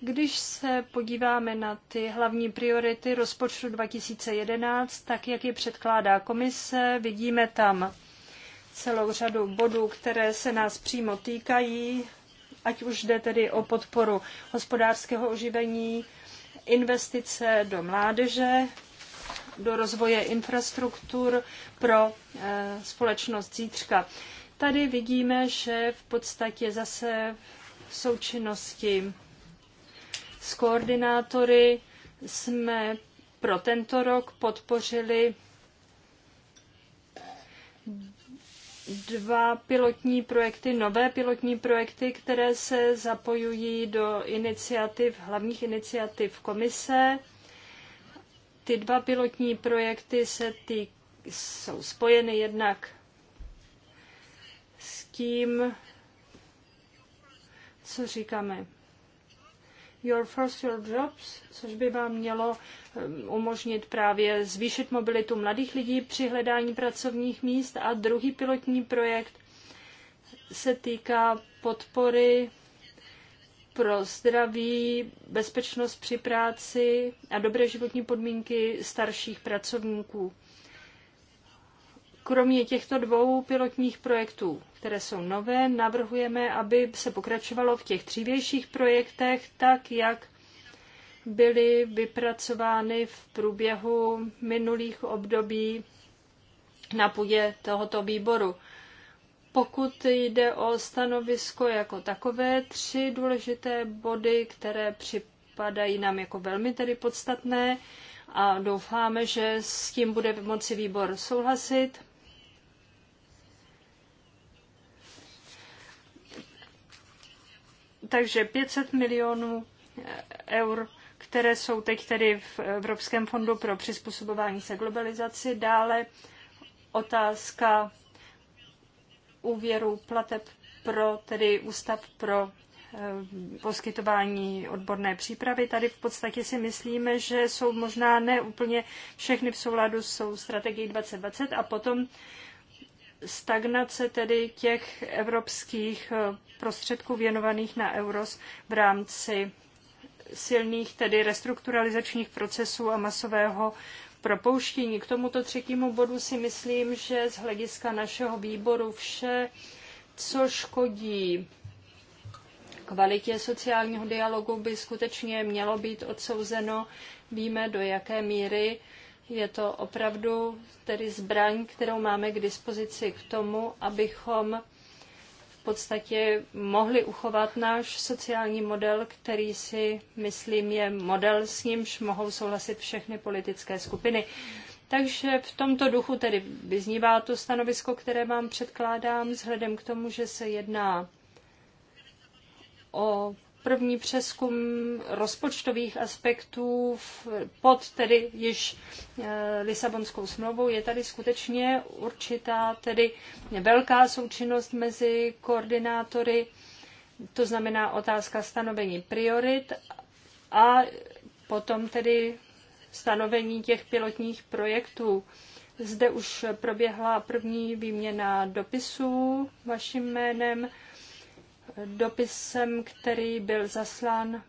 Když se podíváme na ty hlavní priority rozpočtu 2011, tak jak je předkládá komise, vidíme tam celou řadu bodů, které se nás přímo týkají, ať už jde tedy o podporu hospodářského oživení, investice do mládeže, do rozvoje infrastruktur pro eh, společnost zítřka. Tady vidíme, že v podstatě zase v součinnosti s koordinátory jsme pro tento rok podpořili dva pilotní projekty, nové pilotní projekty, které se zapojují do iniciativ, hlavních iniciativ komise. Ty dva pilotní projekty se tý, jsou spojeny jednak s tím, co říkáme Your First Your Jobs, což by vám mělo um, umožnit právě zvýšit mobilitu mladých lidí při hledání pracovních míst. A druhý pilotní projekt se týká podpory pro zdraví, bezpečnost při práci a dobré životní podmínky starších pracovníků. Kromě těchto dvou pilotních projektů, které jsou nové, navrhujeme, aby se pokračovalo v těch dřívějších projektech tak, jak byly vypracovány v průběhu minulých období na půdě tohoto výboru. Pokud jde o stanovisko jako takové, tři důležité body, které připadají nám jako velmi tedy podstatné a doufáme, že s tím bude moci výbor souhlasit. Takže 500 milionů eh, eur, které jsou teď tedy v Evropském fondu pro přizpůsobování se globalizaci. Dále otázka úvěru plateb pro tedy Ústav pro eh, poskytování odborné přípravy. Tady v podstatě si myslíme, že jsou možná ne úplně všechny v souladu s strategií 2020 a potom stagnace tedy těch evropských eh, prostředků věnovaných na euros v rámci silných tedy restrukturalizačních procesů a masového propouštění. K tomuto třetímu bodu si myslím, že z hlediska našeho výboru vše, co škodí kvalitě sociálního dialogu, by skutečně mělo být odsouzeno. Víme, do jaké míry je to opravdu tedy zbraň, kterou máme k dispozici k tomu, abychom v podstatě mohli uchovat náš sociální model, který si myslím je model, s nímž mohou souhlasit všechny politické skupiny. Takže v tomto duchu tedy vyznívá to stanovisko, které vám předkládám, vzhledem k tomu, že se jedná o první přeskum rozpočtových aspektů pod tedy již eh, Lisabonskou smlouvou. Je tady skutečně určitá tedy velká součinnost mezi koordinátory, to znamená otázka stanovení priorit a potom tedy stanovení těch pilotních projektů. Zde už proběhla první výměna dopisů vaším jménem dopisem, který byl zaslán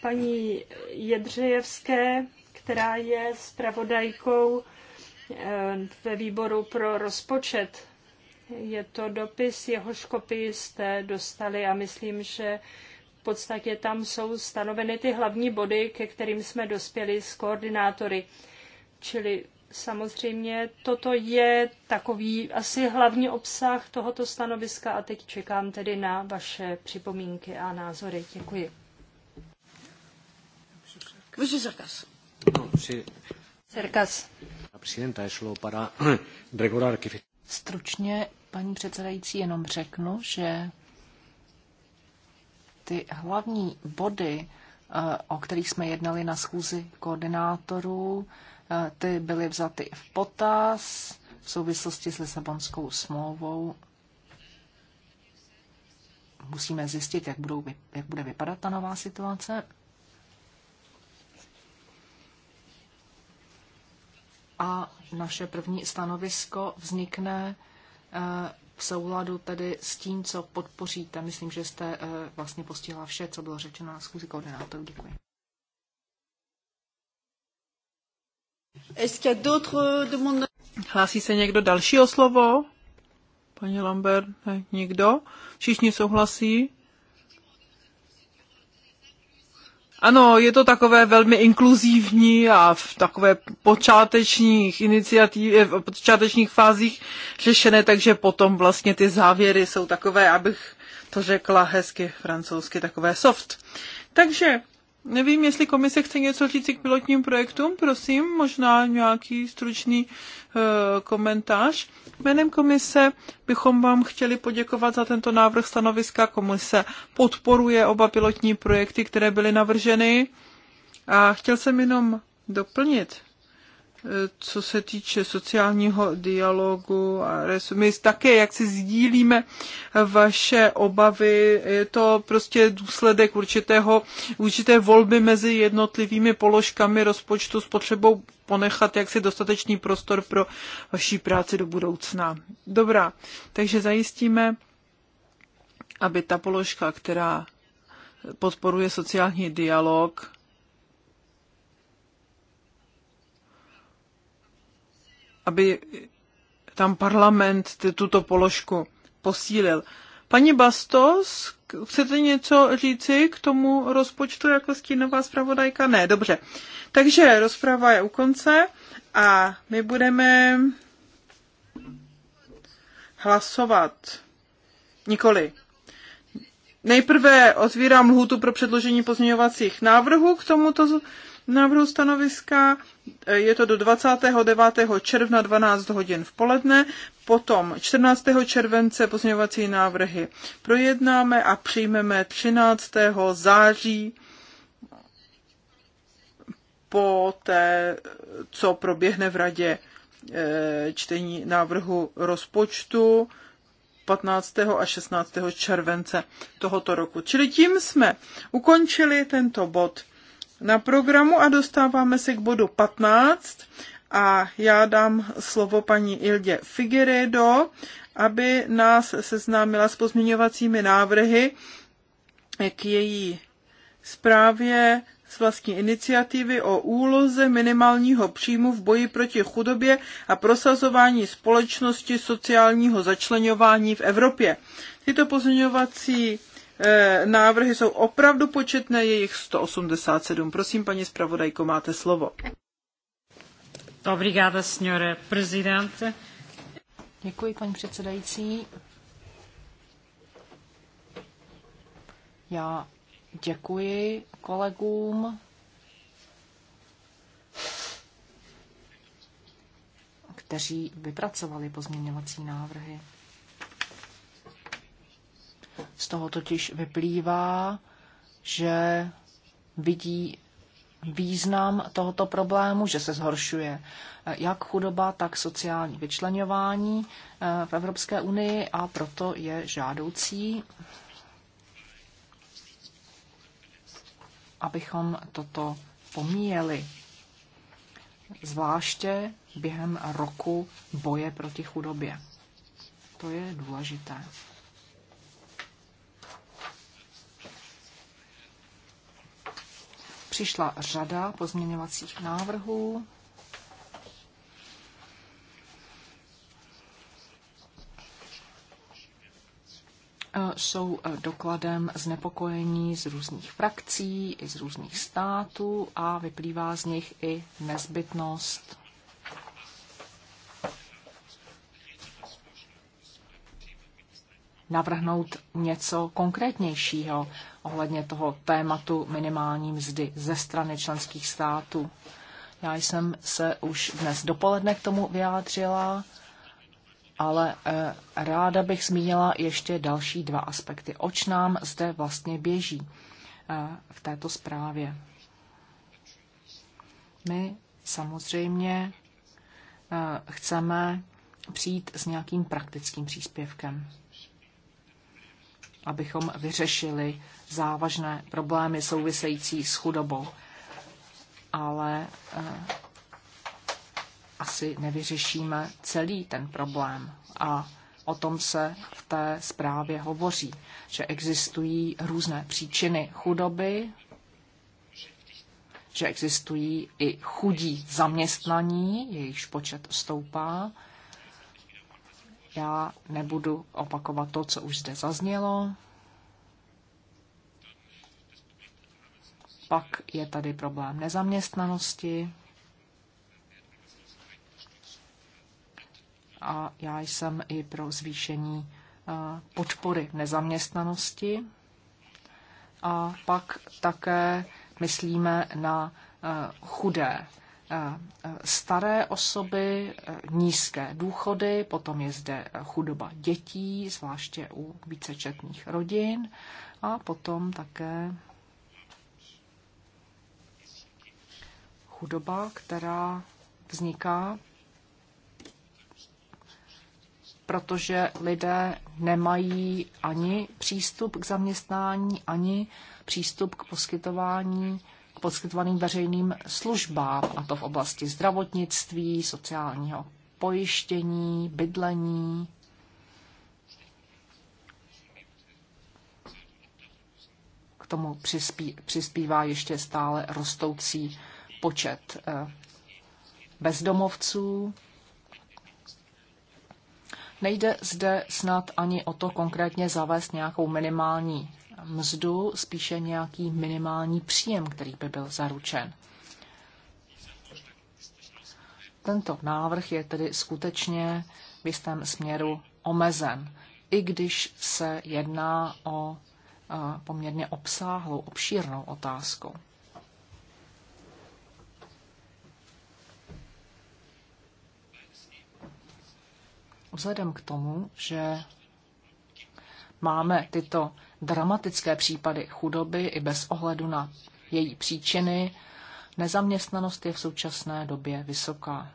paní Jedřejevské, která je zpravodajkou eh, ve výboru pro rozpočet. Je to dopis, jehož kopii jste dostali a myslím, že v podstatě tam jsou stanoveny ty hlavní body, ke kterým jsme dospěli s koordinátory. Čili Samozřejmě toto je takový asi hlavní obsah tohoto stanoviska a teď čekám tedy na vaše připomínky a názory. Děkuji. No, <clears throat> Stručně, paní předsedající, jenom řeknu, že ty hlavní body, eh, o kterých jsme jednali na schůzi koordinátorů, ty byly vzaty v potaz v souvislosti s Lisabonskou smlouvou. Musíme zjistit, jak, budou, jak bude vypadat ta nová situace. A naše první stanovisko vznikne eh, v souladu tedy s tím, co podpoříte. Myslím, že jste eh, vlastně postihla vše, co bylo řečeno na schůzi koordinátorů. Děkuji. Hlásí se někdo dalšího slovo? Paní Lambert, ne, nikdo? Všichni souhlasí? Ano, je to takové velmi inkluzivní a v takové počátečních iniciativ, eh, počátečních fázích řešené, takže potom vlastně ty závěry jsou takové, abych to řekla hezky francouzsky, takové soft. Takže Nevím, jestli komise chce něco říct k pilotním projektům, prosím, možná nějaký stručný e, komentář. Jménem komise bychom vám chtěli poděkovat za tento návrh stanoviska. Komise podporuje oba pilotní projekty, které byly navrženy. A chtěl jsem jenom doplnit, co se týče sociálního dialogu. My také, jak si sdílíme vaše obavy, je to prostě důsledek určitého, určité volby mezi jednotlivými položkami rozpočtu s potřebou ponechat jaksi dostatečný prostor pro vaší práci do budoucna. Dobrá, takže zajistíme, aby ta položka, která podporuje sociální dialog, aby tam parlament tuto položku posílil. Paní Bastos, chcete něco říci k tomu rozpočtu jako stínová zpravodajka? Ne, dobře. Takže rozprava je u konce a my budeme hlasovat. Nikoli. Nejprve otvírám lhůtu pro předložení pozměňovacích návrhů k tomuto návrhu stanoviska. Je to do 29. června 12 hodin v poledne. Potom 14. července pozměňovací návrhy projednáme a přijmeme 13. září po té, co proběhne v radě eh, čtení návrhu rozpočtu 15. a 16. července tohoto roku. Čili tím jsme ukončili tento bod na programu a dostáváme se k bodu 15 a já dám slovo paní Ildě Figueredo, aby nás seznámila s pozměňovacími návrhy k její zprávě z vlastní iniciativy o úloze minimálního příjmu v boji proti chudobě a prosazování společnosti sociálního začlenování v Evropě. Tyto pozměňovací Eh, návrhy jsou opravdu početné, je jich 187. Prosím, paní zpravodajko, máte slovo. Obrigada, signore prezidente. Děkuji, paní předsedající. Já děkuji kolegům, kteří vypracovali pozměňovací návrhy. Z toho totiž vyplývá, že vidí význam tohoto problému, že se zhoršuje eh, jak chudoba, tak sociální vyčlenování eh, v Evropské unii a proto je žádoucí, abychom toto pomíjeli. Zvláště během roku boje proti chudobě. To je důležité. přišla řada pozměňovacích návrhů. E, jsou e, dokladem znepokojení z různých frakcí i z různých států a vyplývá z nich i nezbytnost navrhnout něco konkrétnějšího ohledně toho tématu minimální mzdy ze strany členských států. Já jsem se už dnes dopoledne k tomu vyjádřila, ale eh, ráda bych zmínila ještě další dva aspekty. Oč nám zde vlastně běží eh, v této zprávě? My samozřejmě eh, chceme přijít s nějakým praktickým příspěvkem abychom vyřešili závažné problémy související s chudobou. Ale eh, asi nevyřešíme celý ten problém. A o tom se v té zprávě hovoří, že existují různé příčiny chudoby, že existují i chudí zaměstnaní, jejichž počet stoupá, já nebudu opakovat to, co už zde zaznělo. Pak je tady problém nezaměstnanosti. A já jsem i pro zvýšení eh, podpory nezaměstnanosti. A pak také myslíme na eh, chudé Eh, staré osoby, eh, nízké důchody, potom je zde chudoba dětí, zvláště u vícečetných rodin a potom také chudoba, která vzniká, protože lidé nemají ani přístup k zaměstnání, ani přístup k poskytování poskytovaným veřejným službám, a to v oblasti zdravotnictví, sociálního pojištění, bydlení. K tomu přispí, přispívá ještě stále rostoucí počet eh, bezdomovců. Nejde zde snad ani o to konkrétně zavést nějakou minimální mzdu, spíše nějaký minimální příjem, který by byl zaručen. Tento návrh je tedy skutečně v jistém směru omezen, i když se jedná o poměrně obsáhlou, obšírnou otázku. Vzhledem k tomu, že máme tyto dramatické případy chudoby i bez ohledu na její příčiny. Nezaměstnanost je v současné době vysoká.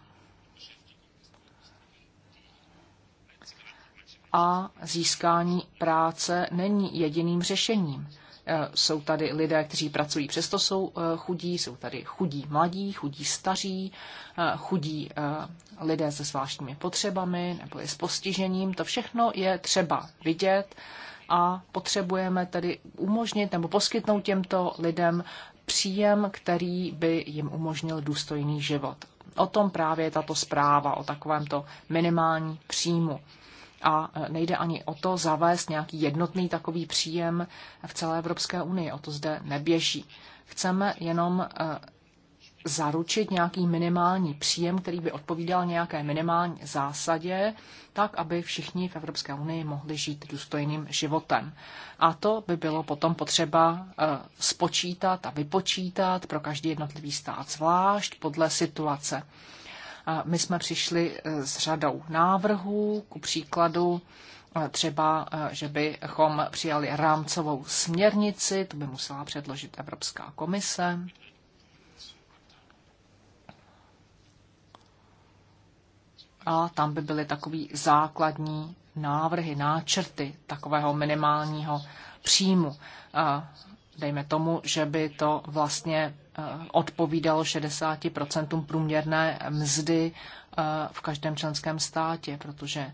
A získání práce není jediným řešením. E, jsou tady lidé, kteří pracují, přesto jsou e, chudí, jsou tady chudí mladí, chudí staří, e, chudí lidé se zvláštními potřebami nebo je s postižením. To všechno je třeba vidět a potřebujeme tedy umožnit nebo poskytnout těmto lidem příjem, který by jim umožnil důstojný život. O tom právě je tato zpráva, o takovémto minimální příjmu. A e, nejde ani o to zavést nějaký jednotný takový příjem v celé Evropské unii. O to zde neběží. Chceme jenom e, zaručit nějaký minimální příjem, který by odpovídal nějaké minimální zásadě, tak, aby všichni v Evropské unii mohli žít důstojným životem. A to by bylo potom potřeba eh, spočítat a vypočítat pro každý jednotlivý stát zvlášť podle situace. My jsme přišli eh, s řadou návrhů, ku příkladu eh, třeba, že bychom přijali rámcovou směrnici, to by musela předložit Evropská komise, a tam by byly takový základní návrhy, náčrty takového minimálního příjmu. Dejme tomu, že by to vlastně e, odpovídalo 60% průměrné mzdy e, v každém členském státě, protože e,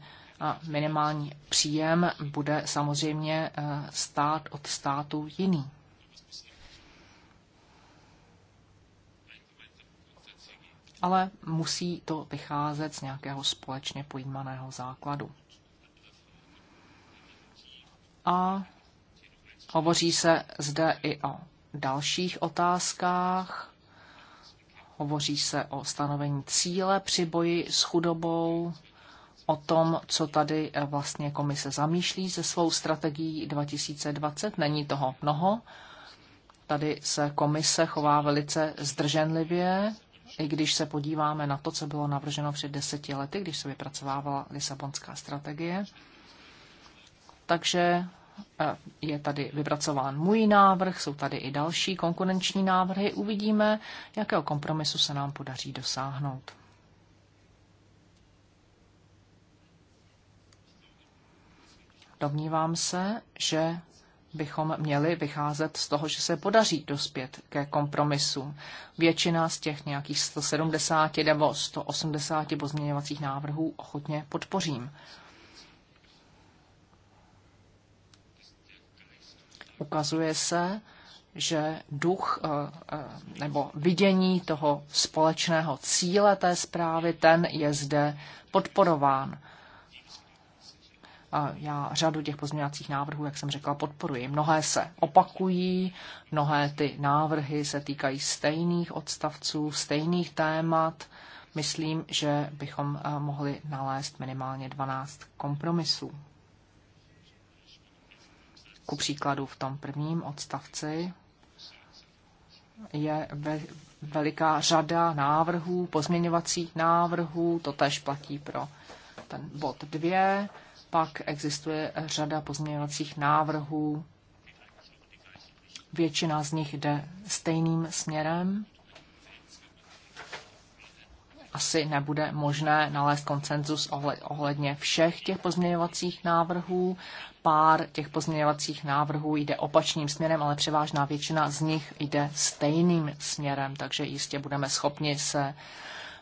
minimální příjem bude samozřejmě stát od státu jiný. ale musí to vycházet z nějakého společně pojímaného základu. A hovoří se zde i o dalších otázkách. Hovoří se o stanovení cíle při boji s chudobou, o tom, co tady eh, vlastně komise zamýšlí se svou strategií 2020. Není toho mnoho. Tady se komise chová velice zdrženlivě, i když se podíváme na to, co bylo navrženo před deseti lety, když se vypracovávala Lisabonská strategie. Takže eh, je tady vypracován můj návrh, jsou tady i další konkurenční návrhy. Uvidíme, jakého kompromisu se nám podaří dosáhnout. Domnívám se, že bychom měli vycházet z toho, že se podaří dospět ke kompromisu. Většina z těch nějakých 170 nebo 180 pozměňovacích návrhů ochotně podpořím. Ukazuje se, že duch eh, eh, nebo vidění toho společného cíle té zprávy, ten je zde podporován já řadu těch pozměňovacích návrhů, jak jsem řekla, podporuji. Mnohé se opakují, mnohé ty návrhy se týkají stejných odstavců, stejných témat. Myslím, že bychom eh, mohli nalézt minimálně 12 kompromisů. Ku příkladu v tom prvním odstavci je ve, veliká řada návrhů, pozměňovacích návrhů, to tež platí pro ten bod 2. Pak existuje řada pozměňovacích návrhů. Většina z nich jde stejným směrem. Asi nebude možné nalézt koncenzus ohledně všech těch pozměňovacích návrhů. Pár těch pozměňovacích návrhů jde opačným směrem, ale převážná většina z nich jde stejným směrem, takže jistě budeme schopni se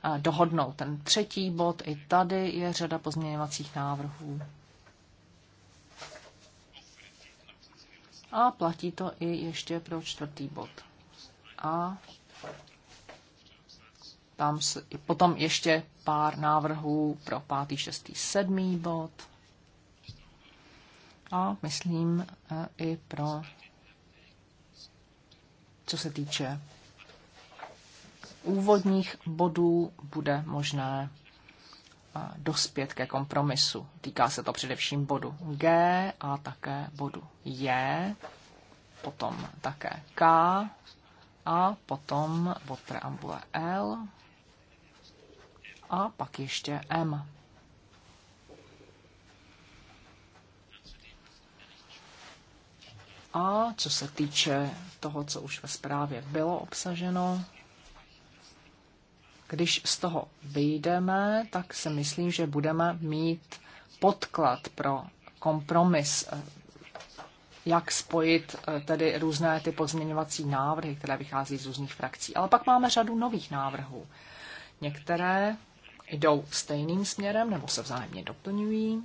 eh, dohodnout. Ten třetí bod, i tady je řada pozměňovacích návrhů. A platí to i ještě pro čtvrtý bod. A tam se, potom ještě pár návrhů pro pátý, šestý, sedmý bod. A myslím e, i pro, co se týče úvodních bodů, bude možné dospět ke kompromisu. Týká se to především bodu G a také bodu J, potom také K a potom bod preambule L a pak ještě M. A co se týče toho, co už ve zprávě bylo obsaženo, když z toho vyjdeme, tak si myslím, že budeme mít podklad pro kompromis, eh, jak spojit eh, tedy různé ty pozměňovací návrhy, které vychází z různých frakcí. Ale pak máme řadu nových návrhů. Některé jdou stejným směrem nebo se vzájemně doplňují.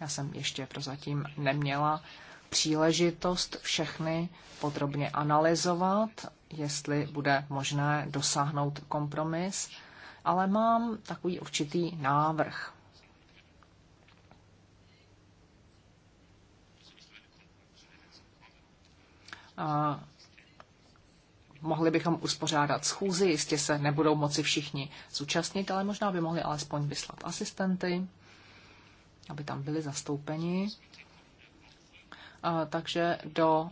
Já jsem ještě prozatím neměla příležitost všechny podrobně analyzovat, jestli bude možné dosáhnout kompromis, ale mám takový určitý návrh. A mohli bychom uspořádat schůzi, jistě se nebudou moci všichni zúčastnit, ale možná by mohli alespoň vyslat asistenty, aby tam byli zastoupeni. Takže do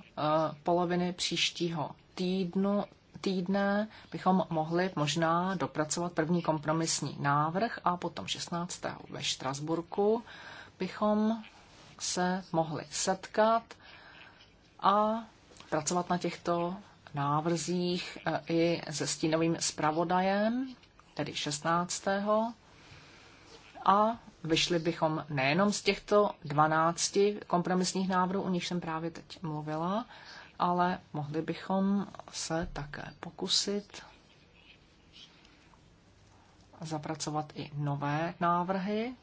poloviny příštího týdnu, týdne bychom mohli možná dopracovat první kompromisní návrh a potom 16. ve Štrasburku bychom se mohli setkat a pracovat na těchto návrzích eh, i se stínovým zpravodajem, tedy 16. A vyšli bychom nejenom z těchto 12 kompromisních návrhů, o nich jsem právě teď mluvila, ale mohli bychom se také pokusit zapracovat i nové návrhy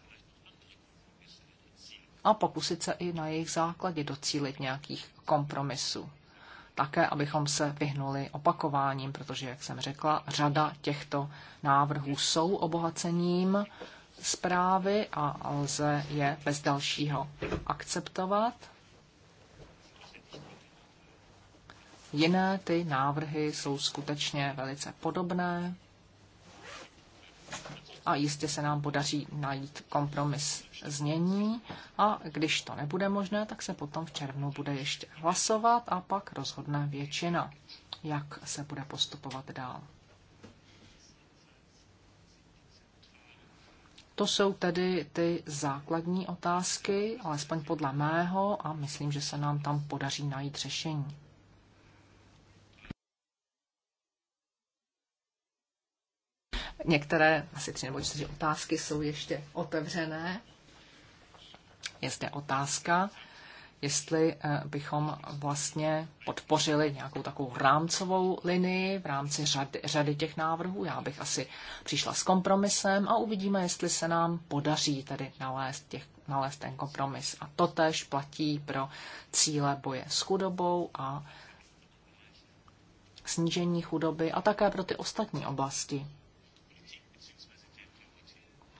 a pokusit se i na jejich základě docílit nějakých kompromisů. Také, abychom se vyhnuli opakováním, protože, jak jsem řekla, řada těchto návrhů jsou obohacením zprávy a lze je bez dalšího akceptovat. Jiné ty návrhy jsou skutečně velice podobné a jistě se nám podaří najít kompromis znění a když to nebude možné, tak se potom v červnu bude ještě hlasovat a pak rozhodne většina, jak se bude postupovat dál. To jsou tedy ty základní otázky, alespoň podle mého, a myslím, že se nám tam podaří najít řešení. Některé, asi tři nebo čtyři otázky jsou ještě otevřené. Je zde otázka, jestli eh, bychom vlastně podpořili nějakou takovou rámcovou linii v rámci řady, řady těch návrhů. Já bych asi přišla s kompromisem a uvidíme, jestli se nám podaří tady nalézt, těch, nalézt ten kompromis. A to tež platí pro cíle boje s chudobou a snížení chudoby a také pro ty ostatní oblasti,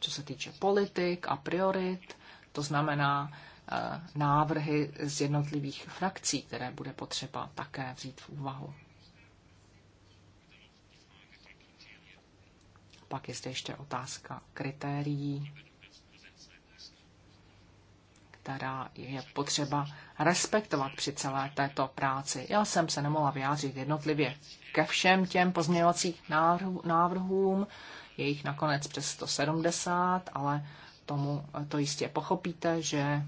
co se týče politik a priorit, to znamená eh, návrhy z jednotlivých frakcí, které bude potřeba také vzít v úvahu. Pak je zde ještě otázka kritérií, která je potřeba respektovat při celé této práci. Já jsem se nemohla vyjádřit jednotlivě ke všem těm pozměňovacích návrhům, je jich nakonec přes 170, ale tomu to jistě pochopíte, že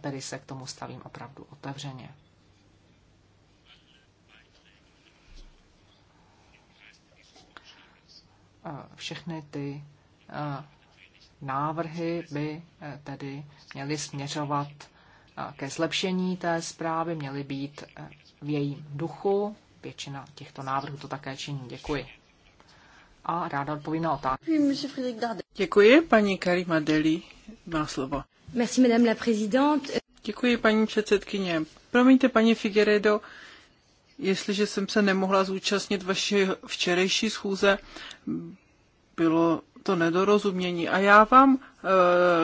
tedy se k tomu stavím opravdu otevřeně. Všechny ty eh, návrhy by eh, tedy měly směřovat eh, ke zlepšení té zprávy, měly být v jejím duchu. Většina těchto návrhů to také činí. Děkuji a ráda odpovím na otázku. Děkuji, paní Karima Deli má slovo. Merci, madame la présidente. Děkuji, paní předsedkyně. Promiňte, paní Figueredo, jestliže jsem se nemohla zúčastnit vaší včerejší schůze, bylo to nedorozumění. A já vám e,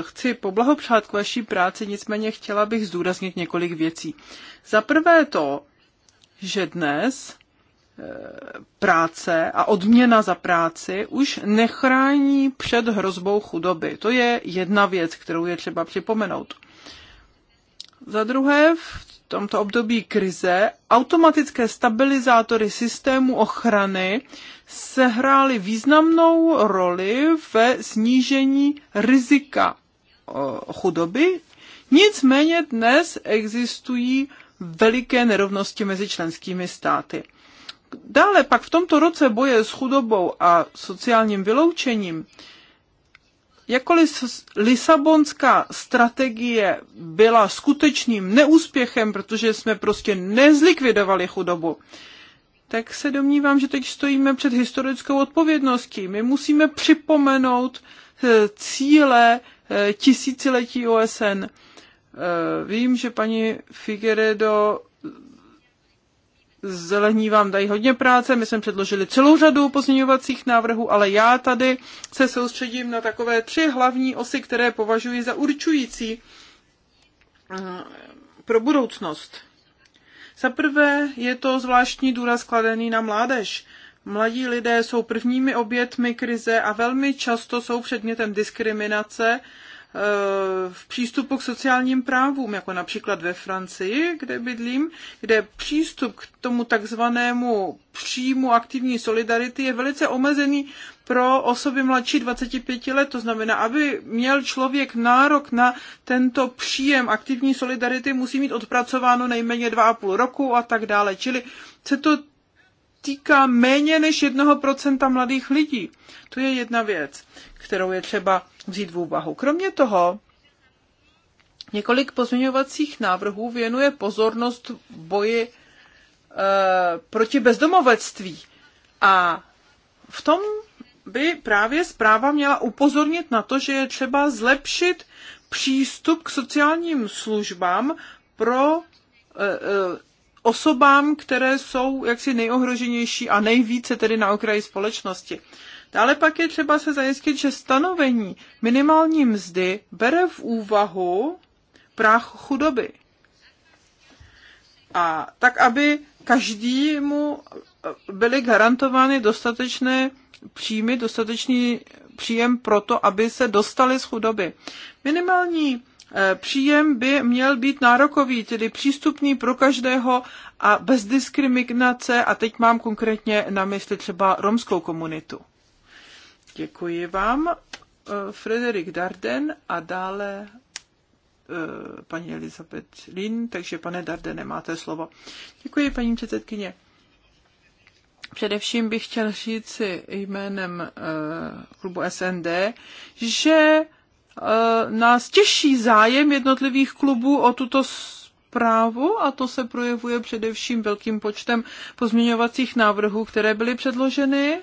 chci poblahopřát k vaší práci, nicméně chtěla bych zdůraznit několik věcí. Za prvé to, že dnes práce a odměna za práci už nechrání před hrozbou chudoby. To je jedna věc, kterou je třeba připomenout. Za druhé, v tomto období krize automatické stabilizátory systému ochrany sehrály významnou roli ve snížení rizika chudoby. Nicméně dnes existují veliké nerovnosti mezi členskými státy dále pak v tomto roce boje s chudobou a sociálním vyloučením, jakkoliv Lisabonská strategie byla skutečným neúspěchem, protože jsme prostě nezlikvidovali chudobu, tak se domnívám, že teď stojíme před historickou odpovědností. My musíme připomenout eh, cíle eh, tisíciletí OSN. Eh, vím, že paní Figueredo zelení vám dají hodně práce, my jsme předložili celou řadu pozměňovacích návrhů, ale já tady se soustředím na takové tři hlavní osy, které považuji za určující eh, pro budoucnost. Za prvé je to zvláštní důraz kladený na mládež. Mladí lidé jsou prvními obětmi krize a velmi často jsou předmětem diskriminace Eh, v přístupu k sociálním právům, jako například ve Francii, kde bydlím, kde přístup k tomu takzvanému příjmu aktivní solidarity je velice omezený pro osoby mladší 25 let. To znamená, aby měl člověk nárok na tento příjem aktivní solidarity, musí mít odpracováno nejméně 2,5 roku a tak dále. Čili se to týká méně než 1% mladých lidí. To je jedna věc, kterou je třeba vzít v úvahu. Kromě toho, několik pozměňovacích návrhů věnuje pozornost boji e, proti bezdomovectví. A v tom by právě zpráva měla upozornit na to, že je třeba zlepšit přístup k sociálním službám pro eh, eh, osobám, které jsou jaksi nejohroženější a nejvíce tedy na okraji společnosti. Dále pak je třeba se zajistit, že stanovení minimální mzdy bere v úvahu práh chudoby. A tak, aby každému byly garantovány dostatečné příjmy, dostatečný příjem pro to, aby se dostali z chudoby. Minimální Eh, příjem by měl být nárokový, tedy přístupný pro každého a bez diskriminace. A teď mám konkrétně na mysli třeba romskou komunitu. Děkuji vám. Eh, Frederik Darden a dále eh, paní Elizabeth Lin, takže pane Dardene, máte slovo. Děkuji, paní předsedkyně. Především bych chtěl říct si jménem klubu SND, že Eh, nás těší zájem jednotlivých klubů o tuto zprávu a to se projevuje především velkým počtem pozměňovacích návrhů, které byly předloženy.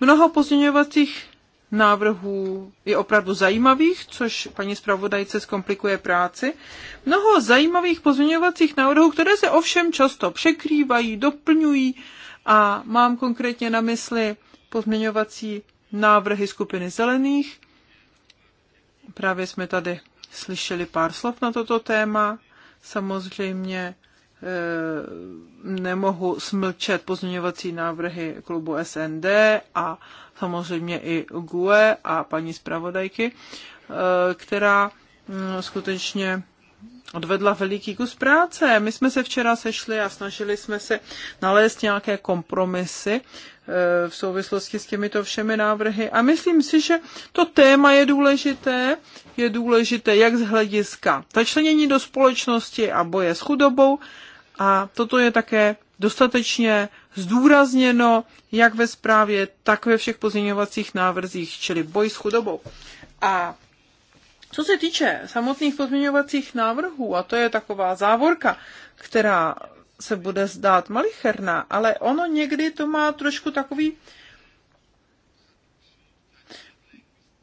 Mnoho pozměňovacích návrhů je opravdu zajímavých, což paní zpravodajce zkomplikuje práci. Mnoho zajímavých pozměňovacích návrhů, které se ovšem často překrývají, doplňují a mám konkrétně na mysli pozměňovací návrhy skupiny zelených, Právě jsme tady slyšeli pár slov na toto téma. Samozřejmě eh, nemohu smlčet pozměňovací návrhy klubu SND a samozřejmě i GUE a paní zpravodajky, eh, která mm, skutečně odvedla veliký kus práce. My jsme se včera sešli a snažili jsme se nalézt nějaké kompromisy eh, v souvislosti s těmito všemi návrhy. A myslím si, že to téma je důležité, je důležité jak z hlediska začlenění do společnosti a boje s chudobou. A toto je také dostatečně zdůrazněno jak ve zprávě, tak ve všech pozměňovacích návrzích, čili boj s chudobou. A co se týče samotných pozměňovacích návrhů, a to je taková závorka, která se bude zdát malicherná, ale ono někdy to má trošku takový...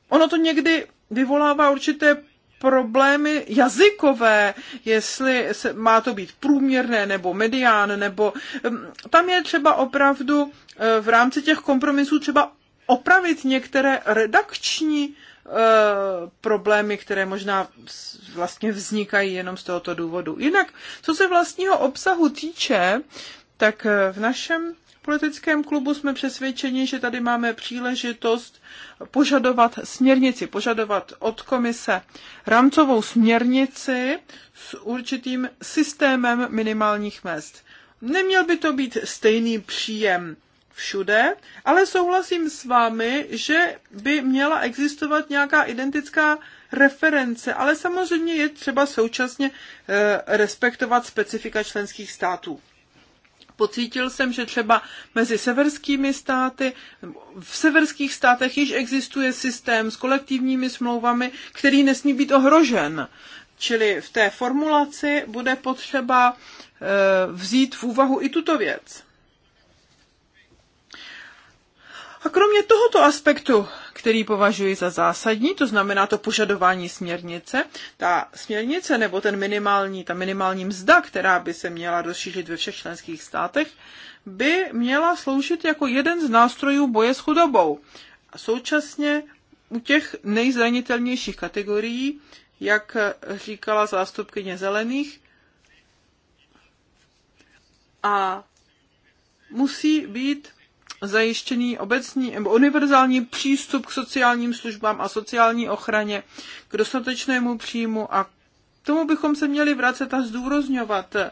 Ono to někdy vyvolává určité problémy jazykové, jestli se, má to být průměrné nebo medián, nebo mm, tam je třeba opravdu eh, v rámci těch kompromisů třeba opravit některé redakční Eh, problémy, které možná vlastně vznikají jenom z tohoto důvodu. Jinak, co se vlastního obsahu týče, tak eh, v našem politickém klubu jsme přesvědčeni, že tady máme příležitost požadovat směrnici, požadovat od komise rámcovou směrnici s určitým systémem minimálních mest. Neměl by to být stejný příjem všude, ale souhlasím s vámi, že by měla existovat nějaká identická reference, ale samozřejmě je třeba současně eh, respektovat specifika členských států. Pocítil jsem, že třeba mezi severskými státy, v severských státech již existuje systém s kolektivními smlouvami, který nesmí být ohrožen. Čili v té formulaci bude potřeba eh, vzít v úvahu i tuto věc. A kromě tohoto aspektu, který považuji za zásadní, to znamená to požadování směrnice, ta směrnice nebo ten minimální, ta minimální mzda, která by se měla rozšířit ve všech členských státech, by měla sloužit jako jeden z nástrojů boje s chudobou. A současně u těch nejzranitelnějších kategorií, jak říkala zástupkyně zelených, a musí být zajištěný obecní nebo univerzální přístup k sociálním službám a sociální ochraně, k dostatečnému příjmu a k tomu bychom se měli vracet a zdůrozňovat eh,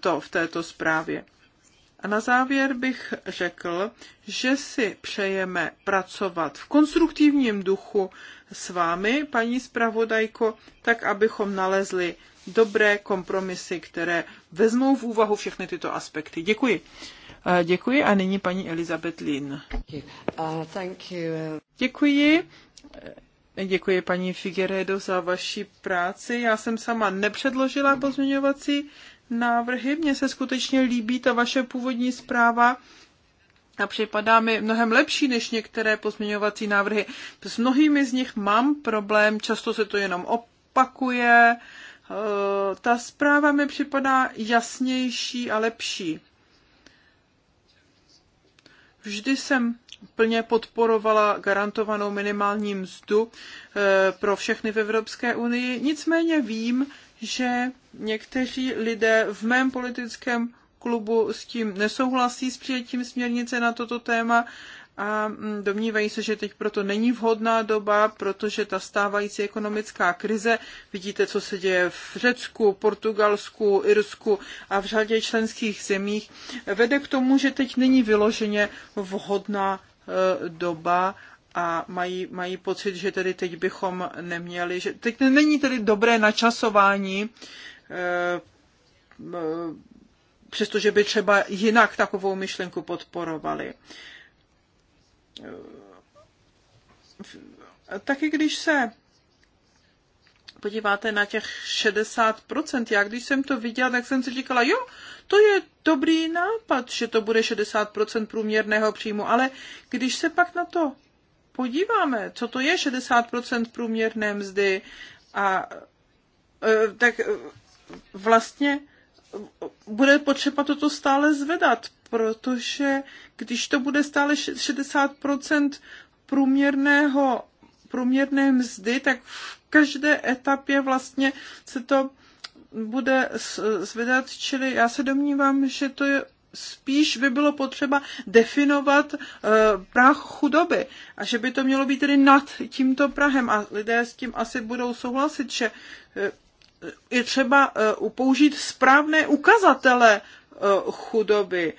to v této zprávě. A na závěr bych řekl, že si přejeme pracovat v konstruktivním duchu s vámi, paní zpravodajko, tak abychom nalezli dobré kompromisy, které vezmou v úvahu všechny tyto aspekty. Děkuji. Děkuji a nyní paní Elizabeth Lin. Děkuji. Děkuji paní Figueredo za vaši práci. Já jsem sama nepředložila pozměňovací návrhy. Mně se skutečně líbí ta vaše původní zpráva a připadá mi mnohem lepší než některé pozměňovací návrhy. S mnohými z nich mám problém, často se to jenom opakuje. Eh, ta zpráva mi připadá jasnější a lepší. Vždy jsem plně podporovala garantovanou minimální mzdu eh, pro všechny v Evropské unii. Nicméně vím, že někteří lidé v mém politickém klubu s tím nesouhlasí s přijetím směrnice na toto téma a mm, domnívají se, že teď proto není vhodná doba, protože ta stávající ekonomická krize, vidíte, co se děje v Řecku, Portugalsku, Irsku a v řadě členských zemích, vede k tomu, že teď není vyloženě vhodná e, doba a mají, mají pocit, že tedy teď bychom neměli, že teď není tedy dobré načasování e, e, přestože by třeba jinak takovou myšlenku podporovali. Eh, taky když se podíváte na těch 60%, já když jsem to viděla, tak jsem si říkala, jo, to je dobrý nápad, že to bude 60% průměrného příjmu, ale když se pak na to podíváme, co to je 60% průměrné mzdy, a eh, tak eh, vlastně bude potřeba toto stále zvedat, protože když to bude stále 60% průměrného, průměrné mzdy, tak v každé etapě vlastně se to bude zvedat, čili já se domnívám, že to je spíš by bylo potřeba definovat e, práh chudoby a že by to mělo být tedy nad tímto prahem a lidé s tím asi budou souhlasit, že e, je třeba e, použít správné ukazatele chudoby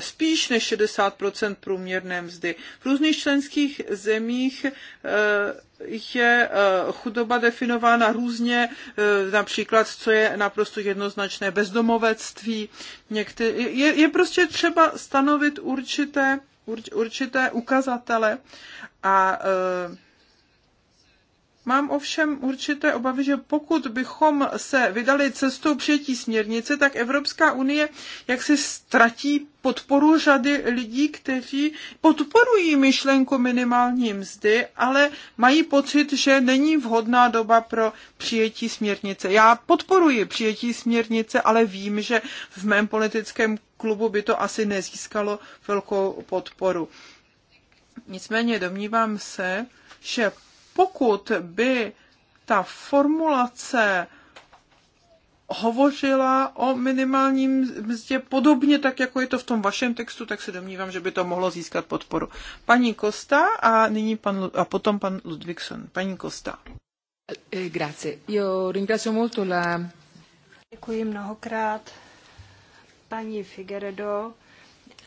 spíš než 60 průměrné mzdy. V různých členských zemích e, je e, chudoba definována různě, e, například, co je naprosto jednoznačné bezdomovectví. Některý, je, je prostě třeba stanovit určité, urč, určité ukazatele a Mám ovšem určité obavy, že pokud bychom se vydali cestou přijetí směrnice, tak Evropská unie jaksi ztratí podporu řady lidí, kteří podporují myšlenku minimální mzdy, ale mají pocit, že není vhodná doba pro přijetí směrnice. Já podporuji přijetí směrnice, ale vím, že v mém politickém klubu by to asi nezískalo velkou podporu. Nicméně domnívám se, že pokud by ta formulace hovořila o minimálním mzdě podobně tak, jako je to v tom vašem textu, tak se domnívám, že by to mohlo získat podporu. Paní Kosta a, nyní pan, a potom pan Ludvíkson. Paní Kosta. Eh, eh, grazie. Io ringrazio molto la... Děkuji mnohokrát paní Figueredo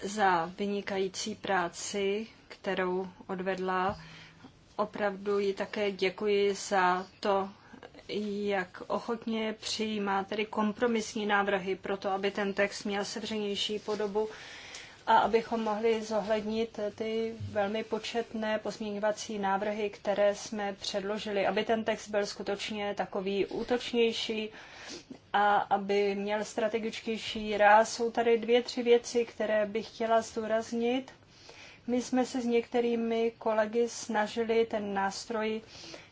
za vynikající práci, kterou odvedla opravdu ji také děkuji za to, jak ochotně přijímá tedy kompromisní návrhy pro to, aby ten text měl sevřenější podobu a abychom mohli zohlednit ty velmi početné pozměňovací návrhy, které jsme předložili, aby ten text byl skutečně takový útočnější a aby měl strategičtější ráz. Jsou tady dvě, tři věci, které bych chtěla zdůraznit my jsme se s některými kolegy snažili ten nástroj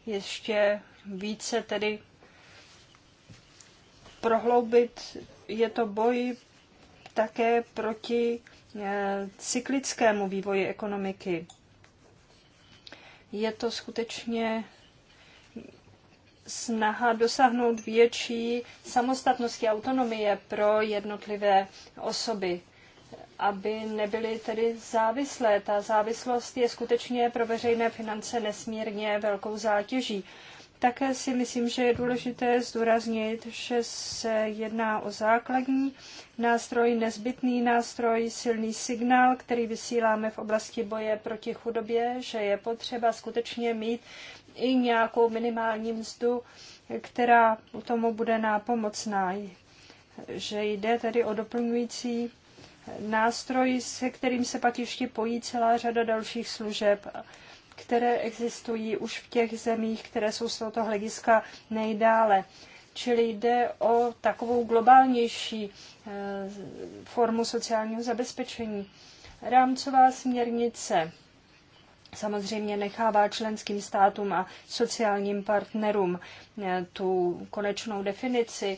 ještě více tedy prohloubit. Je to boj také proti eh, cyklickému vývoji ekonomiky. Je to skutečně snaha dosáhnout větší samostatnosti, autonomie pro jednotlivé osoby aby nebyly tedy závislé. Ta závislost je skutečně pro veřejné finance nesmírně velkou zátěží. Také si myslím, že je důležité zdůraznit, že se jedná o základní nástroj, nezbytný nástroj, silný signál, který vysíláme v oblasti boje proti chudobě, že je potřeba skutečně mít i nějakou minimální mzdu, která tomu bude nápomocná. Že jde tedy o doplňující nástroj, se kterým se pak ještě pojí celá řada dalších služeb, které existují už v těch zemích, které jsou z tohoto hlediska nejdále. Čili jde o takovou globálnější eh, formu sociálního zabezpečení. Rámcová směrnice samozřejmě nechává členským státům a sociálním partnerům eh, tu konečnou definici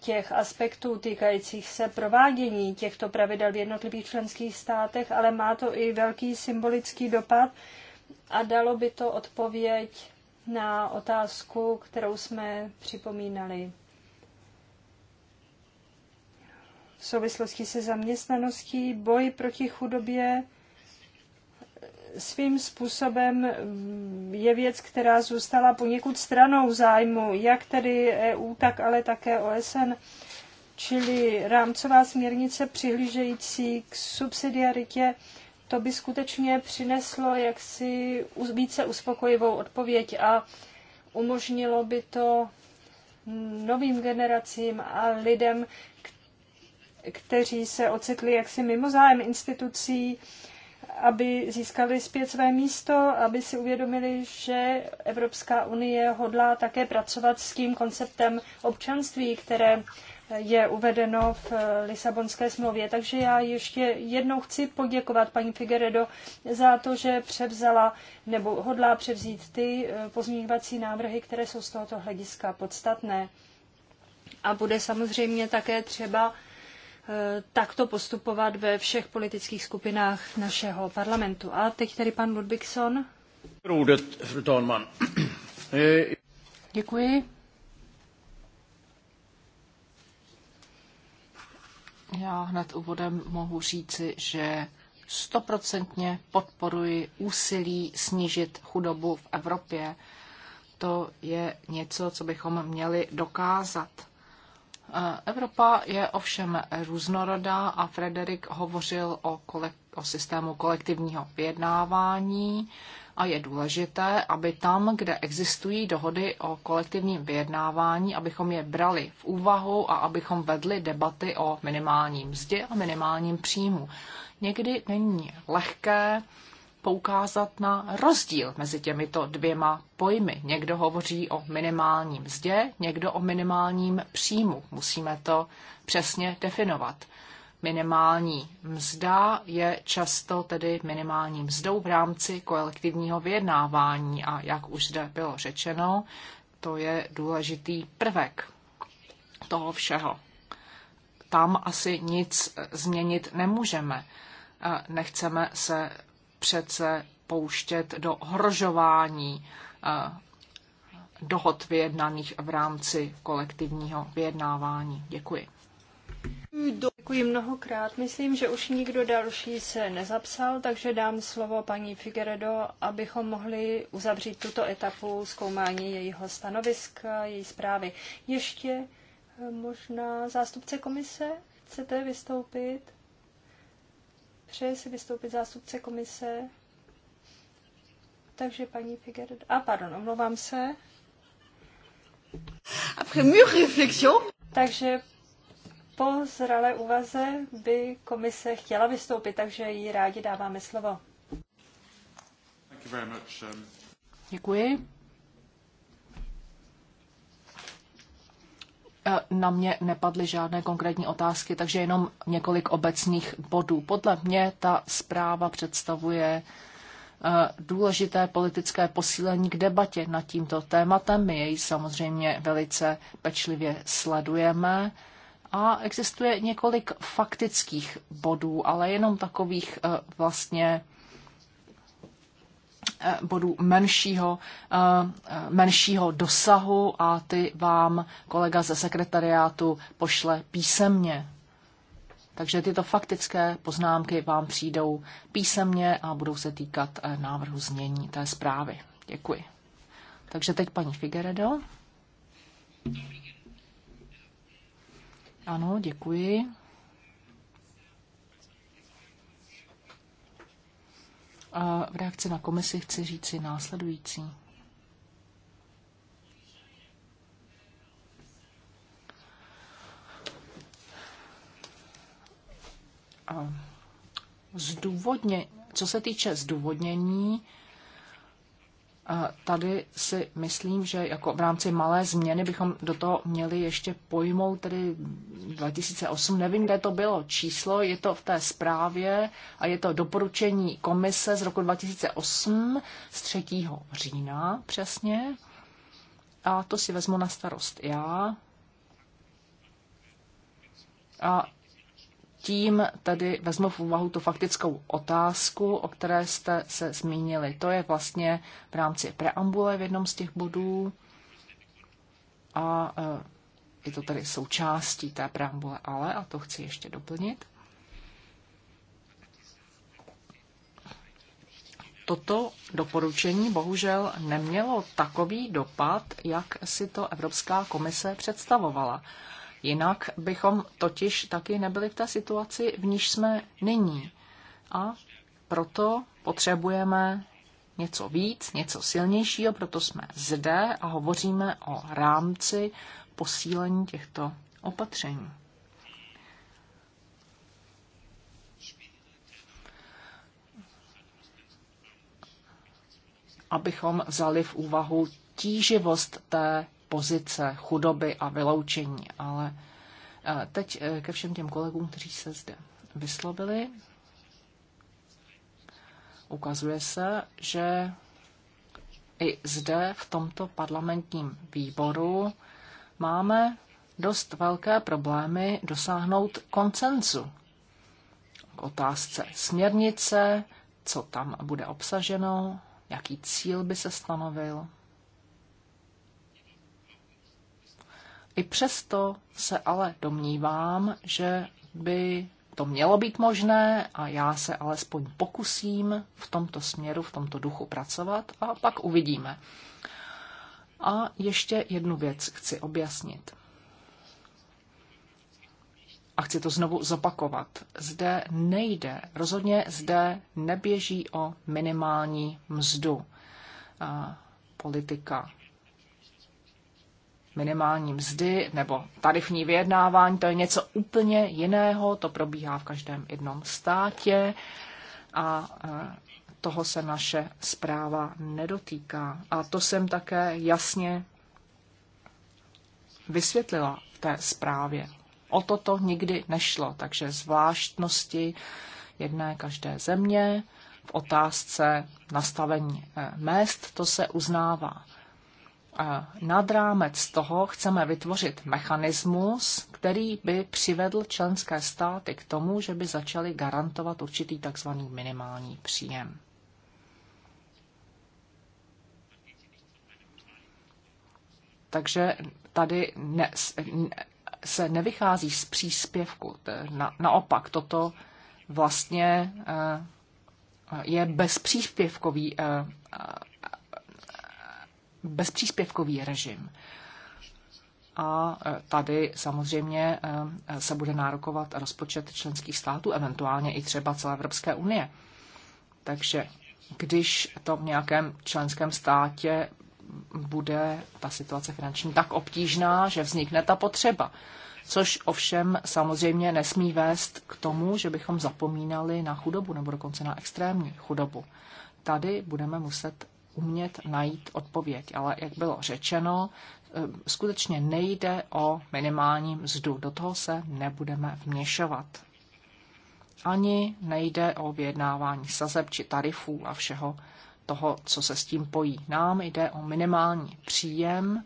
těch aspektů týkajících se provádění těchto pravidel v jednotlivých členských státech, ale má to i velký symbolický dopad a dalo by to odpověď na otázku, kterou jsme připomínali v souvislosti se zaměstnaností, boj proti chudobě svým způsobem mm, je věc, která zůstala poněkud stranou zájmu, jak tedy EU, tak ale také OSN, čili rámcová směrnice přihlížející k subsidiaritě, to by skutečně přineslo jaksi více uspokojivou odpověď a umožnilo by to novým generacím a lidem, kteří se ocitli jaksi mimo zájem institucí, aby získali zpět své místo, aby si uvědomili, že Evropská unie hodlá také pracovat s tím konceptem občanství, které je uvedeno v Lisabonské smlouvě. Takže já ještě jednou chci poděkovat paní Figueredo za to, že převzala nebo hodlá převzít ty eh, pozměňovací návrhy, které jsou z tohoto hlediska podstatné. A bude samozřejmě také třeba Eh, takto postupovat ve všech politických skupinách našeho parlamentu. A teď tedy pan Ludvíkson. Eh, Děkuji. Já hned úvodem mohu říci, že stoprocentně podporuji úsilí snížit chudobu v Evropě. To je něco, co bychom měli dokázat E, Evropa je ovšem různorodá a Frederik hovořil o, kole- o systému kolektivního vyjednávání a je důležité, aby tam, kde existují dohody o kolektivním vyjednávání, abychom je brali v úvahu a abychom vedli debaty o minimálním mzdě a minimálním příjmu. Někdy není lehké poukázat na rozdíl mezi těmito dvěma pojmy. Někdo hovoří o minimálním mzdě, někdo o minimálním příjmu. Musíme to přesně definovat. Minimální mzda je často tedy minimální mzdou v rámci kolektivního vyjednávání a jak už zde bylo řečeno, to je důležitý prvek toho všeho. Tam asi nic změnit nemůžeme. Nechceme se přece pouštět do ohrožování eh, dohod vyjednaných v rámci kolektivního vyjednávání. Děkuji. Děkuji mnohokrát. Myslím, že už nikdo další se nezapsal, takže dám slovo paní Figueredo, abychom mohli uzavřít tuto etapu zkoumání jejího stanoviska, její zprávy. Ještě eh, možná zástupce komise, chcete vystoupit? Přeje si vystoupit zástupce komise. Takže paní Figer... A pardon, omlouvám se. Après mûre réflexion. Takže po zralé úvaze by komise chtěla vystoupit, takže jí rádi dáváme slovo. Um, Děkuji. E, na mě nepadly žádné konkrétní otázky, takže jenom několik obecných bodů. Podle mě ta zpráva představuje e, důležité politické posílení k debatě nad tímto tématem. My jej samozřejmě velice pečlivě sledujeme. A existuje několik faktických bodů, ale jenom takových e, vlastně Eh, bodů menšího, eh, menšího dosahu a ty vám kolega ze sekretariátu pošle písemně. Takže tyto faktické poznámky vám přijdou písemně a budou se týkat eh, návrhu změní té zprávy. Děkuji. Takže teď paní Figueredo. Ano, děkuji. A v reakci na komisi chci říci následující. A zdůvodně, co se týče zdůvodnění, tady si myslím, že jako v rámci malé změny bychom do toho měli ještě pojmout, tedy 2008, nevím, kde to bylo číslo, je to v té zprávě a je to doporučení komise z roku 2008 z 3. října přesně. A to si vezmu na starost já. A tím tady vezmu v úvahu tu faktickou otázku, o které jste se zmínili. To je vlastně v rámci preambule v jednom z těch bodů a e, je to tady součástí té preambule, ale, a to chci ještě doplnit, toto doporučení bohužel nemělo takový dopad, jak si to Evropská komise představovala. Jinak bychom totiž taky nebyli v té situaci, v níž jsme nyní. A proto potřebujeme něco víc, něco silnějšího, proto jsme zde a hovoříme o rámci posílení těchto opatření. Abychom vzali v úvahu tíživost té pozice chudoby a vyloučení. Ale eh, teď eh, ke všem těm kolegům, kteří se zde vyslovili, ukazuje se, že i zde v tomto parlamentním výboru máme dost velké problémy dosáhnout koncenzu k otázce směrnice, co tam bude obsaženo, jaký cíl by se stanovil. I přesto se ale domnívám, že by to mělo být možné a já se alespoň pokusím v tomto směru, v tomto duchu pracovat a pak uvidíme. A ještě jednu věc chci objasnit. A chci to znovu zopakovat. Zde nejde, rozhodně zde neběží o minimální mzdu. Politika minimální mzdy nebo tarifní vyjednávání, to je něco úplně jiného, to probíhá v každém jednom státě a e, toho se naše zpráva nedotýká. A to jsem také jasně vysvětlila v té zprávě. O toto nikdy nešlo, takže zvláštnosti jedné každé země v otázce nastavení e, mest, to se uznává nad rámec toho chceme vytvořit mechanismus, který by přivedl členské státy k tomu, že by začaly garantovat určitý tzv. minimální příjem. Takže tady ne, se nevychází z příspěvku. Na, naopak, toto vlastně eh, je bezpříspěvkový eh, bezpříspěvkový režim. A e, tady samozřejmě e, se bude nárokovat rozpočet členských států, eventuálně i třeba celé Evropské unie. Takže když to v nějakém členském státě bude ta situace finanční tak obtížná, že vznikne ta potřeba. Což ovšem samozřejmě nesmí vést k tomu, že bychom zapomínali na chudobu nebo dokonce na extrémní chudobu. Tady budeme muset umět najít odpověď. Ale jak bylo řečeno, eh, skutečně nejde o minimální mzdu. Do toho se nebudeme vměšovat. Ani nejde o vyjednávání sazeb či tarifů a všeho toho, co se s tím pojí. Nám jde o minimální příjem,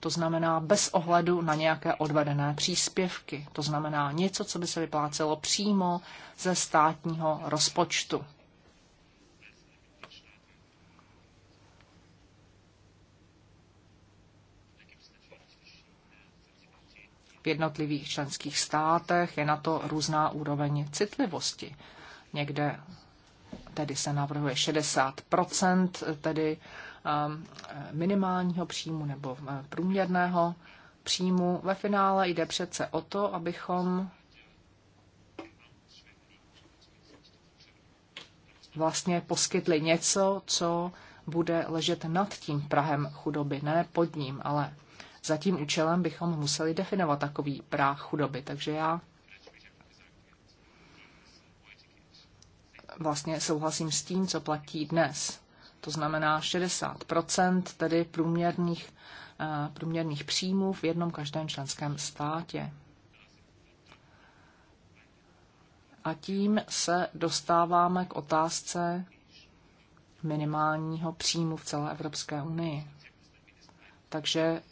to znamená bez ohledu na nějaké odvedené příspěvky. To znamená něco, co by se vyplácelo přímo ze státního rozpočtu. v jednotlivých členských státech je na to různá úroveň citlivosti. Někde tedy se navrhuje 60 tedy um, minimálního příjmu nebo uh, průměrného příjmu. Ve finále jde přece o to, abychom vlastně poskytli něco, co bude ležet nad tím Prahem chudoby, ne pod ním, ale za tím účelem bychom museli definovat takový práh chudoby. Takže já vlastně souhlasím s tím, co platí dnes. To znamená 60 tedy průměrných, eh, průměrných příjmů v jednom každém členském státě. A tím se dostáváme k otázce minimálního příjmu v celé Evropské unii. Takže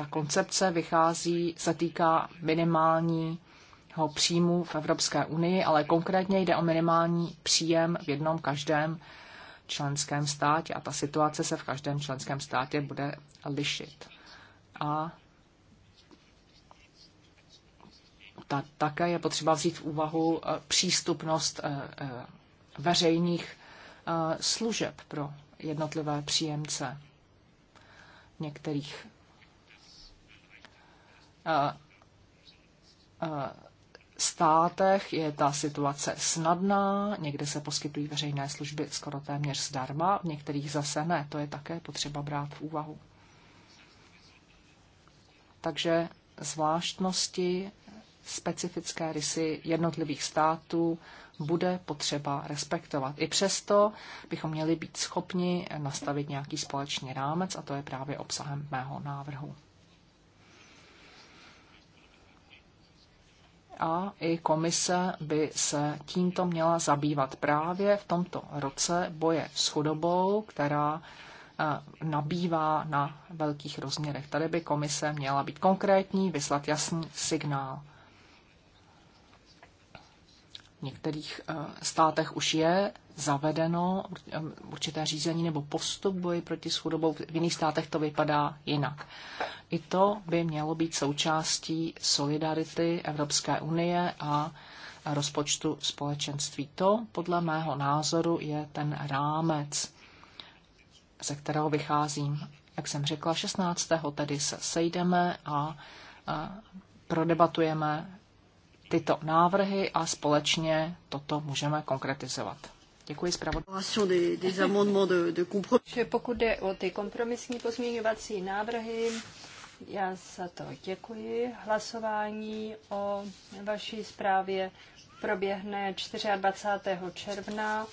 ta koncepce vychází, se týká minimálního příjmu v Evropské unii, ale konkrétně jde o minimální příjem v jednom každém členském státě a ta situace se v každém členském státě bude lišit. A ta, také je potřeba vzít v úvahu eh, přístupnost eh, eh, veřejných služeb pro jednotlivé příjemce. V některých Eh, eh, státech je ta situace snadná, někde se poskytují veřejné služby skoro téměř zdarma, v některých zase ne. To je také potřeba brát v úvahu. Takže zvláštnosti, specifické rysy jednotlivých států bude potřeba respektovat. I přesto bychom měli být schopni nastavit nějaký společný rámec a to je právě obsahem mého návrhu. a i komise by se tímto měla zabývat právě v tomto roce boje s chudobou, která eh, nabývá na velkých rozměrech. Tady by komise měla být konkrétní, vyslat jasný signál některých eh, státech už je zavedeno eh, určité řízení nebo postup boji proti schudobou, v jiných státech to vypadá jinak. I to by mělo být součástí solidarity Evropské unie a rozpočtu společenství. To podle mého názoru je ten rámec, ze kterého vycházím. Jak jsem řekla, 16. tedy se sejdeme a eh, prodebatujeme tyto návrhy a společně toto můžeme konkretizovat. Děkuji zpravodaji. Pokud jde o ty kompromisní pozměňovací návrhy, já za to děkuji. Hlasování o vaší zprávě proběhne 24. června.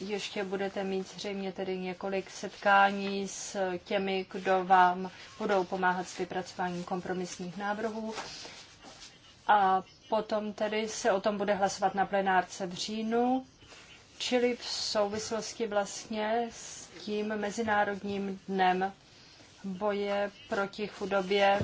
Ještě budete mít zřejmě tedy několik setkání s těmi, kdo vám budou pomáhat s vypracováním kompromisních návrhů a potom tedy se o tom bude hlasovat na plenárce v říjnu, čili v souvislosti vlastně s tím Mezinárodním dnem boje proti chudobě.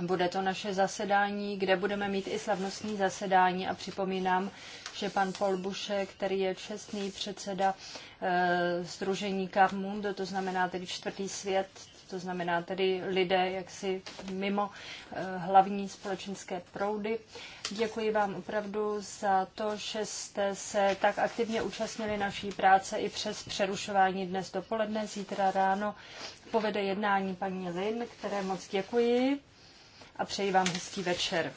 Bude to naše zasedání, kde budeme mít i slavnostní zasedání a připomínám, že pan Paul Buše, který je čestný předseda e, Združení Carmundo, to znamená tedy čtvrtý svět, to znamená tedy lidé jaksi mimo eh, hlavní společenské proudy. Děkuji vám opravdu za to, že jste se tak aktivně účastnili naší práce i přes přerušování dnes dopoledne. Zítra ráno povede jednání paní Lin, které moc děkuji a přeji vám hezký večer.